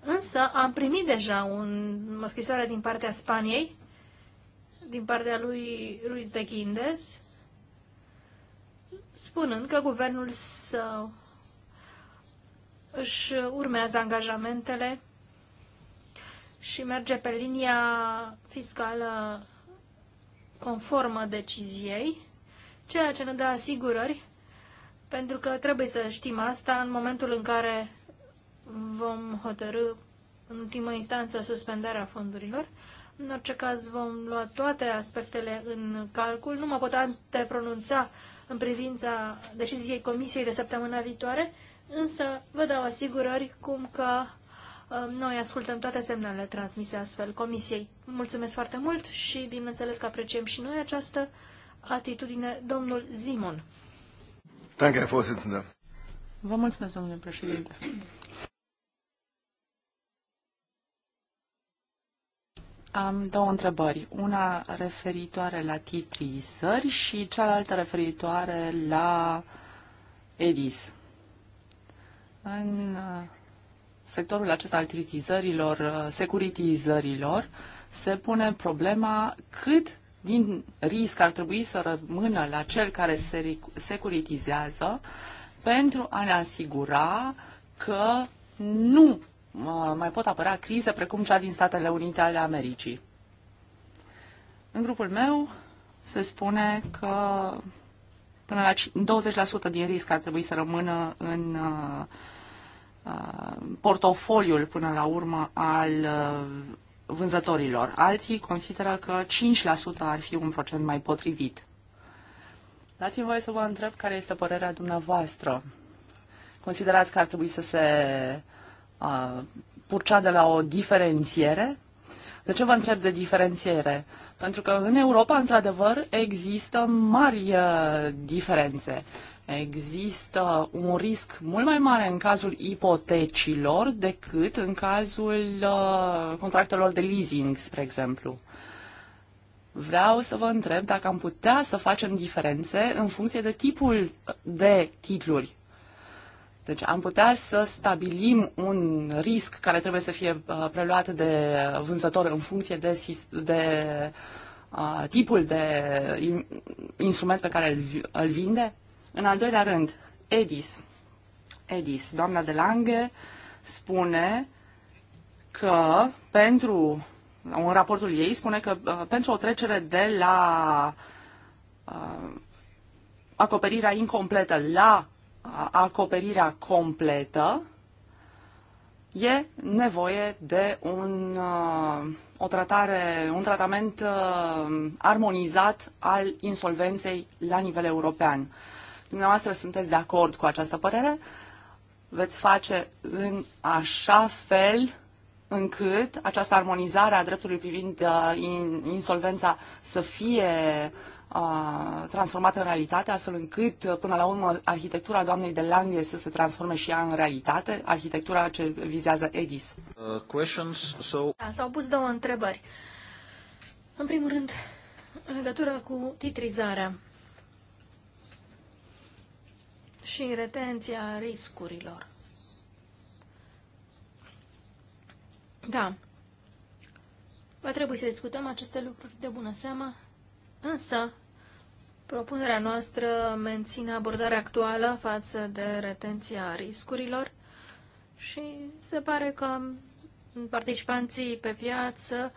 Însă am primit deja un, o scrisoare din partea Spaniei, din partea lui Ruiz de Guindes, spunând că guvernul său își urmează angajamentele și merge pe linia fiscală conformă deciziei, ceea ce ne dă asigurări, pentru că trebuie să știm asta în momentul în care vom hotărâ în ultimă instanță suspendarea fondurilor. În orice caz vom lua toate aspectele în calcul. Nu mă pot pronunța în privința deciziei Comisiei de săptămâna viitoare, însă vă dau asigurări cum că noi ascultăm toate semnalele transmise astfel Comisiei. Mulțumesc foarte mult și, bineînțeles, că apreciem și noi această atitudine. Domnul Zimon. Danke, Herr Vorsitzender. Vă mulțumesc, domnule președinte. Am două întrebări. Una referitoare la titrizări și cealaltă referitoare la EDIS. În uh, sectorul acesta al tritizărilor, uh, securitizărilor, se pune problema cât din risc ar trebui să rămână la cel care se securitizează pentru a ne asigura că nu uh, mai pot apărea crize precum cea din Statele Unite ale Americii. În grupul meu se spune că până la 20% din risc ar trebui să rămână în uh, Uh, portofoliul până la urmă al uh, vânzătorilor. Alții consideră că 5% ar fi un procent mai potrivit. Dați-mi voie să vă întreb care este părerea dumneavoastră. Considerați că ar trebui să se uh, purcea de la o diferențiere? De ce vă întreb de diferențiere? Pentru că în Europa, într-adevăr, există mari uh, diferențe. Există un risc mult mai mare în cazul ipotecilor decât în cazul uh, contractelor de leasing, spre exemplu. Vreau să vă întreb dacă am putea să facem diferențe în funcție de tipul de titluri deci am putea să stabilim un risc care trebuie să fie uh, preluat de vânzător în funcție de, de uh, tipul de instrument pe care îl, îl vinde? În al doilea rând, Edis. Edis, doamna de Lange, spune că pentru, în raportul ei spune că uh, pentru o trecere de la uh, acoperirea incompletă la uh, acoperirea completă, e nevoie de un, uh, o tratare, un tratament armonizat al insolvenței la nivel european dumneavoastră sunteți de acord cu această părere, veți face în așa fel încât această armonizare a dreptului privind uh, insolvența să fie uh, transformată în realitate, astfel încât, uh, până la urmă, arhitectura doamnei de Langhe să se transforme și ea în realitate, arhitectura ce vizează EDIS. Uh, questions, so... Da, s-au pus două întrebări. În primul rând, în legătură cu titrizarea și în retenția riscurilor. Da, va trebui să discutăm aceste lucruri de bună seamă, însă propunerea noastră menține abordarea actuală față de retenția riscurilor și se pare că participanții pe piață,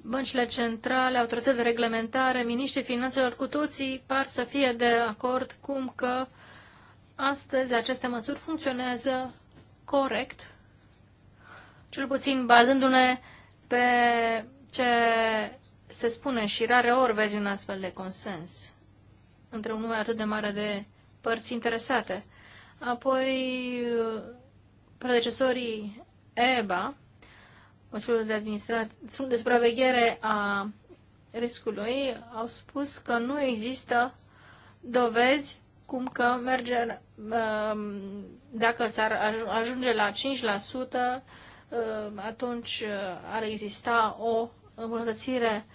băncile centrale, autoritățile de reglementare, miniștrii finanțelor, cu toții par să fie de acord cum că Astăzi aceste măsuri funcționează corect, cel puțin bazându-ne pe ce se spune și rare ori vezi un astfel de consens între un număr atât de mare de părți interesate. Apoi, predecesorii EBA, măsurile de, administrat- de supraveghere a riscului, au spus că nu există dovezi cum că merge, um, dacă s-ar ajunge la 5%, um, atunci uh, ar exista o îmbunătățire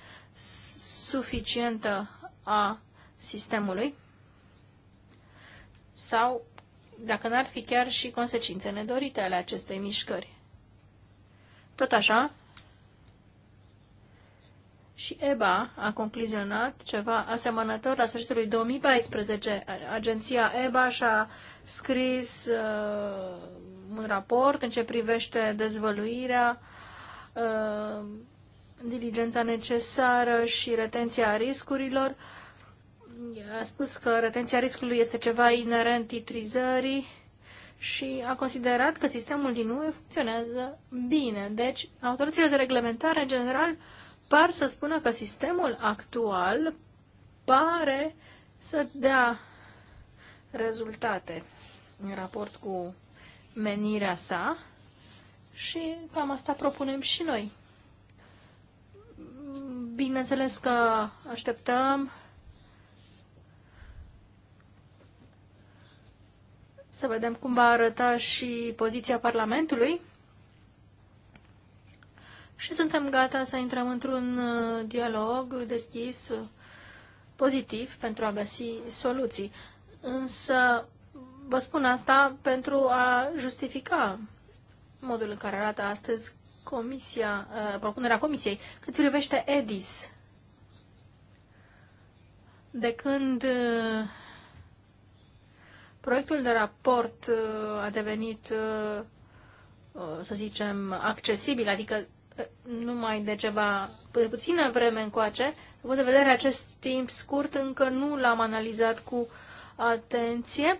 suficientă a sistemului sau dacă n-ar fi chiar și consecințe nedorite ale acestei mișcări. Tot așa, și EBA a concluzionat ceva asemănător la sfârșitul lui 2014. Agenția EBA și-a scris uh, un raport în ce privește dezvăluirea, uh, diligența necesară și retenția riscurilor. A spus că retenția riscului este ceva inerent titrizării și a considerat că sistemul din UE funcționează bine. Deci, autoritățile de reglementare, în general, uh, par să spună că sistemul actual pare să dea rezultate în raport cu menirea sa și cam asta propunem și noi. Bineînțeles că așteptăm să vedem cum va arăta și poziția Parlamentului și suntem gata să intrăm într-un uh, dialog deschis, uh, pozitiv, pentru a găsi soluții. Însă vă spun asta pentru a justifica modul în care arată astăzi comisia, uh, propunerea comisiei cât privește EDIS. De când proiectul de raport a devenit, să zicem, accesibil, adică numai de ceva de puțină vreme încoace, având de vedere acest timp scurt, încă nu l-am analizat cu atenție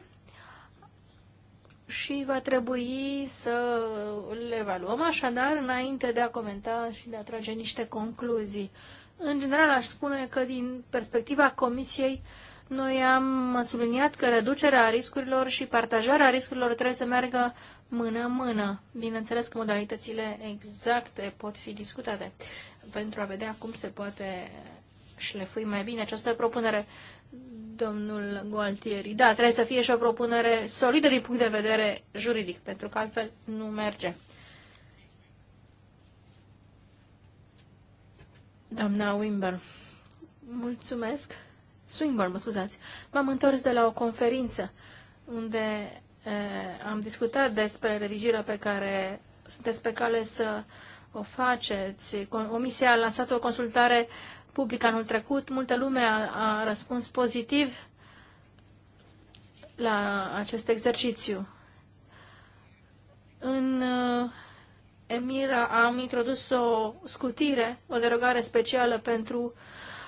și va trebui să le evaluăm așadar înainte de a comenta și de a trage niște concluzii. În general aș spune că din perspectiva Comisiei noi am subliniat că reducerea riscurilor și partajarea riscurilor trebuie să meargă mână-mână. Bineînțeles că modalitățile exacte pot fi discutate pentru a vedea cum se poate șlefui mai bine această propunere. Domnul Gualtieri, da, trebuie să fie și o propunere solidă din punct de vedere juridic, pentru că altfel nu merge. Doamna Wimber, mulțumesc. Swinburne, mă scuzați. M-am întors de la o conferință unde Eh, am discutat despre revizirea pe care sunteți pe cale să o faceți. Comisia a lansat o consultare publică anul trecut. Multă lume a, a răspuns pozitiv la acest exercițiu. În eh, Emira am introdus o scutire, o derogare specială pentru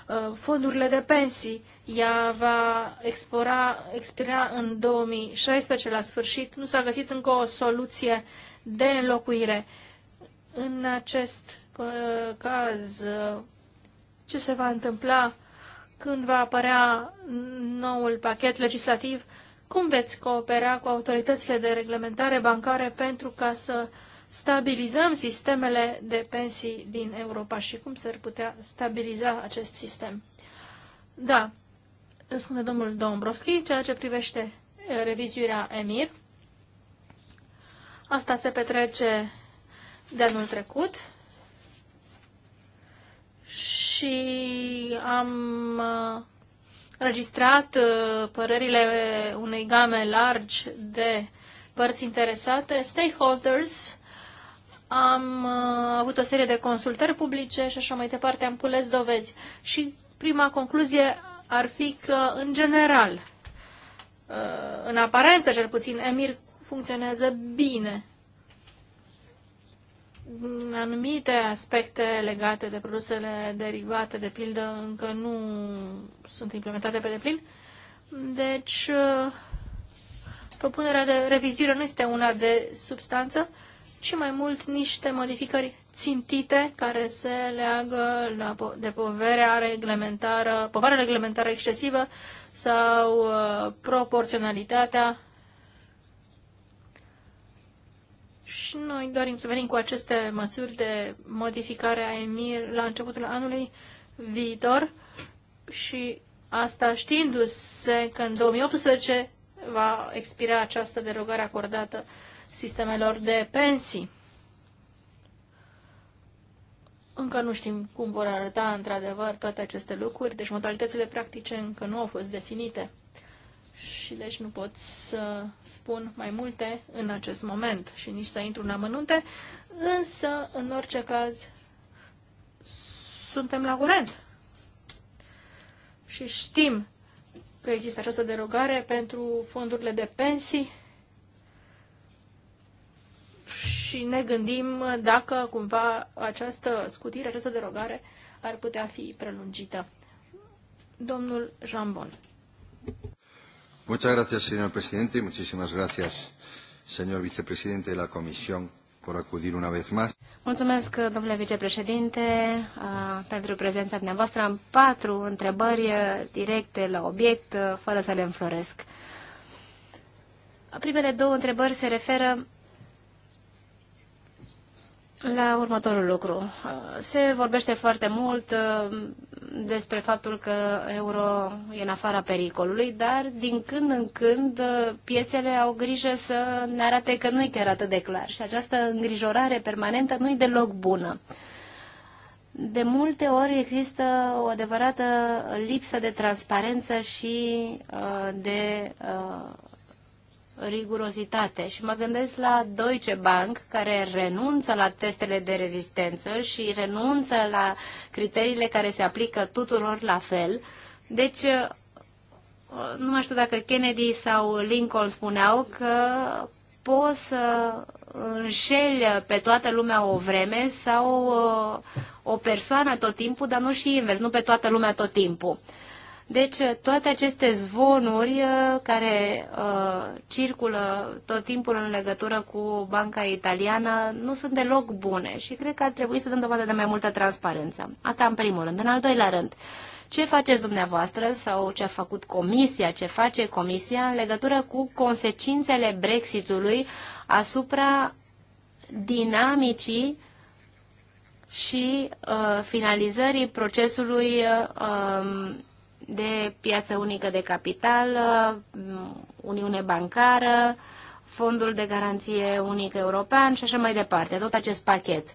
Uh, fondurile de pensii. Ea va expira, expira în 2016 la sfârșit. Nu s-a găsit încă o soluție de înlocuire. În acest uh, caz, uh, ce se va întâmpla când va apărea noul pachet legislativ? Cum veți coopera cu autoritățile de reglementare bancare pentru ca să uh, stabilizăm sistemele de pensii din Europa și cum s-ar putea stabiliza acest sistem. Da, îmi spune domnul Dombrovski, ceea ce privește revizuirea EMIR. Asta se petrece de anul trecut și am uh, registrat uh, părerile unei game largi de părți interesate, stakeholders, am uh, avut o serie de consultări publice și așa mai departe, am cules dovezi. Și prima concluzie ar fi că, în general, uh, în aparență cel puțin, Emir funcționează bine. Anumite aspecte legate de produsele derivate, de pildă, încă nu sunt implementate pe deplin. Deci, uh, propunerea de revizuire nu este una de substanță, ci mai mult niște modificări țintite care se leagă la, de poverea reglementară, povara reglementară excesivă sau uh, proporționalitatea. Și noi dorim să venim cu aceste măsuri de modificare a EMIR la începutul anului viitor și asta știindu-se că în 2018 va expira această derogare acordată uh, sistemelor de pensii. Încă nu știm cum vor arăta într-adevăr toate aceste lucruri, deci modalitățile practice încă nu au fost definite și deci nu pot să spun mai multe în acest moment și nici să intru în amănunte, însă, în orice caz, suntem la curent și știm că există această derogare pentru fondurile de pensii și ne gândim dacă cumva această scutire, această derogare ar putea fi prelungită. Domnul Jambon. Muchas gracias, señor presidente, muchísimas gracias, señor vicepresidente de la Comisión, por acudir una vez más. Mulțumesc, domnule vicepreședinte, pentru prezența dumneavoastră. Am patru întrebări directe la obiect, fără să le înfloresc. Primele două întrebări se referă la următorul lucru. Se vorbește foarte mult uh, despre faptul că euro e în afara pericolului, dar din când în când uh, piețele au grijă să ne arate că nu e chiar atât de clar și această îngrijorare permanentă nu e deloc bună. De multe ori există o adevărată lipsă de transparență și uh, de rigurozitate. Și mă gândesc la Deutsche Bank, care renunță la testele de rezistență și renunță la criteriile care se aplică tuturor la fel. Deci, uh, nu mai știu dacă Kennedy sau Lincoln spuneau că poți să înșeli pe toată lumea o vreme sau uh, o persoană tot timpul, dar nu și invers, nu pe toată lumea tot timpul. Deci uh, toate aceste zvonuri uh, care uh, circulă tot timpul în legătură cu banca italiană nu sunt deloc bune și cred că ar trebui să dăm dovadă de mai multă transparență. Asta în primul rând. În al doilea rând, ce faceți dumneavoastră sau ce a făcut comisia, ce face comisia în legătură cu consecințele Brexitului asupra dinamicii și uh, finalizării procesului uh, um, de piață unică de capital, Uniune bancară, Fondul de Garanție Unic European și așa mai departe, tot acest pachet.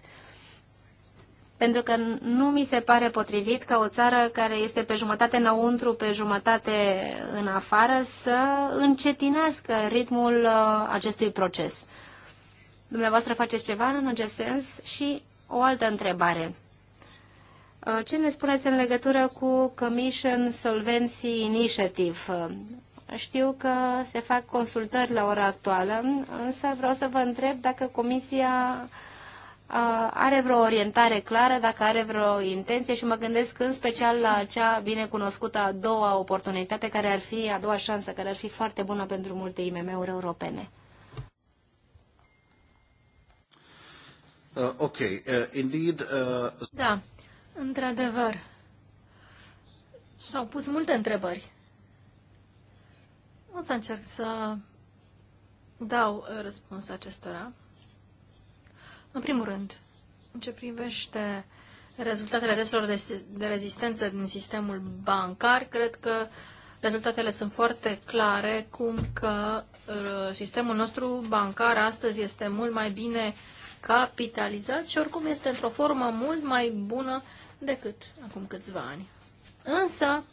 Pentru că nu mi se pare potrivit ca o țară care este pe jumătate înăuntru, pe jumătate în afară, să încetinească ritmul uh, acestui proces. Dumneavoastră faceți ceva în acest sens? Și o altă întrebare. Uh, ce ne spuneți în legătură cu Commission Solvency Initiative? Uh, știu că se fac consultări la ora actuală, însă vreau să vă întreb dacă Comisia uh, are vreo orientare clară, dacă are vreo intenție și mă gândesc în special la acea binecunoscută a doua oportunitate care ar fi, a doua șansă care ar fi foarte bună pentru multe IMM-uri europene. Uh, ok, uh, indeed. Uh... Da. Într-adevăr, s-au pus multe întrebări. O să încerc să dau uh, răspuns acestora. În primul rând, în ce privește rezultatele testelor de rezistență din sistemul bancar, cred că rezultatele sunt foarte clare, cum că uh, sistemul nostru bancar astăzi este mult mai bine capitalizat și oricum este într-o formă mult mai bună decât acum câțiva ani. Însă,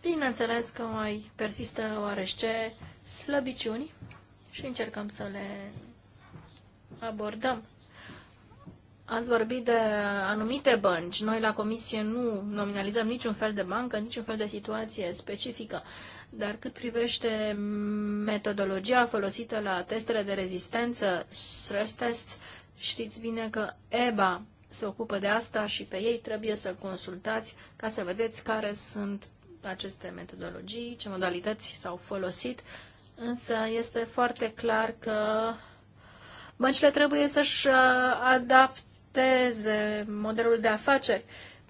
bineînțeles că mai persistă oarește slăbiciuni și încercăm să le abordăm. Ați vorbit de anumite bănci. Noi la comisie nu nominalizăm niciun fel de bancă, niciun fel de situație specifică. Dar cât privește metodologia folosită la testele de rezistență, stress tests, știți bine că EBA se ocupă de asta și pe ei trebuie să consultați ca să vedeți care sunt aceste metodologii, ce modalități s-au folosit, însă este foarte clar că băncile trebuie să-și uh, adapteze modelul de afaceri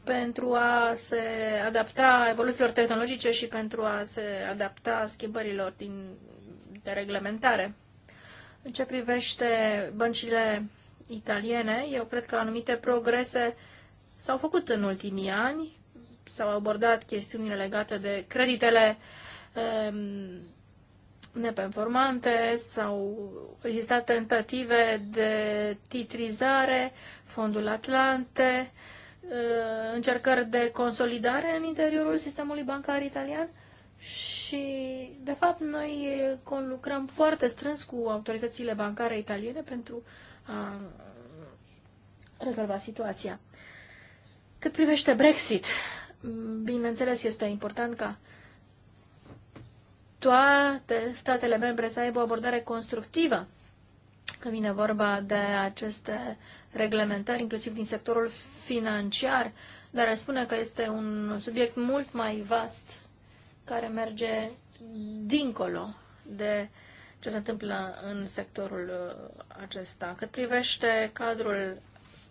pentru a se adapta evoluțiilor tehnologice și pentru a se adapta schimbărilor din, de reglementare. În ce privește băncile italiene, eu cred că anumite progrese s-au făcut în ultimii ani, s-au abordat chestiunile legate de creditele um, neperformante, s-au existat tentative de titrizare, fondul Atlante, ehm, încercări de consolidare în interiorul sistemului bancar italian și, de fapt, noi lucrăm foarte strâns cu autoritățile bancare italiene pentru a rezolva situația. Cât privește Brexit, bineînțeles este important ca toate statele membre să aibă o abordare constructivă când vine vorba de aceste reglementări, inclusiv din sectorul financiar, dar spune că este un subiect mult mai vast care merge dincolo de uh, ce se întâmplă în sectorul uh, acesta. Cât privește cadrul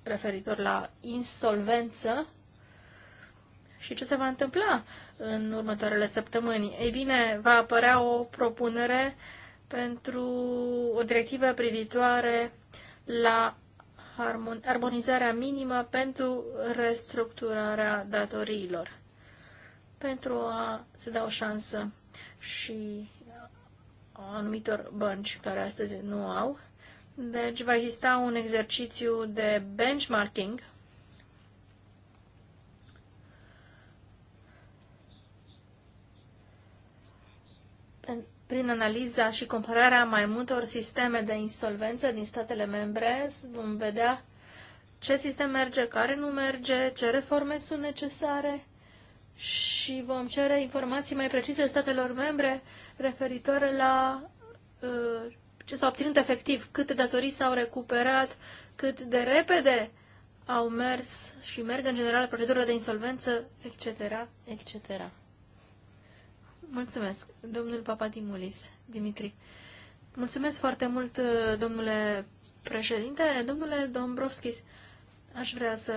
referitor la insolvență și ce se va întâmpla în următoarele săptămâni. Ei bine, va apărea o propunere pentru o directivă privitoare la armonizarea minimă pentru restructurarea datoriilor, pentru a se da o șansă și anumitor bănci care astăzi nu au. Deci va exista un exercițiu de benchmarking prin analiza și compararea mai multor sisteme de insolvență din statele membre, vom vedea ce sistem merge, care nu merge, ce reforme sunt necesare și vom cere informații mai precise statelor membre referitoare la uh, ce s-a obținut efectiv, câte datorii s-au recuperat, cât de repede au mers și merg în general procedurile de insolvență, etc., etc. Mulțumesc, domnul Papadimulis, Dimitri. Mulțumesc foarte mult, uh, domnule președinte. Domnule Dombrovskis, aș vrea să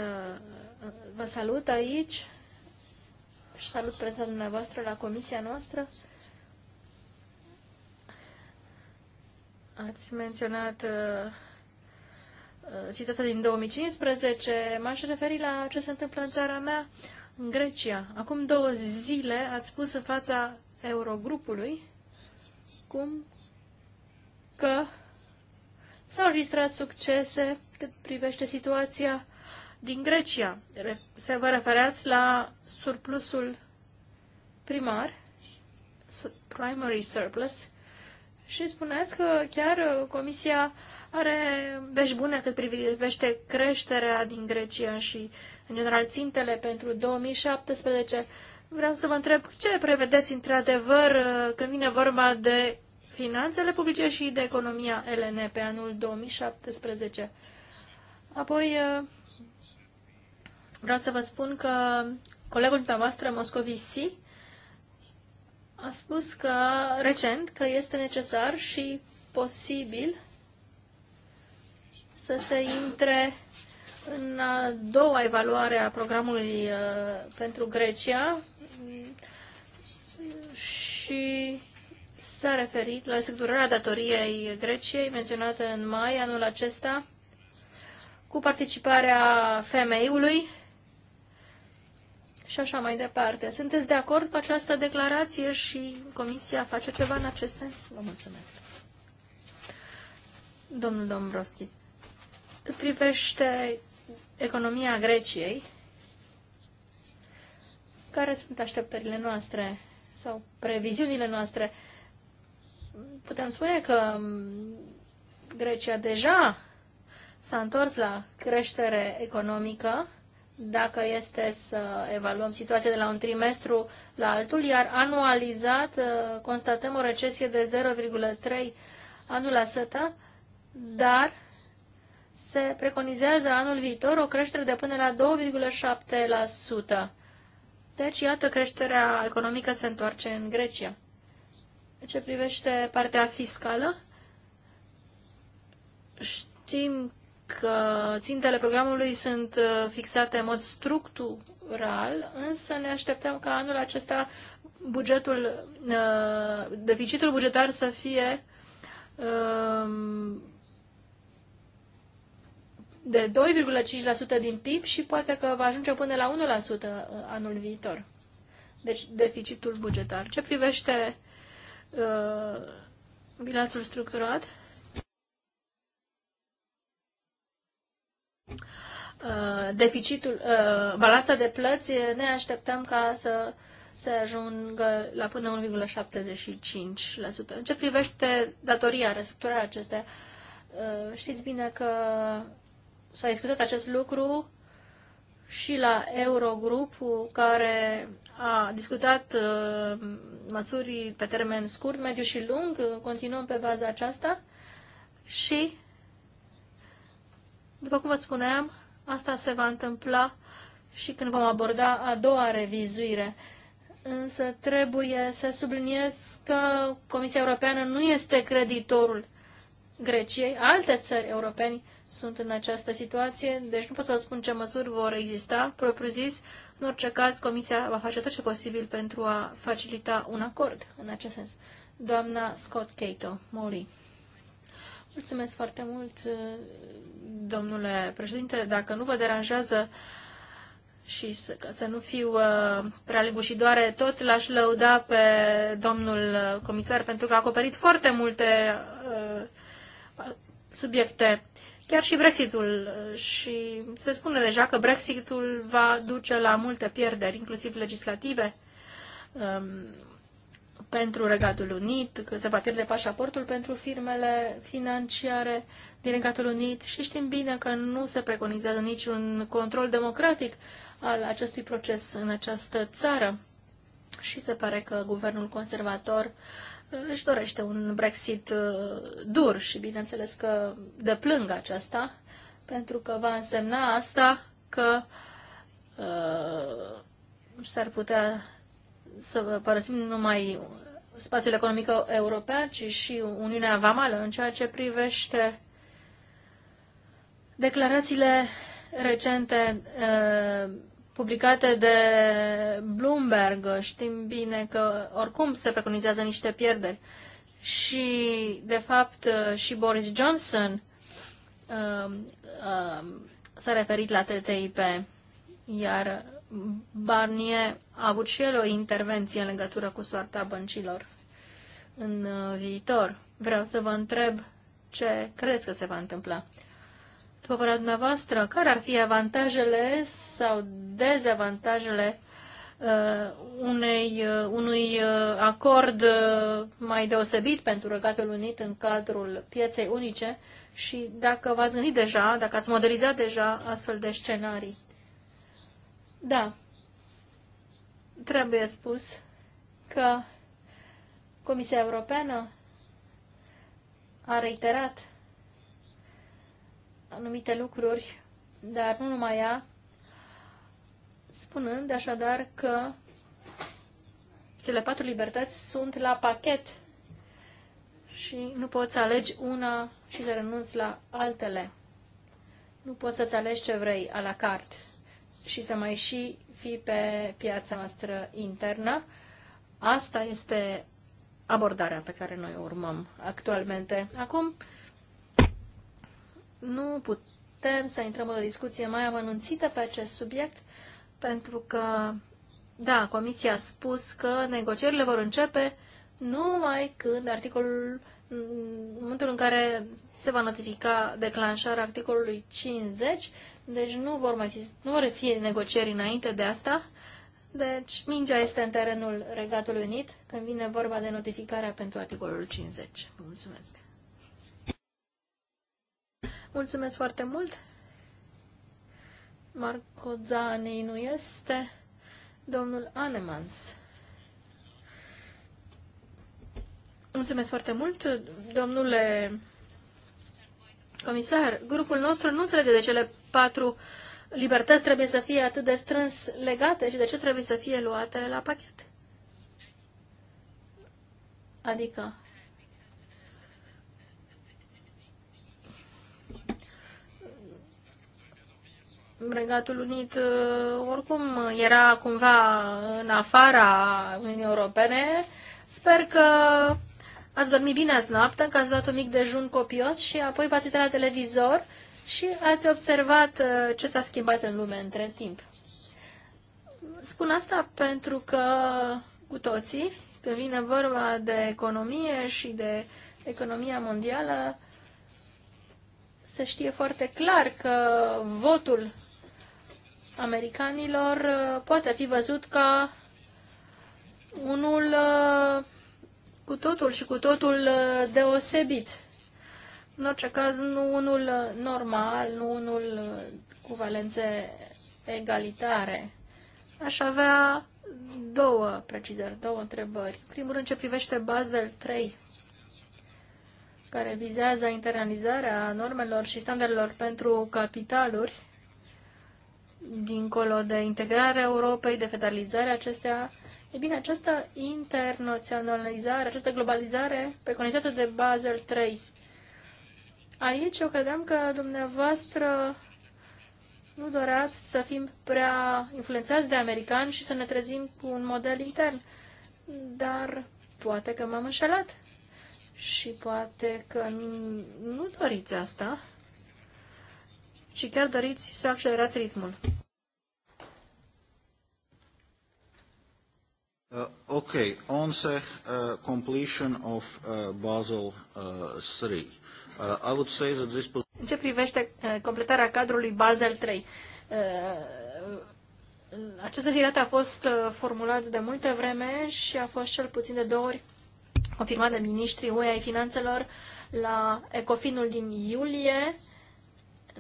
uh, vă salut aici și salut prezența dumneavoastră la comisia noastră. Ați menționat uh, uh, situația din 2015. M-aș referi la ce se întâmplă în țara mea, în Grecia. Acum două zile ați spus în fața Eurogrupului cum că s-au înregistrat succese cât privește situația din Grecia. Se vă refereați la surplusul primar, primary surplus, și spuneați că chiar uh, Comisia are vești bune cât privește creșterea din Grecia și, în general, țintele pentru 2017. Vreau să vă întreb ce prevedeți într-adevăr uh, când vine vorba de finanțele publice și de economia LN pe anul 2017. Apoi, uh, vreau să vă spun că colegul dumneavoastră, Moscovici, a spus că recent că este necesar și posibil să se intre în a doua evaluare a programului uh, pentru Grecia și s-a referit la securarea datoriei Greciei menționată în mai anul acesta cu participarea femeiului și așa mai departe. Sunteți de acord cu această declarație și Comisia face ceva în acest sens? Vă mulțumesc. Domnul Dombrovski, cât privește economia Greciei, care sunt așteptările noastre sau previziunile noastre? Putem spune că mm, Grecia deja s-a întors la creștere economică, dacă este să evaluăm situația de la un trimestru la altul, iar anualizat uh, constatăm o recesie de 0,3 anul la dar se preconizează anul viitor o creștere de până la 2,7%. Deci, iată, creșterea economică se întoarce în Grecia. Ce privește partea fiscală, știm că țintele programului sunt uh, fixate în mod structural, însă ne așteptăm ca anul acesta bugetul, uh, deficitul bugetar să fie um, de 2,5% din PIB și poate că va ajunge până la 1% uh, anul viitor. Deci deficitul bugetar. Ce privește bilanțul structurat? deficitul, uh, balanța de plăți, ne așteptăm ca să se ajungă la până 1,75%. În ce privește datoria, restructurarea acestea, uh, știți bine că s-a discutat acest lucru și la Eurogrup, care a discutat uh, măsuri pe termen scurt, mediu și lung. Continuăm pe baza aceasta și, după cum vă spuneam, Asta se va întâmpla și când vom aborda a doua revizuire. Însă trebuie să subliniez că Comisia Europeană nu este creditorul Greciei. Alte țări europeni sunt în această situație, deci nu pot să spun ce măsuri vor exista, propriu-zis. În orice caz, Comisia va face tot ce posibil pentru a facilita un acord în acest sens. Doamna Scott Cato, Mori. Mulțumesc foarte mult, uh, domnule președinte. Dacă nu vă deranjează și să, să nu fiu uh, prea legușidoare, tot l-aș lăuda pe domnul comisar pentru că a acoperit foarte multe uh, subiecte, chiar și Brexitul. Și se spune deja că Brexitul va duce la multe pierderi, inclusiv legislative. Um, pentru Regatul Unit, că se va pierde pașaportul pentru firmele financiare din Regatul Unit și știm bine că nu se preconizează niciun control democratic al acestui proces în această țară și se pare că guvernul conservator uh, își dorește un Brexit uh, dur și bineînțeles că deplâng aceasta pentru că va însemna asta că uh, s-ar putea să părăsim numai spațiul economic european, ci și Uniunea Vamală în ceea ce privește declarațiile recente publicate de Bloomberg. Știm bine că oricum se preconizează niște pierderi. Și, de fapt, și Boris Johnson s-a referit la TTIP, iar Barnier a avut și el o intervenție în legătură cu soarta băncilor în uh, viitor. Vreau să vă întreb ce credeți că se va întâmpla. După părerea dumneavoastră, care ar fi avantajele sau dezavantajele uh, unei, uh, unui uh, acord uh, mai deosebit pentru Regatul Unit în cadrul pieței unice și dacă v-ați gândit deja, dacă ați modelizat deja astfel de scenarii. Da, trebuie spus că Comisia Europeană a reiterat anumite lucruri, dar nu numai ea, spunând așadar că cele patru libertăți sunt la pachet și nu poți alegi una și să renunți la altele. Nu poți să-ți alegi ce vrei a la carte și să mai și fi pe piața noastră internă. Asta este abordarea pe care noi o urmăm actualmente. Acum, nu putem să intrăm în o discuție mai amănunțită pe acest subiect, pentru că, da, Comisia a spus că negocierile vor începe numai când articolul în momentul în care se va notifica declanșarea articolului 50, deci nu vor mai nu vor fi negocieri înainte de asta, deci mingea este în terenul Regatului Unit când vine vorba de notificarea pentru articolul 50. Mulțumesc! Mulțumesc foarte mult! Marco Zanei nu este, domnul Anemans Mulțumesc foarte mult, domnule comisar. Grupul nostru nu înțelege de cele patru libertăți trebuie să fie atât de strâns legate și de ce trebuie să fie luate la pachet. Adică Regatul Unit uh, oricum era cumva în afara Uniunii Europene. Sper că ați dormit bine azi noapte, că ați luat un mic dejun copios și apoi v-ați uitat la televizor și ați observat uh, ce s-a schimbat în lume între timp. Spun asta pentru că cu toții, când vine vorba de economie și de economia mondială, se știe foarte clar că votul americanilor uh, poate fi văzut ca unul uh, cu totul și cu totul uh, deosebit. În orice caz, nu unul uh, normal, nu unul uh, cu valențe egalitare. Aș avea două precizări, două întrebări. În primul rând, ce privește Basel 3, care vizează internalizarea normelor și standardelor pentru capitaluri, dincolo de integrarea Europei, de federalizarea acestea, E bine, această internaționalizare, această globalizare preconizată de Basel 3, aici eu credeam că dumneavoastră nu doreați să fim prea influențați de americani și să ne trezim cu un model intern. Dar poate că m-am înșelat și poate că nu doriți asta, ci chiar doriți să accelerați ritmul. Uh, okay, on the uh, completion of uh, Basel uh, III, uh, I would say that this... position... ce privește uh, completarea cadrului Basel III? uh, acest desiderat a fost uh, formulat de multe vreme și a fost cel puțin de două ori confirmat de ministrii UE ai finanțelor la Ecofinul din iulie,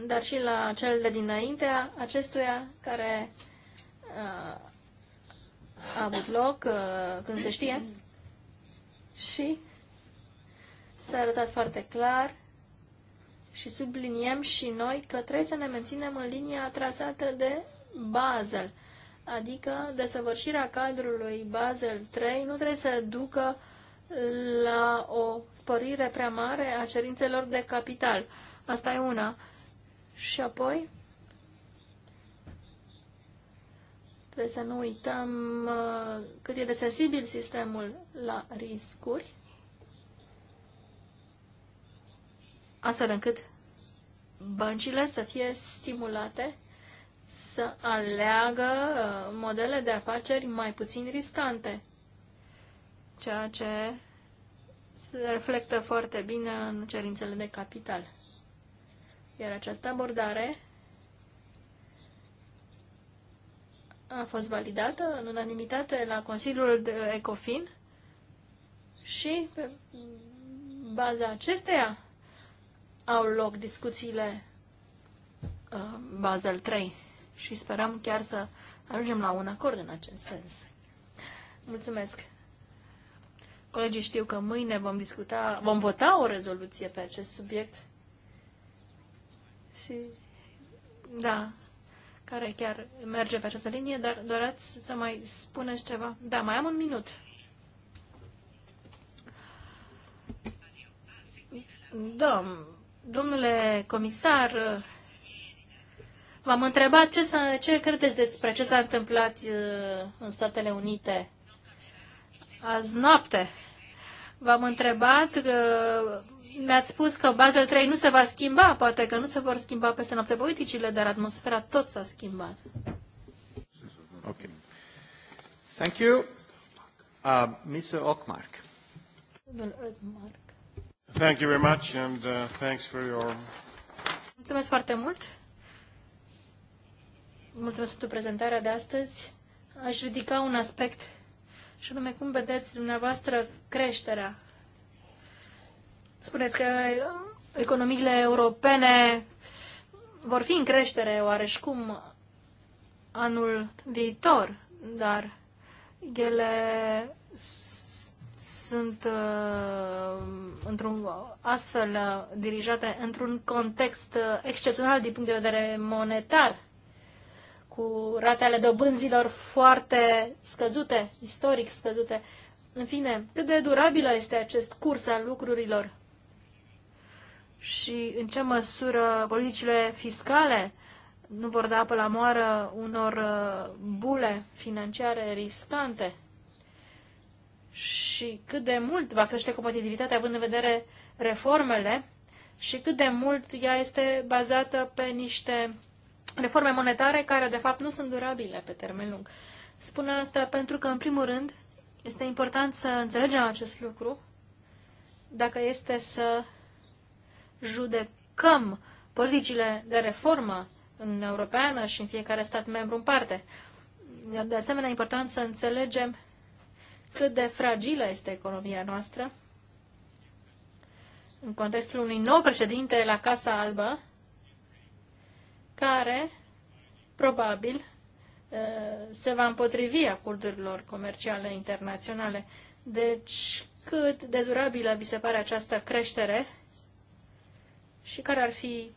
dar și la cel de dinaintea acestuia, care uh, a avut loc uh, când se știe și s-a arătat foarte clar și subliniem și noi că trebuie să ne menținem în linia trasată de Basel, adică desăvârșirea cadrului Basel 3 nu trebuie să ducă la o sporire prea mare a cerințelor de capital. Asta e una. Și apoi, Trebuie să nu uităm uh, cât e de sensibil sistemul la riscuri, astfel încât băncile să fie stimulate să aleagă uh, modele de afaceri mai puțin riscante, ceea ce se reflectă foarte bine în cerințele de capital. Iar această abordare a fost validată în unanimitate la Consiliul de ECOFIN și pe baza acesteia au loc discuțiile uh, Basel 3 și sperăm chiar să ajungem la un acord în acest sens. Mulțumesc! Colegii știu că mâine vom discuta, vom vota o rezoluție pe acest subiect și da, care chiar merge pe această linie, dar doreați să mai spuneți ceva? Da, mai am un minut. Da, domnule comisar, v-am întrebat ce, să, ce credeți despre ce s-a întâmplat uh, în Statele Unite azi noapte v-am întrebat, mi-ați spus că Basel 3 nu se va schimba, poate că nu se vor schimba peste noapte politicile, dar atmosfera tot s-a schimbat. Ok. Thank you. Uh, Mr. Ockmark. Thank you very much and uh, thanks for your... Mulțumesc foarte mult. Mulțumesc pentru prezentarea de astăzi. Aș ridica un aspect și anume cum vedeți dumneavoastră creșterea. Spuneți că uh, economiile europene vor fi în creștere oareși cum anul viitor, dar ele sunt uh, într-un astfel uh, dirijate într-un context uh, excepțional din punct de vedere monetar cu ratele dobânzilor foarte scăzute, istoric scăzute. În fine, cât de durabilă este acest curs al lucrurilor? Și în ce măsură politicile fiscale nu vor da apă la moară unor uh, bule financiare riscante? Și cât de mult va crește competitivitatea având în vedere reformele și cât de mult ea este bazată pe niște reforme monetare care, de fapt, nu sunt durabile pe termen lung. Spun asta pentru că, în primul rând, este important să înțelegem acest lucru dacă este să judecăm politicile de reformă în Europeană și în fiecare stat membru în parte. Iar de asemenea, important să înțelegem cât de fragilă este economia noastră în contextul unui nou președinte la Casa Albă, care probabil uh, se va împotrivi acordurilor comerciale internaționale. Deci, cât de durabilă vi se pare această creștere și care ar fi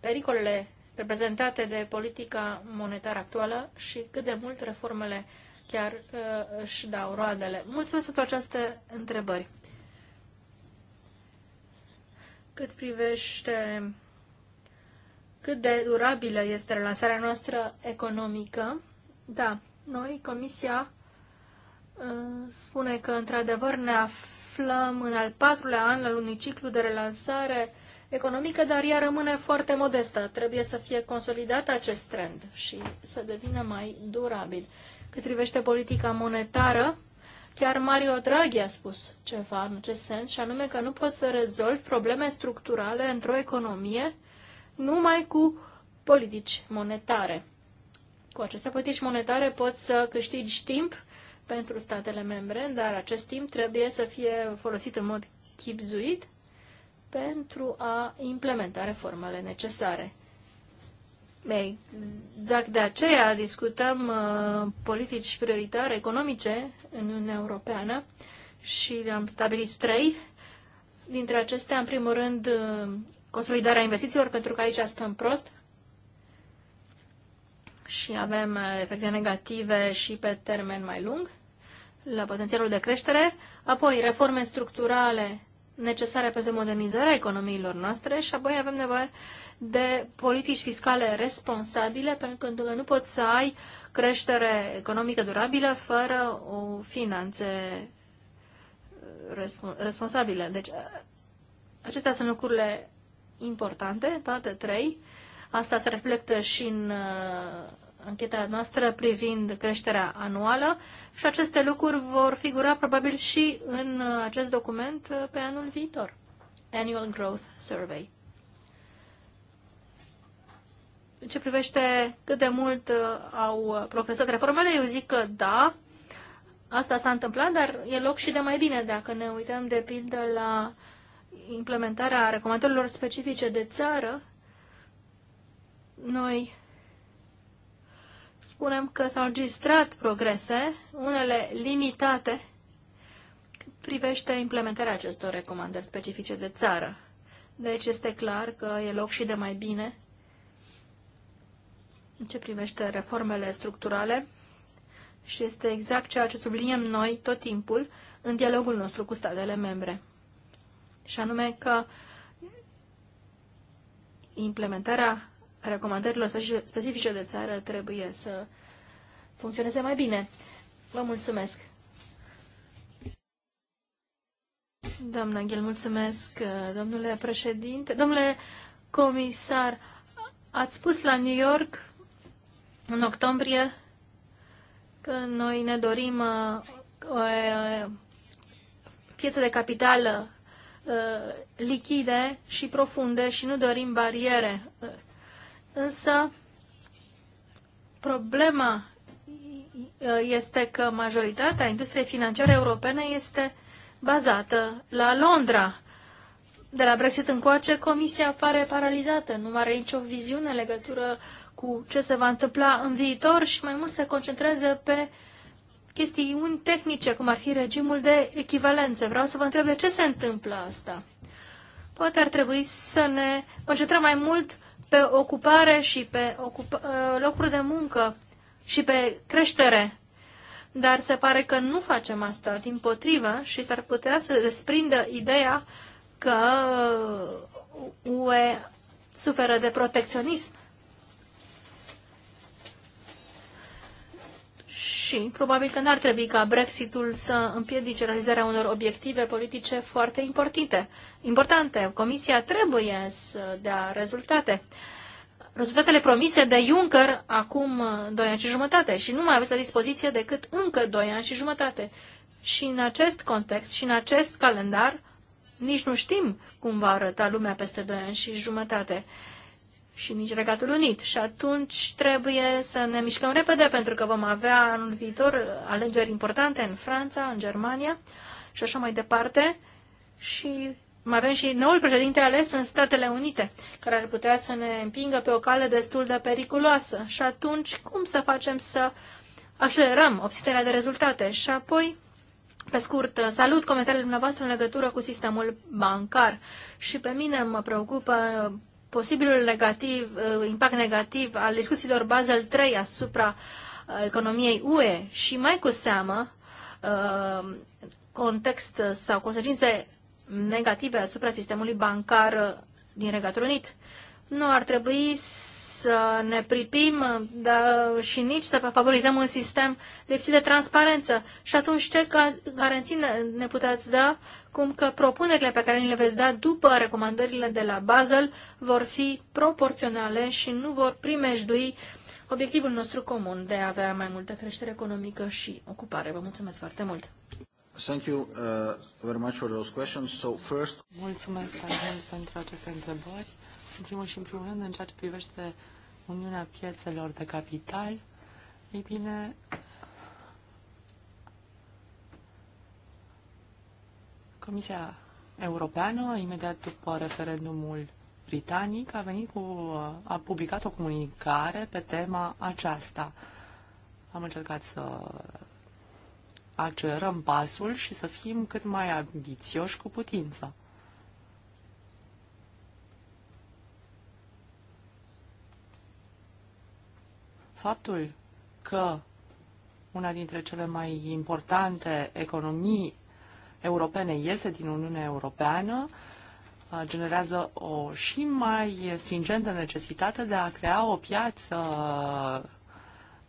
pericolele reprezentate de politica monetară actuală și cât de mult reformele chiar uh, își dau roadele. Mulțumesc pentru aceste întrebări. Cât privește cât de durabilă este relansarea noastră economică. Da, noi, Comisia, uh, spune că, într-adevăr, ne aflăm în al patrulea an al unui ciclu de relansare economică, dar ea rămâne foarte modestă. Trebuie să fie consolidat acest trend și să devină mai durabil. Cât privește politica monetară, chiar Mario Draghi a spus ceva în acest sens, și anume că nu poți să rezolvi probleme structurale într-o economie numai cu politici monetare. Cu aceste politici monetare poți să câștigi timp pentru statele membre, dar acest timp trebuie să fie folosit în mod chipzuit pentru a implementa reformele necesare. Exact de aceea discutăm uh, politici prioritare economice în Uniunea Europeană și am stabilit trei. Dintre acestea, în primul rând, uh, consolidarea investițiilor, pentru că aici stăm prost și avem uh, efecte negative și pe termen mai lung la potențialul de creștere, apoi reforme structurale necesare pentru modernizarea economiilor noastre și apoi avem nevoie de politici fiscale responsabile, pentru că nu poți să ai creștere economică durabilă fără o finanțe uh, responsabile. Deci, uh, acestea sunt lucrurile importante, toate trei. Asta se reflectă și în uh, încheta noastră privind creșterea anuală și aceste lucruri vor figura probabil și în uh, acest document uh, pe anul viitor. Annual Growth Survey. În ce privește cât de mult au progresat reformele, eu zic că da, asta s-a întâmplat, dar e loc și de mai bine dacă ne uităm de pildă la implementarea recomandărilor specifice de țară, noi spunem că s-au înregistrat progrese, unele limitate, cât privește implementarea acestor recomandări specifice de țară. Deci este clar că e loc și de mai bine în ce privește reformele structurale și este exact ceea ce subliniem noi tot timpul în dialogul nostru cu statele membre și anume că implementarea recomandărilor specifice de țară trebuie să funcționeze mai bine. Vă mulțumesc! Doamna Angel, mulțumesc, domnule președinte. Domnule comisar, ați spus la New York în octombrie că noi ne dorim uh, o, piață uh, piețe de capital Uh, lichide și profunde și nu dorim bariere. Uh, însă, problema uh, este că majoritatea industriei financiare europene este bazată la Londra. De la Brexit încoace, Comisia pare paralizată, nu are nicio viziune în legătură cu ce se va întâmpla în viitor și mai mult se concentrează pe uh, chestiuni tehnice, cum ar fi regimul de echivalență. Vreau să vă întreb de ce se întâmplă asta. Poate ar trebui să ne concentrăm mai mult pe ocupare și pe ocup- ă, locuri de muncă și pe creștere. Dar se pare că nu facem asta, din potrivă, și s-ar putea să desprindă ideea că UE suferă de protecționism și probabil că n-ar trebui ca Brexitul să împiedice realizarea unor obiective politice foarte importante. importante. Comisia trebuie să dea rezultate. Rezultatele promise de Juncker acum 2 uh, ani și jumătate și nu mai aveți la dispoziție decât încă 2 ani și jumătate. Și în acest context și în acest calendar nici nu știm cum va arăta lumea peste 2 ani și jumătate. Uh, și nici Regatul Unit. Și atunci trebuie să ne mișcăm repede, pentru că vom avea anul viitor alegeri importante în Franța, în Germania și așa mai departe. Și mai avem și noul președinte ales în Statele Unite, care ar putea să ne împingă pe o cale destul de periculoasă. Și atunci, cum să facem să accelerăm obținerea de rezultate? Și apoi, pe scurt, salut comentariile dumneavoastră în legătură cu sistemul bancar. Și pe mine mă preocupă posibilul negativ, uh, impact negativ al discuțiilor Basel 3 asupra uh, economiei UE și mai cu seamă uh, context sau consecințe negative asupra sistemului bancar din Regatul Unit. Nu ar trebui să ne pripim dar și nici să favorizăm un sistem lipsit de transparență. Și atunci ce garanții ne puteți da? Cum că propunerile pe care ni le veți da după recomandările de la Basel vor fi proporționale și nu vor primejdui obiectivul nostru comun de a avea mai multă creștere economică și ocupare. Vă mulțumesc foarte mult! Thank you uh, very much for those questions. So first... Mulțumesc, Daniel, pentru aceste întrebări în primul și în primul rând, în ceea ce privește Uniunea Piețelor de Capital, ei bine, Comisia Europeană, imediat după referendumul britanic, a venit cu, a publicat o comunicare pe tema aceasta. Am încercat să accelerăm pasul și să fim cât mai ambițioși cu putință. Faptul că una dintre cele mai importante economii europene iese din Uniunea Europeană uh, generează o și mai stringentă necesitate de a crea o piață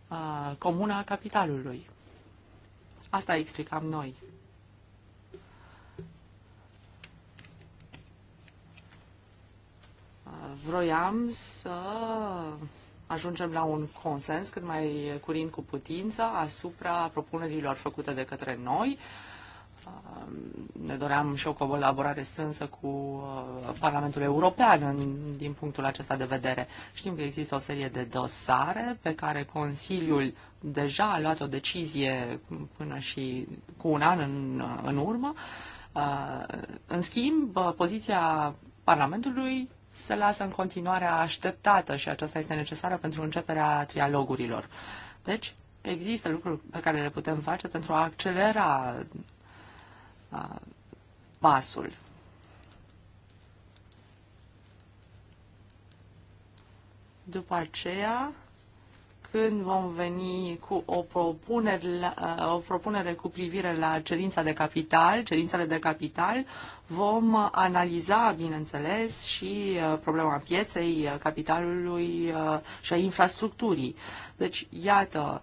uh, comună a capitalului. Asta explicam noi. Uh, vroiam să ajungem la un consens cât mai curând cu putință asupra propunerilor făcute de către noi. Ne doream și o colaborare strânsă cu uh, Parlamentul European în, din punctul acesta de vedere. Știm că există o serie de dosare pe care Consiliul deja a luat o decizie până și cu un an în, în urmă. Uh, în schimb, uh, poziția Parlamentului se lasă în continuare așteptată și aceasta este necesară pentru începerea trialogurilor. Deci, există lucruri pe care le putem face pentru a accelera a, pasul. După aceea, când vom veni cu o propunere, uh, o propunere cu privire la cerința de capital, cerințele de capital, vom analiza, bineînțeles, și uh, problema pieței, uh, capitalului și a infrastructurii. Deci, iată,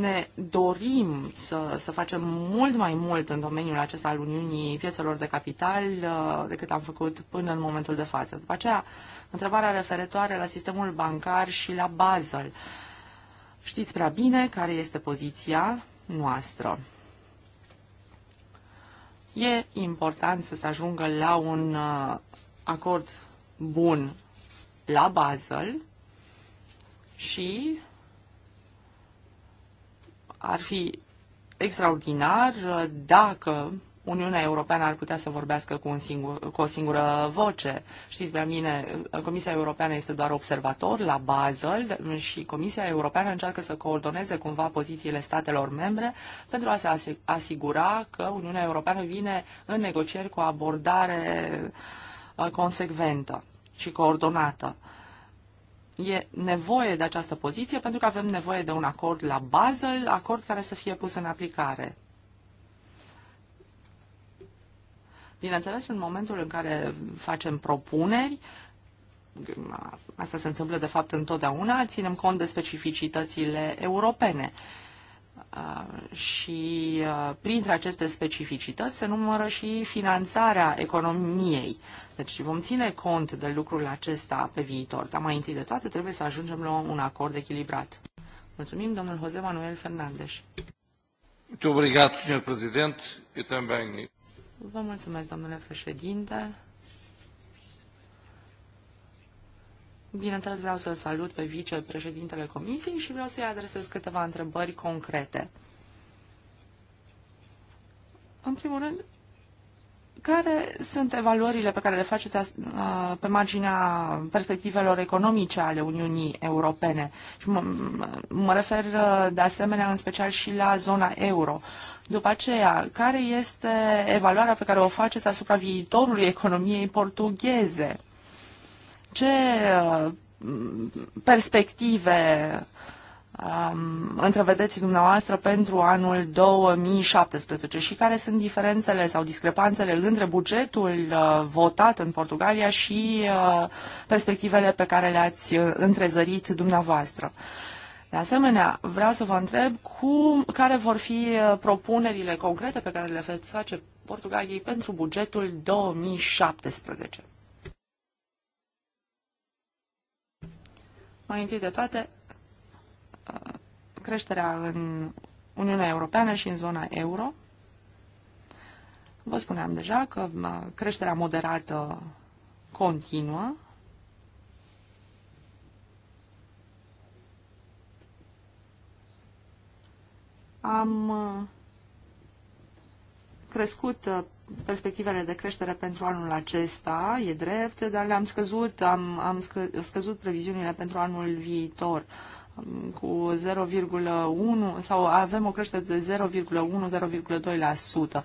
ne dorim să, să facem mult mai mult în domeniul acesta al Uniunii piețelor de capital decât am făcut până în momentul de față. După aceea, întrebarea referitoare la sistemul bancar și la Basel. Știți prea bine care este poziția noastră. E important să se ajungă la un uh, acord bun la Basel și ar fi extraordinar uh, dacă Uniunea Europeană ar putea să vorbească cu, un singur, cu o singură voce. Știți prea mine, Comisia Europeană este doar observator la Basel și Comisia Europeană încearcă să coordoneze cumva pozițiile statelor membre pentru a se asigura că Uniunea Europeană vine în negocieri cu o abordare uh, consecventă și coordonată e nevoie de această poziție pentru că avem nevoie de un acord la Basel, acord care să fie pus în aplicare. Bineînțeles, în momentul în care facem propuneri, asta se întâmplă de fapt întotdeauna, ținem cont de specificitățile europene. Uh, și uh, printre aceste specificități se numără și finanțarea economiei. Deci vom ține cont de lucrul acesta pe viitor, dar mai întâi de toate trebuie să ajungem la un acord echilibrat. Mulțumim, domnul José Manuel Fernandes. Muito obrigado, Sr. Presidente. e também Vă mulțumesc, domnule președinte. Bineînțeles, vreau să-l salut pe vicepreședintele Comisiei și vreau să-i adresez câteva întrebări concrete. În primul rând, care sunt evaluările pe care le faceți uh, pe marginea perspectivelor economice ale Uniunii Europene? Și mă, mă refer uh, de asemenea în special și la zona euro. După aceea, care este evaluarea pe care o faceți asupra viitorului economiei portugheze? Ce uh, perspective um, întrevedeți dumneavoastră pentru anul 2017 și care sunt diferențele sau discrepanțele între bugetul uh, votat în Portugalia și uh, perspectivele pe care le-ați uh, întrezărit dumneavoastră. Uh, de asemenea, vreau să vă întreb cum, care vor fi uh, propunerile concrete pe care le veți face Portugaliei pentru bugetul 2017. Mai întâi de toate, uh, creșterea în Uniunea Europeană și în zona euro. Vă spuneam deja că uh, creșterea moderată continuă am uh, crescut uh, perspectivele de creștere pentru anul acesta, e drept, dar le-am scăzut, am, am scăzut previziunile pentru anul viitor um, cu 0,1 sau avem o creștere de 0,1-0,2%.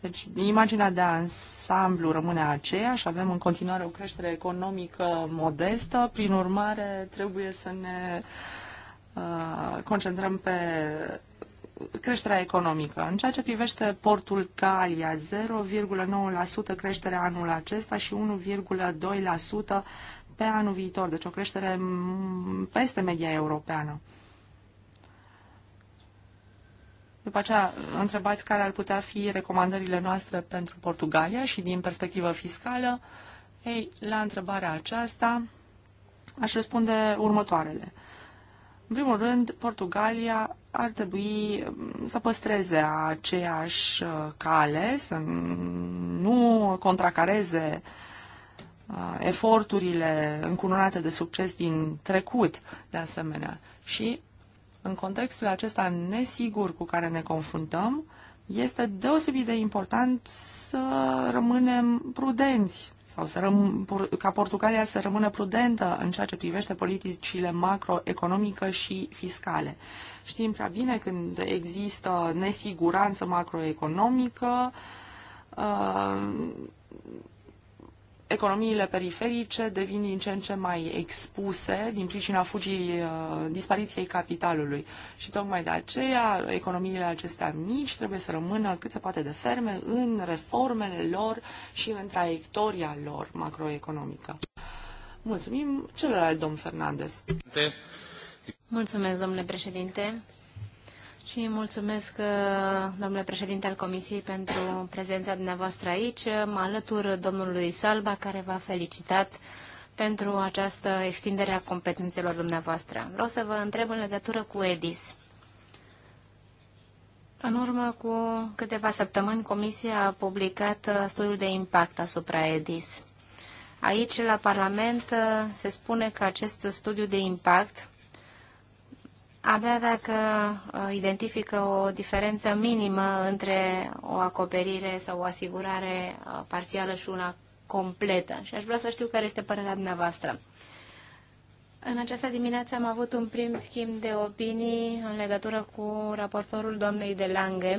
Deci imaginea de ansamblu rămâne aceeași, avem în continuare o creștere economică modestă, prin urmare trebuie să ne uh, concentrăm pe creșterea economică. În ceea ce privește portul Calia, 0,9% creștere anul acesta și 1,2% pe anul viitor, deci o creștere peste media europeană. După aceea, întrebați care ar putea fi recomandările noastre pentru Portugalia și din perspectivă fiscală. Ei, la întrebarea aceasta aș răspunde următoarele. În primul rând, Portugalia ar trebui um, să păstreze aceeași uh, cale, să nu contracareze uh, eforturile încununate de succes din trecut, de asemenea. Și în contextul acesta nesigur cu care ne confruntăm, este deosebit de important să rămânem prudenți sau să răm, ca Portugalia să rămână prudentă în ceea ce privește politicile macroeconomică și fiscale. Știm prea bine când există nesiguranță macroeconomică, uh, economiile periferice devin din ce în ce mai expuse din pricina fugii uh, dispariției capitalului. Și tocmai de aceea, economiile acestea mici trebuie să rămână cât se poate de ferme în reformele lor și în traiectoria lor macroeconomică. Mulțumim, celălalt domn Fernandez. Mulțumesc, domnule președinte și mulțumesc, uh, domnule președinte al Comisiei, pentru prezența dumneavoastră aici. Mă alătur domnului Salba, care v-a felicitat pentru această extindere a competențelor dumneavoastră. Vreau să vă întreb în legătură cu EDIS. În urmă cu câteva săptămâni, Comisia a publicat uh, studiul de impact asupra EDIS. Aici, la Parlament, uh, se spune că acest studiu de impact abia dacă uh, identifică o diferență minimă între o acoperire sau o asigurare uh, parțială și una completă. Și aș vrea să știu care este părerea dumneavoastră. În această dimineață am avut un prim schimb de opinii în legătură cu raportorul doamnei de Lange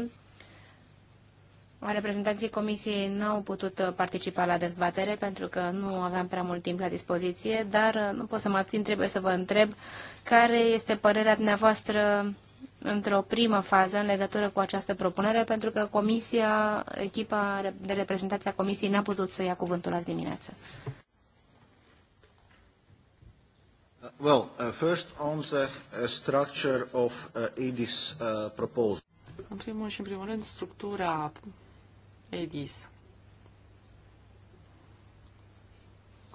Reprezentanții comisiei nu au putut uh, participa la dezbatere pentru că nu aveam prea mult timp la dispoziție, dar uh, nu pot să mă abțin, trebuie să vă întreb care este părerea dumneavoastră într-o primă fază în legătură cu această propunere, pentru că comisia, echipa de reprezentanță a comisiei n-a putut să ia cuvântul azi dimineață. Uh, well, uh, first on the uh, structure of uh, EDIS proposal. În primul și în primul rând, structura EDIS.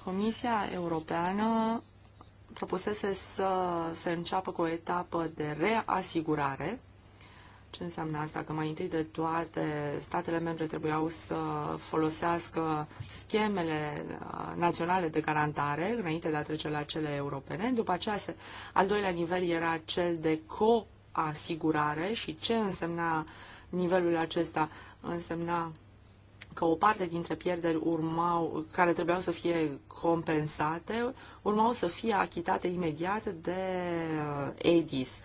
Comisia Europeană propusese să se înceapă cu o etapă de reasigurare. Ce înseamnă asta? Că mai întâi de toate statele membre trebuiau să folosească schemele uh, naționale de garantare înainte de a trece la cele europene. După aceea, al doilea nivel era cel de coasigurare. și ce însemna nivelul acesta? Însemna că o parte dintre pierderi urmau, care trebuiau să fie compensate, urmau să fie achitate imediat de uh, EDIS.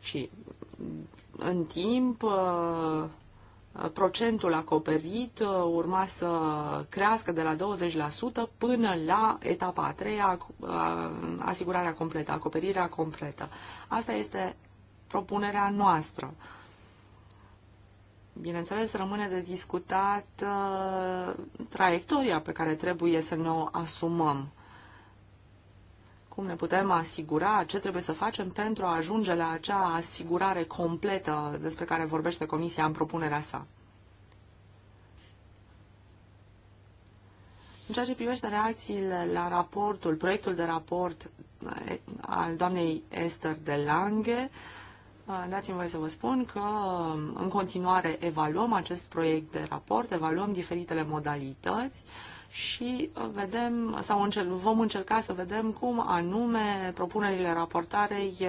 Și mm, în timp, uh, procentul acoperit uh, urma să crească de la 20% până la etapa a treia, asigurarea completă, acoperirea completă. Asta este propunerea noastră bineînțeles, rămâne de discutat uh, traiectoria pe care trebuie să ne o asumăm. Cum ne putem asigura, ce trebuie să facem pentru a ajunge la acea asigurare completă despre care vorbește Comisia în propunerea sa. În ceea ce privește reacțiile la raportul, proiectul de raport eh, al doamnei Esther de Lange, uh, Ah, dați-mi voie să vă spun că în continuare evaluăm acest proiect de raport, evaluăm diferitele modalități și uh, vedem sau încel, vom încerca să vedem cum anume propunerile raportarei uh,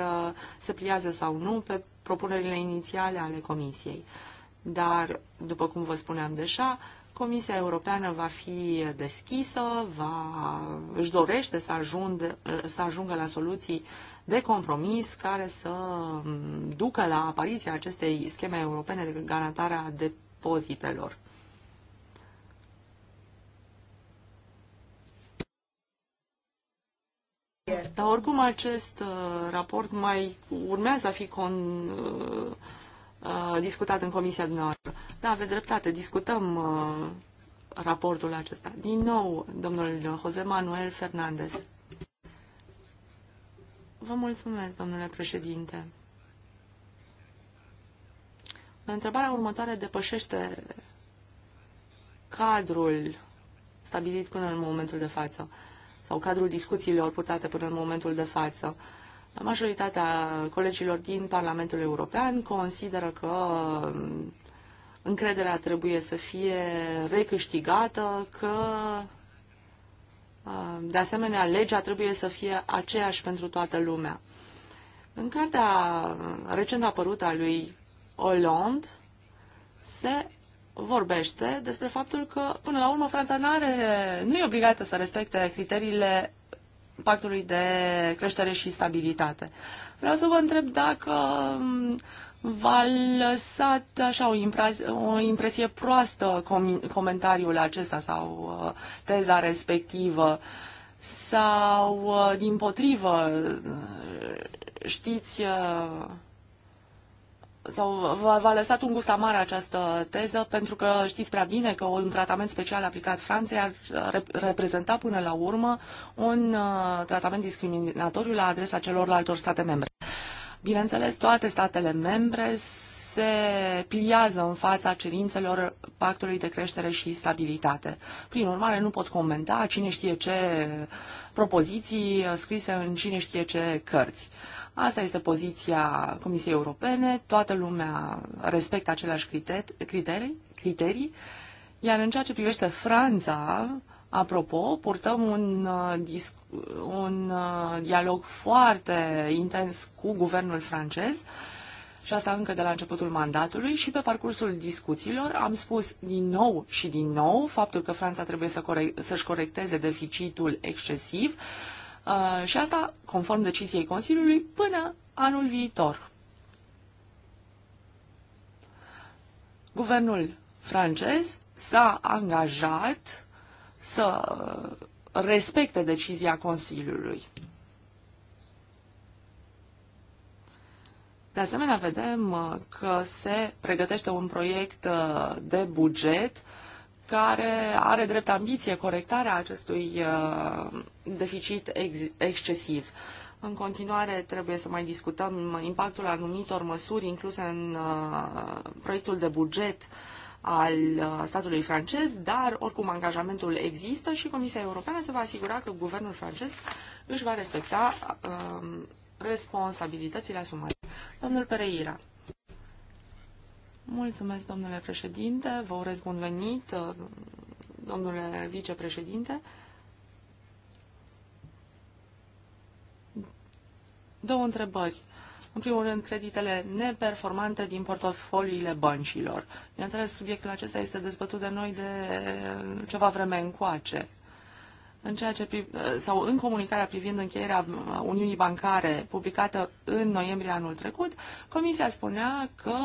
se pliază sau nu pe propunerile inițiale ale Comisiei. Dar, după cum vă spuneam deja, Comisia Europeană va fi deschisă, va, își dorește să, ajung, să ajungă la soluții uh, de compromis care să mm, ducă la apariția acestei scheme europene de garantare a depozitelor. Dar oricum acest uh, raport mai urmează a fi con, uh, uh, discutat în comisia dumneavoastră. Da, aveți dreptate, discutăm uh, raportul acesta. Din nou, domnul José Manuel Fernandez. Vă mulțumesc, domnule președinte. Întrebarea următoare depășește cadrul stabilit până în momentul de față sau cadrul discuțiilor purtate până în momentul de față. Majoritatea colegilor din Parlamentul European consideră că um, încrederea trebuie să fie recâștigată, că Ah, de asemenea, legea trebuie să fie aceeași pentru toată lumea. În cartea recent apărută a lui Hollande se vorbește despre faptul că, până la urmă, Franța nu, are, nu e obligată să respecte criteriile pactului de creștere și stabilitate. Vreau să vă întreb dacă V-a lăsat așa o, o impresie proastă com- comentariul acesta sau uh, teza respectivă sau uh, din potrivă uh, știți uh, sau v-a lăsat un gust amar această teză pentru că știți prea bine că un tratament special aplicat Franței ar uh, reprezenta până la urmă un uh, tratament discriminatoriu la adresa celorlalte state membre. Bineînțeles, toate statele membre se pliază în fața cerințelor Pactului de Creștere și Stabilitate. Prin urmare, nu pot comenta cine știe ce propoziții scrise în cine știe ce cărți. Asta este poziția Comisiei Europene, toată lumea respectă aceleași criterii, criterii iar în ceea ce privește Franța, apropo, purtăm un uh, discurs un uh, dialog foarte intens cu guvernul francez și asta încă de la începutul mandatului și pe parcursul discuțiilor am spus din nou și din nou faptul că Franța trebuie să corect, să-și corecteze deficitul excesiv uh, și asta conform deciziei Consiliului până anul viitor. Guvernul francez s-a angajat să respecte decizia Consiliului. De asemenea, vedem uh, că se pregătește un proiect uh, de buget care are drept ambiție corectarea acestui uh, deficit ex excesiv. În continuare, trebuie să mai discutăm impactul anumitor măsuri incluse în proiectul de buget uh, al uh, statului francez, dar oricum angajamentul există și Comisia Europeană se va asigura că guvernul francez își va respecta um, responsabilitățile asumate. Domnul Pereira. Mulțumesc, domnule președinte, vă urez bun venit, uh, domnule vicepreședinte. Două întrebări. În primul rând, creditele neperformante din portofoliile băncilor. Bineînțeles, subiectul acesta este dezbătut de noi de ceva vreme încoace. În ceea ce, sau în comunicarea privind încheierea Uniunii Bancare publicată în noiembrie anul trecut, Comisia spunea că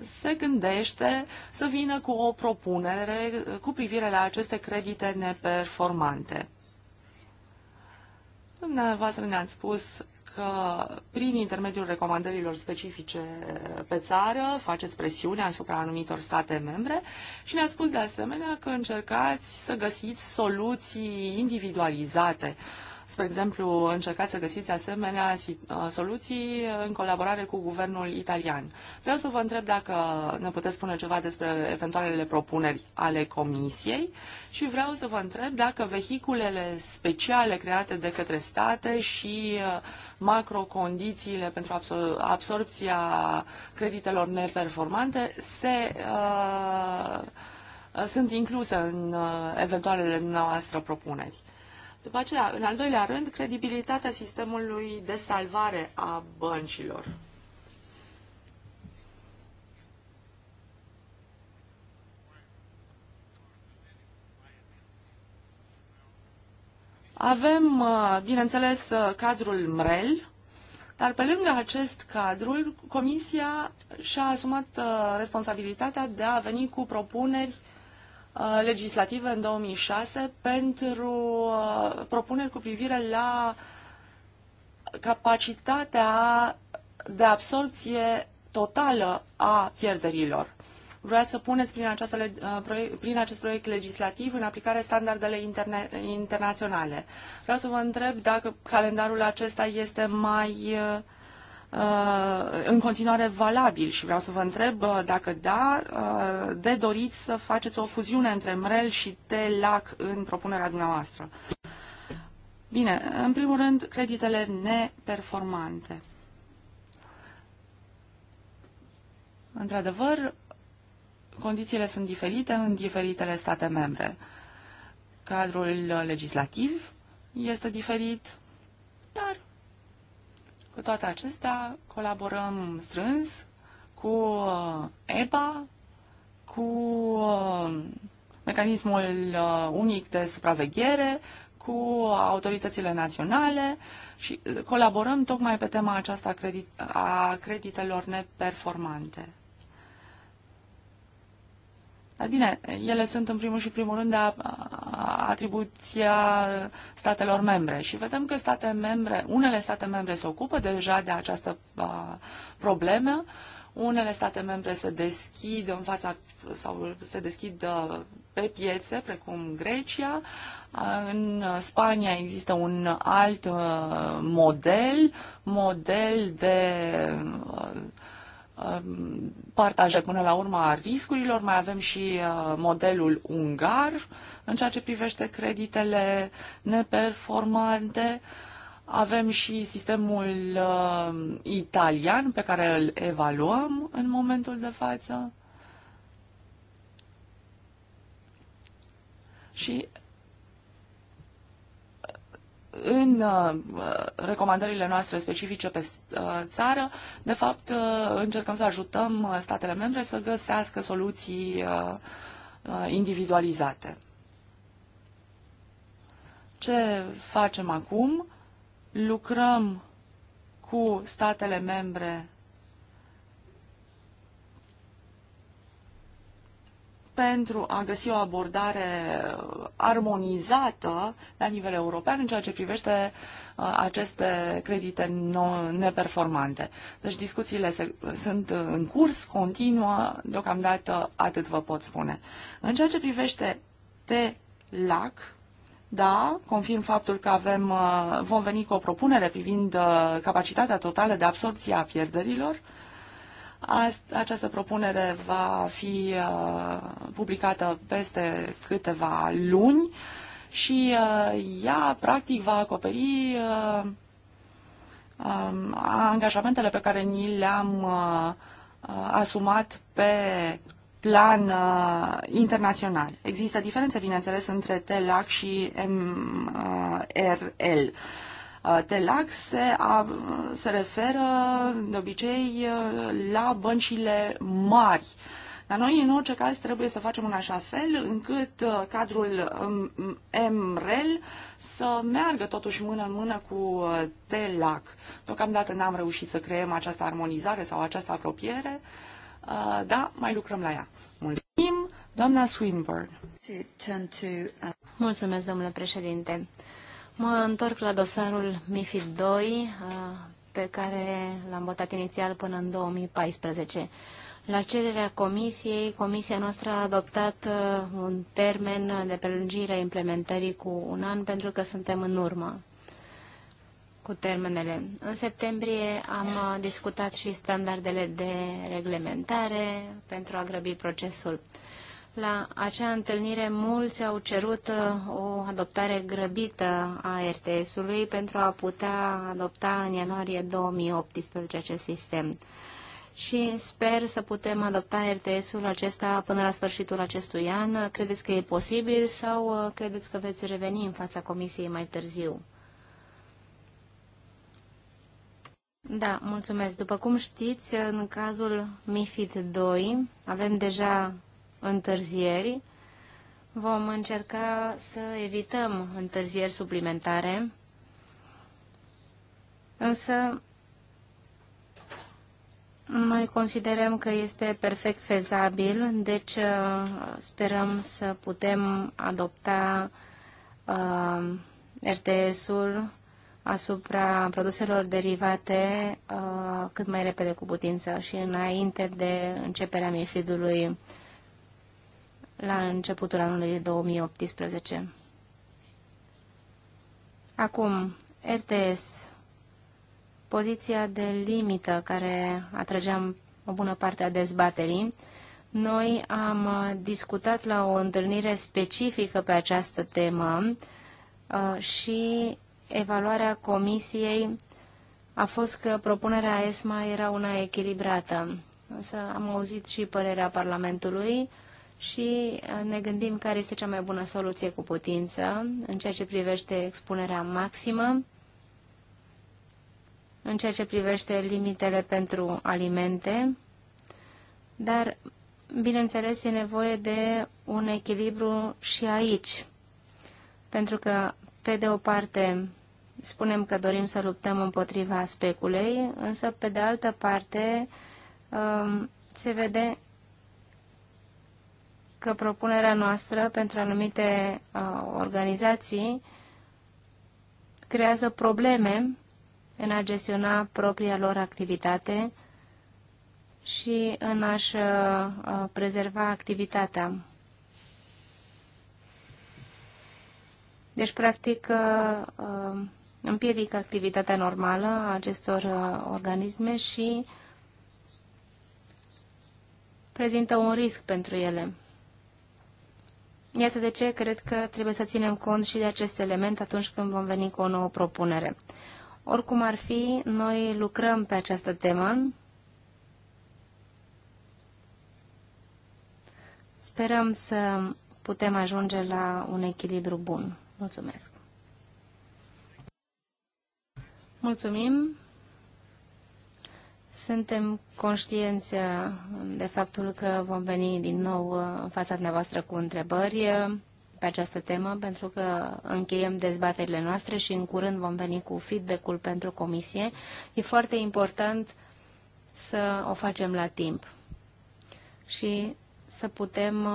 se gândește să vină cu o propunere cu privire la aceste credite neperformante. Dumneavoastră ne-ați spus că prin intermediul recomandărilor specifice pe țară faceți presiune asupra anumitor state membre și ne-a spus de asemenea că încercați să găsiți soluții individualizate uh, Spre exemplu, încercați să găsiți asemenea uh, soluții în colaborare cu guvernul italian. Vreau să vă întreb dacă ne puteți spune ceva despre eventualele propuneri ale Comisiei și vreau să vă întreb dacă vehiculele speciale create de către state și uh, macrocondițiile pentru absor- absorpția creditelor neperformante se uh, sunt incluse în uh, eventualele noastre propuneri. După aceea, în al doilea rând, credibilitatea sistemului de salvare a băncilor. Avem, uh, bineînțeles, uh, cadrul MREL, dar pe lângă acest cadru, Comisia și-a asumat uh, responsabilitatea de a veni cu propuneri uh, Uh, legislative în 2006 pentru uh, propuneri cu privire la capacitatea de absorpție totală a pierderilor. Vreau să puneți prin, această, uh, prin acest proiect legislativ în aplicare standardele interne, internaționale. Vreau să vă întreb dacă calendarul acesta este mai uh, Uh, în continuare valabil și vreau să vă întreb uh, dacă da, uh, de doriți să faceți o fuziune între MREL și TELAC în propunerea dumneavoastră. Bine, în primul rând, creditele neperformante. Într-adevăr, condițiile sunt diferite în diferitele state membre. Cadrul legislativ este diferit, dar cu toate acestea, colaborăm strâns cu uh, EBA, cu uh, mecanismul uh, unic de supraveghere, cu autoritățile naționale și colaborăm tocmai pe tema aceasta a creditelor neperformante. Dar bine, ele sunt în primul și primul rând de atribuția statelor membre și vedem că state membre, unele state membre se ocupă deja de această a, problemă, unele state membre se deschid în fața sau se deschid pe piețe, precum Grecia. În Spania există un alt model, model de Um, partajat până la urmă a riscurilor. Mai avem și uh, modelul ungar în ceea ce privește creditele neperformante. Avem și sistemul uh, italian pe care îl evaluăm în momentul de față. Și în uh, uh, recomandările noastre specifice pe uh, țară, de fapt, încercăm să ajutăm statele membre să găsească soluții individualizate. Ce facem acum? Lucrăm cu statele membre pentru a găsi o abordare uh, armonizată la nivel european în ceea ce privește uh, aceste credite neperformante. Deci discuțiile se, sunt în curs, continuă, deocamdată atât vă pot spune. În ceea ce privește T-LAC, da, confirm faptul că avem, uh, vom veni cu o propunere privind capacitatea totală de absorbție a pierderilor, această propunere va fi uh, publicată peste câteva luni și uh, ea, practic, va acoperi uh, um, angajamentele pe care ni le-am asumat pe plan uh, internațional. Există diferențe, bineînțeles, între TELAC și MRL. Uh, TELAC se, a, se referă de obicei uh, la băncile mari. Dar noi, în orice caz, trebuie să facem în așa fel încât uh, cadrul MREL um, să meargă totuși mână în mână cu TELAC. Deocamdată n-am reușit să creăm această armonizare sau această apropiere, dar mai lucrăm la ea. Mulțumim, doamna Swinburne. Mulțumesc, domnule președinte. Mă întorc la dosarul MIFID 2, uh, pe care l-am votat inițial până în 2014. La cererea comisiei, comisia noastră a adoptat uh, un termen de prelungire a implementării cu un an pentru că suntem în urmă cu termenele. În septembrie am uh, discutat și standardele de reglementare pentru a grăbi procesul. La acea întâlnire, mulți au cerut uh, o adoptare grăbită a RTS-ului pentru a putea adopta în ianuarie 2018 acest sistem. Și sper să putem adopta RTS-ul acesta până la sfârșitul acestui an. Credeți că e posibil sau uh, credeți că veți reveni în fața Comisiei mai târziu? Da, mulțumesc. După cum știți, în cazul MIFID 2 avem deja întârzieri. Vom încerca să evităm întârzieri suplimentare, însă noi considerăm că este perfect fezabil, deci uh, sperăm să putem adopta uh, RTS-ul asupra produselor derivate uh, cât mai repede cu putință și înainte de începerea mifidului ului la începutul anului 2018. Acum, RTS, poziția de limită care atrăgeam o bună parte a dezbaterii, noi am discutat la o întâlnire specifică pe această temă uh, și evaluarea comisiei a fost că propunerea ESMA era una echilibrată. Însă am auzit și părerea Parlamentului, și uh, ne gândim care este cea mai bună soluție cu putință în ceea ce privește expunerea maximă, în ceea ce privește limitele pentru alimente, dar, bineînțeles, e nevoie de un echilibru și aici, pentru că, pe de o parte, spunem că dorim să luptăm împotriva speculei, însă, pe de altă parte, um, se vede că propunerea noastră pentru anumite uh, organizații creează probleme în a gestiona propria lor activitate și în a-și uh, prezerva activitatea. Deci, practic, uh, uh împiedică activitatea normală a acestor uh, organisme și prezintă un risc pentru ele. Iată de ce cred că trebuie să ținem cont și de acest element atunci când vom veni cu o nouă propunere. Oricum ar fi, noi lucrăm pe această temă. Sperăm să putem ajunge la un echilibru bun. Mulțumesc! Mulțumim! Suntem conștienți uh, de faptul că vom veni din nou uh, în fața dumneavoastră cu întrebări uh, pe această temă, pentru că încheiem dezbaterile noastre și în curând vom veni cu feedback-ul pentru comisie. E foarte important să o facem la timp și să putem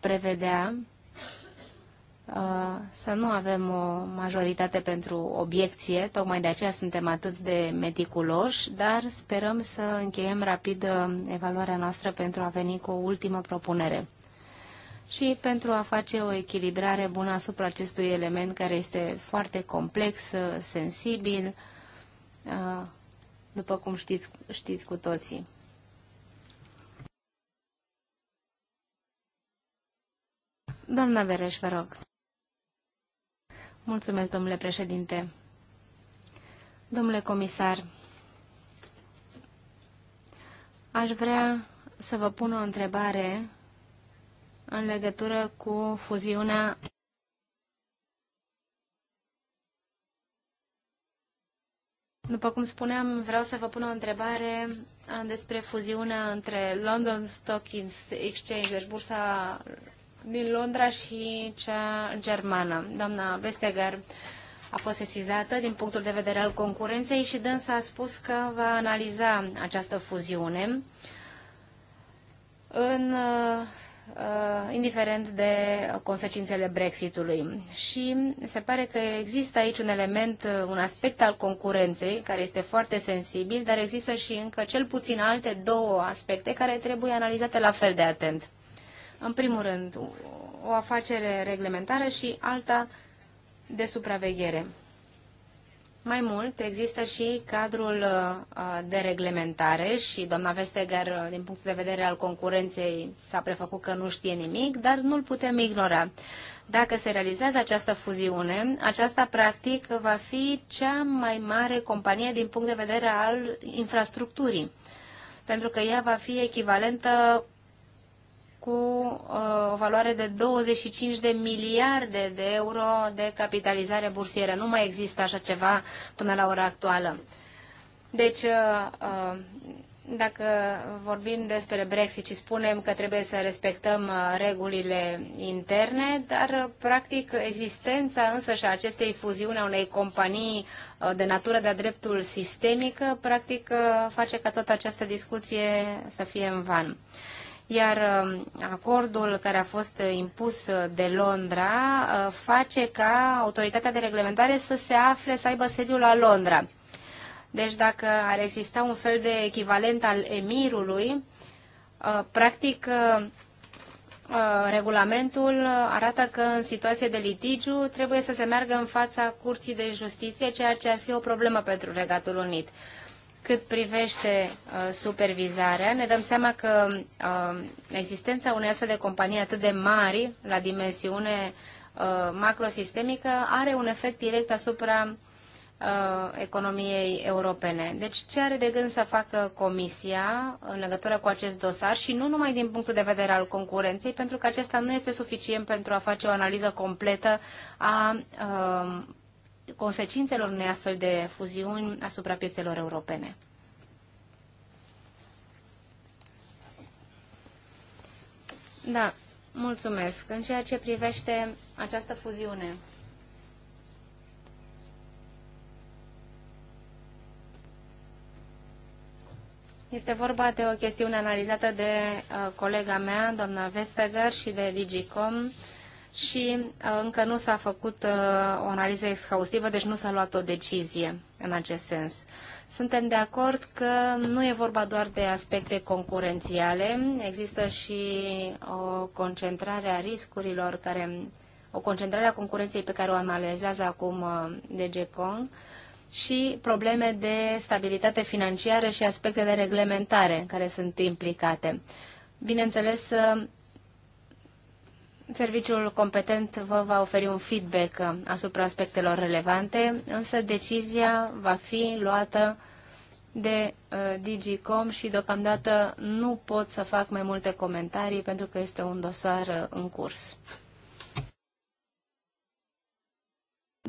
prevedea Uh, să nu avem o majoritate pentru obiecție, tocmai de aceea suntem atât de meticuloși, dar sperăm să încheiem rapid uh, evaluarea noastră pentru a veni cu o ultimă propunere și pentru a face o echilibrare bună asupra acestui element care este foarte complex, uh, sensibil, după cum știți, știți cu toții. Doamna Vereș, vă rog. Mulțumesc, domnule președinte. Domnule comisar, aș vrea să vă pun o întrebare în legătură cu fuziunea După cum spuneam, vreau să vă pun o întrebare uh, despre fuziunea între London Stock Exchange, deci bursa din Londra și cea germană. Doamna Vestegar a fost sesizată din punctul de vedere al concurenței și dânsa a spus că va analiza această fuziune în uh, indiferent de consecințele Brexitului. Și se pare că există aici un element, uh, un aspect al concurenței care este foarte sensibil, dar există și încă cel puțin alte două aspecte care trebuie analizate la fel de atent în primul rând, o afacere reglementară și alta de supraveghere. Mai mult, există și cadrul uh, de reglementare și doamna Vestegar, uh, din punct de vedere al concurenței, s-a prefăcut că nu știe nimic, dar nu-l putem ignora. Dacă se realizează această fuziune, aceasta practic va fi cea mai mare companie din punct de vedere al infrastructurii, pentru că ea va fi echivalentă cu uh, o valoare de 25 de miliarde de euro de capitalizare bursieră. Nu mai există așa ceva până la ora actuală. Deci, uh, uh dacă vorbim despre Brexit și spunem că trebuie să respectăm uh, regulile interne, dar uh, practic existența însă și a acestei fuziuni a unei companii de natură de-a dreptul sistemică, practic face ca toată această discuție să fie în van iar um, acordul care a fost impus de Londra uh, face ca autoritatea de reglementare să se afle, să aibă sediul la Londra. Deci dacă ar exista un fel de echivalent al emirului, uh, practic uh, regulamentul arată că în situație de litigiu trebuie să se meargă în fața Curții de Justiție, ceea ce ar fi o problemă pentru Regatul Unit. Cât privește uh, supervizarea, ne dăm seama că uh, existența unei astfel de companii atât de mari, la dimensiune uh, macrosistemică, are un efect direct asupra uh, economiei europene. Deci ce are de gând să facă Comisia în legătură cu acest dosar și nu numai din punctul de vedere al concurenței, pentru că acesta nu este suficient pentru a face o analiză completă a uh, consecințelor unei astfel de fuziuni asupra piețelor europene. Da, mulțumesc. În ceea ce privește această fuziune, Este vorba de o chestiune analizată de uh, colega mea, doamna Vestager, și de Digicom. Uh, și uh, încă nu s-a făcut uh, o analiză exhaustivă, deci nu s-a luat o decizie în acest sens. Suntem de acord că nu e vorba doar de aspecte concurențiale, există și o concentrare a riscurilor, care, o concentrare a concurenței pe care o analizează acum uh, DGCON și probleme de stabilitate financiară și aspecte de reglementare care sunt implicate. Bineînțeles, Serviciul competent vă va oferi un feedback asupra aspectelor relevante, însă decizia va fi luată de uh, Digicom și deocamdată nu pot să fac mai multe comentarii pentru că este un dosar uh, în curs.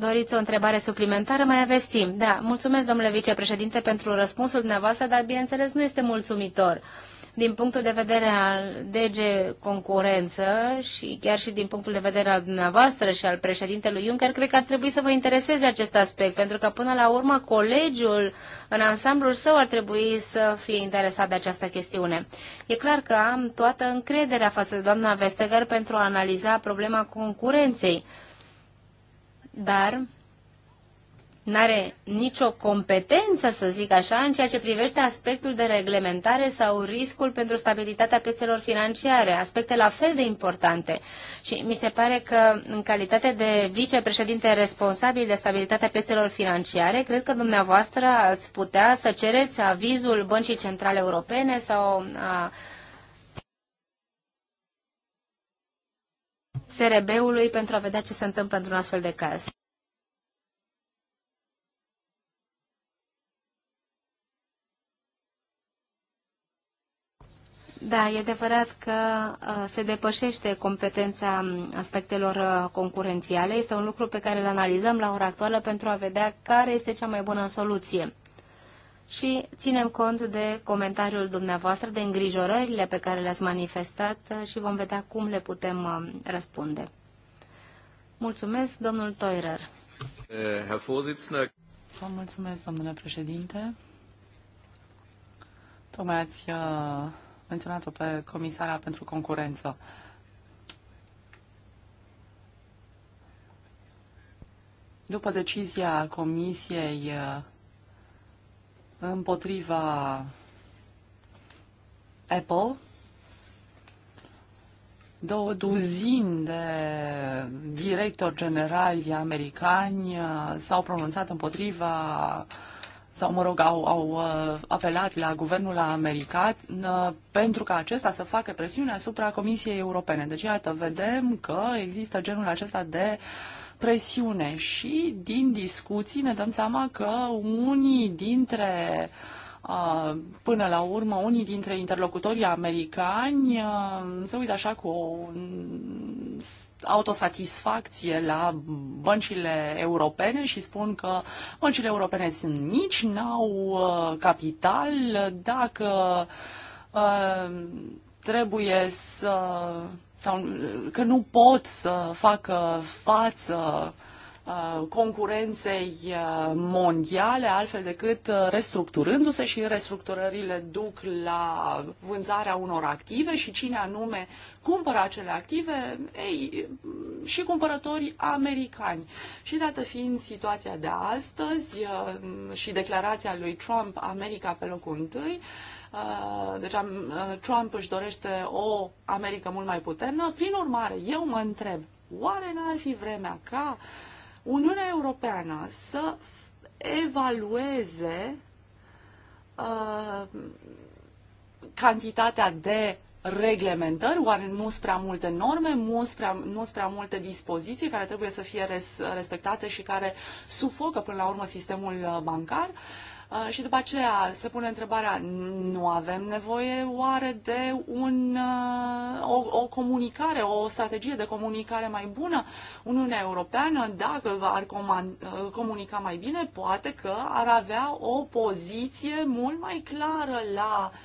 Doriți o întrebare suplimentară? Mai aveți timp. Da, mulțumesc, domnule vicepreședinte, pentru răspunsul dumneavoastră, dar, bineînțeles, nu este mulțumitor. Uh, din punctul de vedere al DG Concurență și chiar și din punctul de vedere al dumneavoastră și al președintelui Juncker, cred că ar trebui să vă intereseze acest aspect, pentru că până la urmă colegiul în ansamblul său ar trebui să fie interesat de această chestiune. E clar că am toată încrederea față de doamna Vestegăr pentru a analiza problema concurenței, dar n-are nicio competență, să zic așa, în ceea ce privește aspectul de reglementare sau riscul pentru stabilitatea piețelor financiare, aspecte la fel de importante. Și mi se pare că, în calitate de vicepreședinte responsabil de stabilitatea piețelor financiare, cred că dumneavoastră ați putea să cereți avizul Băncii Centrale Europene sau a SRB-ului pentru a vedea ce se întâmplă într-un astfel de caz. Da, e adevărat că uh, se depășește competența um, aspectelor uh, concurențiale. Este un lucru pe care îl analizăm la ora actuală pentru a vedea care este cea mai bună soluție. Și ținem cont de comentariul dumneavoastră, de îngrijorările pe care le-ați manifestat uh, și vom vedea cum le putem um, răspunde. Mulțumesc, domnul Toirer. Eh, Vă mulțumesc, domnule președinte. Tocmai ați uh menționat-o pe Comisara pentru Concurență. După decizia Comisiei uh, împotriva Apple, două duzini de directori generali americani uh, s-au pronunțat împotriva uh, sau mă rog, au, au uh, apelat la guvernul american uh, pentru ca acesta să facă presiune asupra Comisiei Europene. Deci, iată, vedem că există genul acesta de presiune și din discuții ne dăm seama că unii dintre uh, Până la urmă, unii dintre interlocutorii americani se uită așa cu o autosatisfacție la băncile europene și spun că băncile europene sunt mici, n-au capital, dacă trebuie să sau că nu pot să facă față uh, Uh, concurenței uh, mondiale, altfel decât uh, restructurându-se și restructurările duc la vânzarea unor active și cine anume cumpără acele active, ei, și cumpărători americani. Și dată fiind situația de astăzi și declarația lui Trump, America pe locul întâi, deci Trump își dorește o Americă mult mai puternă, prin urmare, eu mă întreb, oare n-ar fi vremea ca uh, Uniunea Europeană să evalueze uh, cantitatea de reglementări, oare nu sunt prea multe norme, nu sunt prea, nu sunt prea multe dispoziții care trebuie să fie res, respectate și care sufocă până la urmă sistemul uh, bancar. Uh, Uh, și după aceea se pune întrebarea, nu avem nevoie oare de un, uh, o, o comunicare, o strategie de comunicare mai bună? Uniunea Europeană, dacă ar uh, comunica mai bine, poate că ar avea o poziție mult mai clară la uh,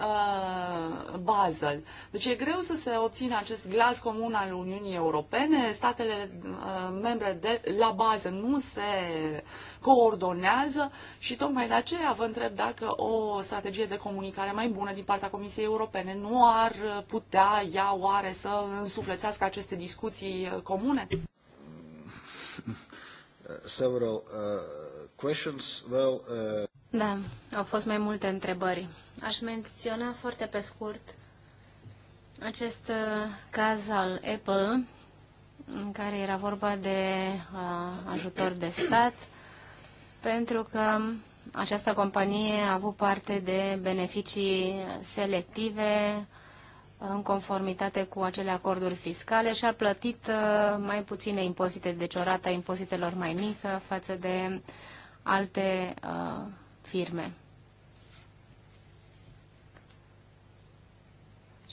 Uh, Basel. Deci e greu să se obțină acest glas comun al Uniunii Europene. Statele uh, membre de la bază nu se coordonează și tocmai de aceea vă întreb dacă o strategie de comunicare mai bună din partea Comisiei Europene nu ar putea ia oare să însuflețească aceste discuții uh, comune? Mm. Several uh, questions. Well, uh... Da, au fost mai multe întrebări Aș menționa foarte pe scurt acest uh, caz al Apple, în care era vorba de uh, ajutor de stat, pentru că această companie a avut parte de beneficii selective în conformitate cu acele acorduri fiscale și a plătit uh, mai puține impozite, deci o rata impozitelor mai mică față de alte firme.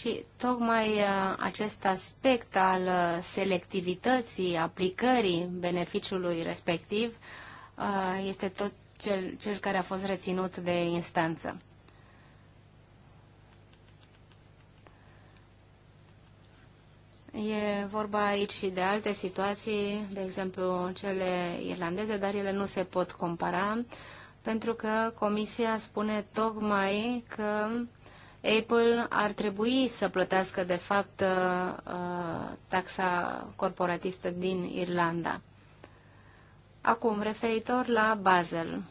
Și tocmai uh, acest aspect al uh, selectivității, aplicării beneficiului respectiv, uh, este tot cel, cel care a fost reținut de instanță. E vorba aici și de alte situații, de exemplu cele irlandeze, dar ele nu se pot compara, pentru că Comisia spune tocmai că uh, Apple ar trebui să plătească, de fapt, uh, uh, taxa corporatistă din Irlanda. Acum, referitor la Basel.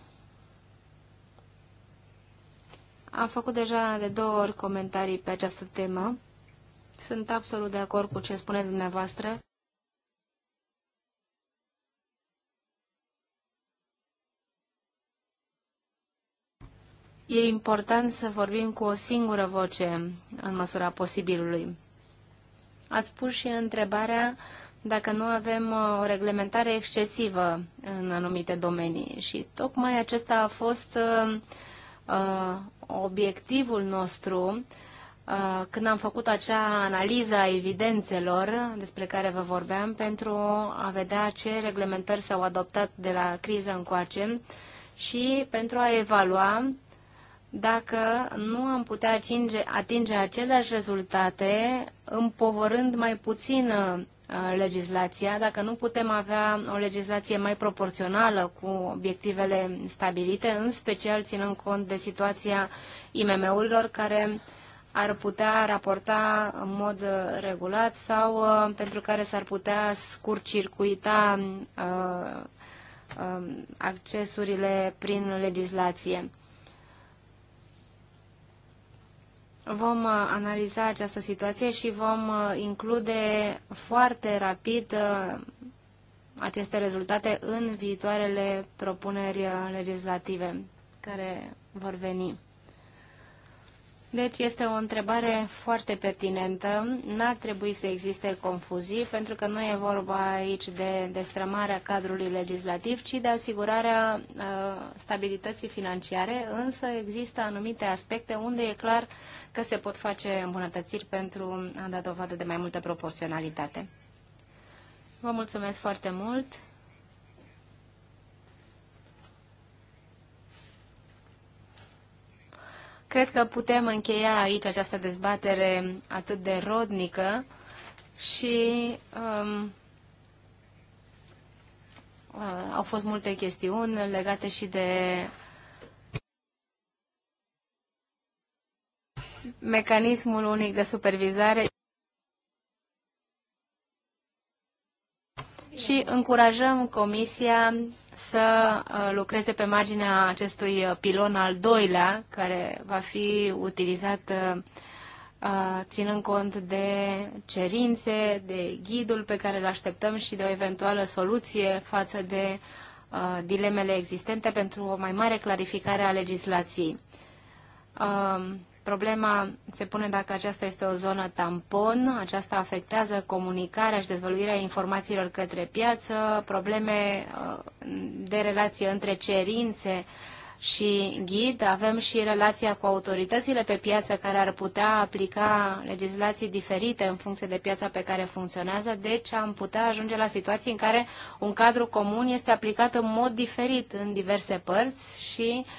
Am făcut deja de două ori comentarii pe această temă. Sunt absolut de acord cu ce spuneți dumneavoastră. e important să vorbim cu o singură voce în măsura posibilului. Ați pus și întrebarea dacă nu avem uh, o reglementare excesivă în anumite domenii și tocmai acesta a fost uh, uh obiectivul nostru uh, când am făcut acea analiză a evidențelor despre care vă vorbeam pentru a vedea ce reglementări s-au adoptat de la criză încoace și pentru a evalua dacă nu am putea atinge, atinge aceleași rezultate împovărând mai puțin uh, legislația, dacă nu putem avea o legislație mai proporțională cu obiectivele stabilite, în special ținând cont de situația IMM-urilor care ar putea raporta în mod uh, regulat sau uh, pentru care s-ar putea scurcircuita accesurile prin legislație. Vom uh, analiza această situație și vom uh, include foarte rapid uh, aceste rezultate în viitoarele propuneri legislative care vor veni. Deci este o întrebare foarte pertinentă. N-ar trebui să existe confuzii, pentru că nu e vorba aici de destrămarea cadrului legislativ, ci de asigurarea uh, stabilității financiare, însă există anumite aspecte unde e clar că se pot face îmbunătățiri pentru a da dovadă de mai multă proporționalitate. Vă mulțumesc foarte mult. Cred că putem încheia aici această dezbatere atât de rodnică și um, uh, au fost multe chestiuni legate și de mecanismul unic de supervizare. și încurajăm Comisia să uh, lucreze pe marginea acestui uh, pilon al doilea, care va fi utilizat uh, ținând cont de cerințe, de ghidul pe care îl așteptăm și de o eventuală soluție față de dilemele existente pentru o mai mare clarificare a legislației. Um, Problema se pune dacă aceasta este o zonă tampon, aceasta afectează comunicarea și dezvăluirea informațiilor către piață, probleme uh, de relație între cerințe și ghid, avem și relația cu autoritățile pe piață care ar putea aplica legislații diferite în funcție de piața pe care funcționează, deci am putea ajunge la situații în care un cadru comun este aplicat în mod diferit în diverse părți și uh,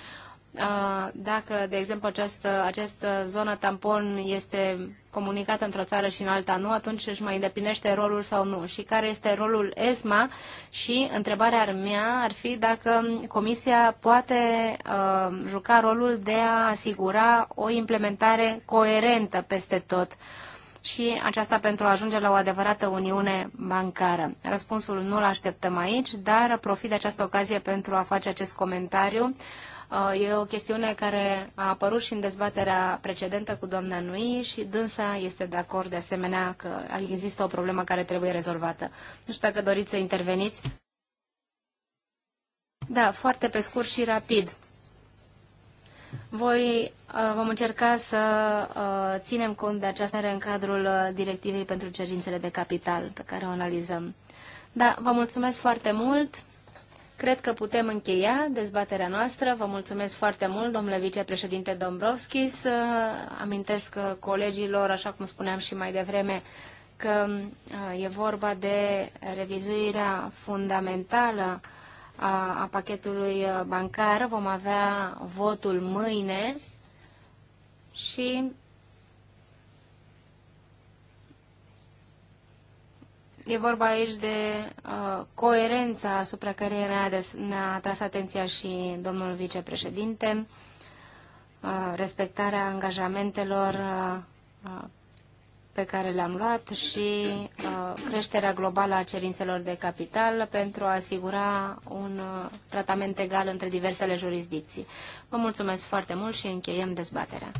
dacă, de exemplu, această, această zonă tampon este comunicată într-o țară și în alta nu, atunci își mai îndeplinește rolul sau nu. Și care este rolul ESMA? Și întrebarea ar mea ar fi dacă Comisia poate uh, juca rolul de a asigura o implementare coerentă peste tot și aceasta pentru a ajunge la o adevărată uniune bancară. Răspunsul nu-l așteptăm aici, dar profit de această ocazie pentru a face acest comentariu Uh, e o chestiune care a apărut și în dezbaterea precedentă cu doamna Nui și dânsa este de acord de asemenea că există o problemă care trebuie rezolvată. Nu știu dacă doriți să interveniți. Da, foarte pe scurt și rapid. Voi uh, vom încerca să uh, ținem cont de această în cadrul directivei pentru cerințele de capital pe care o analizăm. Da, vă mulțumesc foarte mult. Cred că putem încheia dezbaterea noastră. Vă mulțumesc foarte mult, domnule vicepreședinte Dombrovskis. Uh, amintesc uh, colegilor, așa cum spuneam și mai devreme, că uh, e vorba de revizuirea fundamentală a, a pachetului bancar. Vom avea votul mâine și E vorba aici de uh, coerența asupra care ne-a, ne tras atenția și domnul vicepreședinte, uh, respectarea angajamentelor uh, uh, pe care le-am luat și uh, creșterea globală a cerințelor de capital pentru a asigura un uh, tratament egal între diversele jurisdicții. Vă mulțumesc foarte mult și încheiem dezbaterea.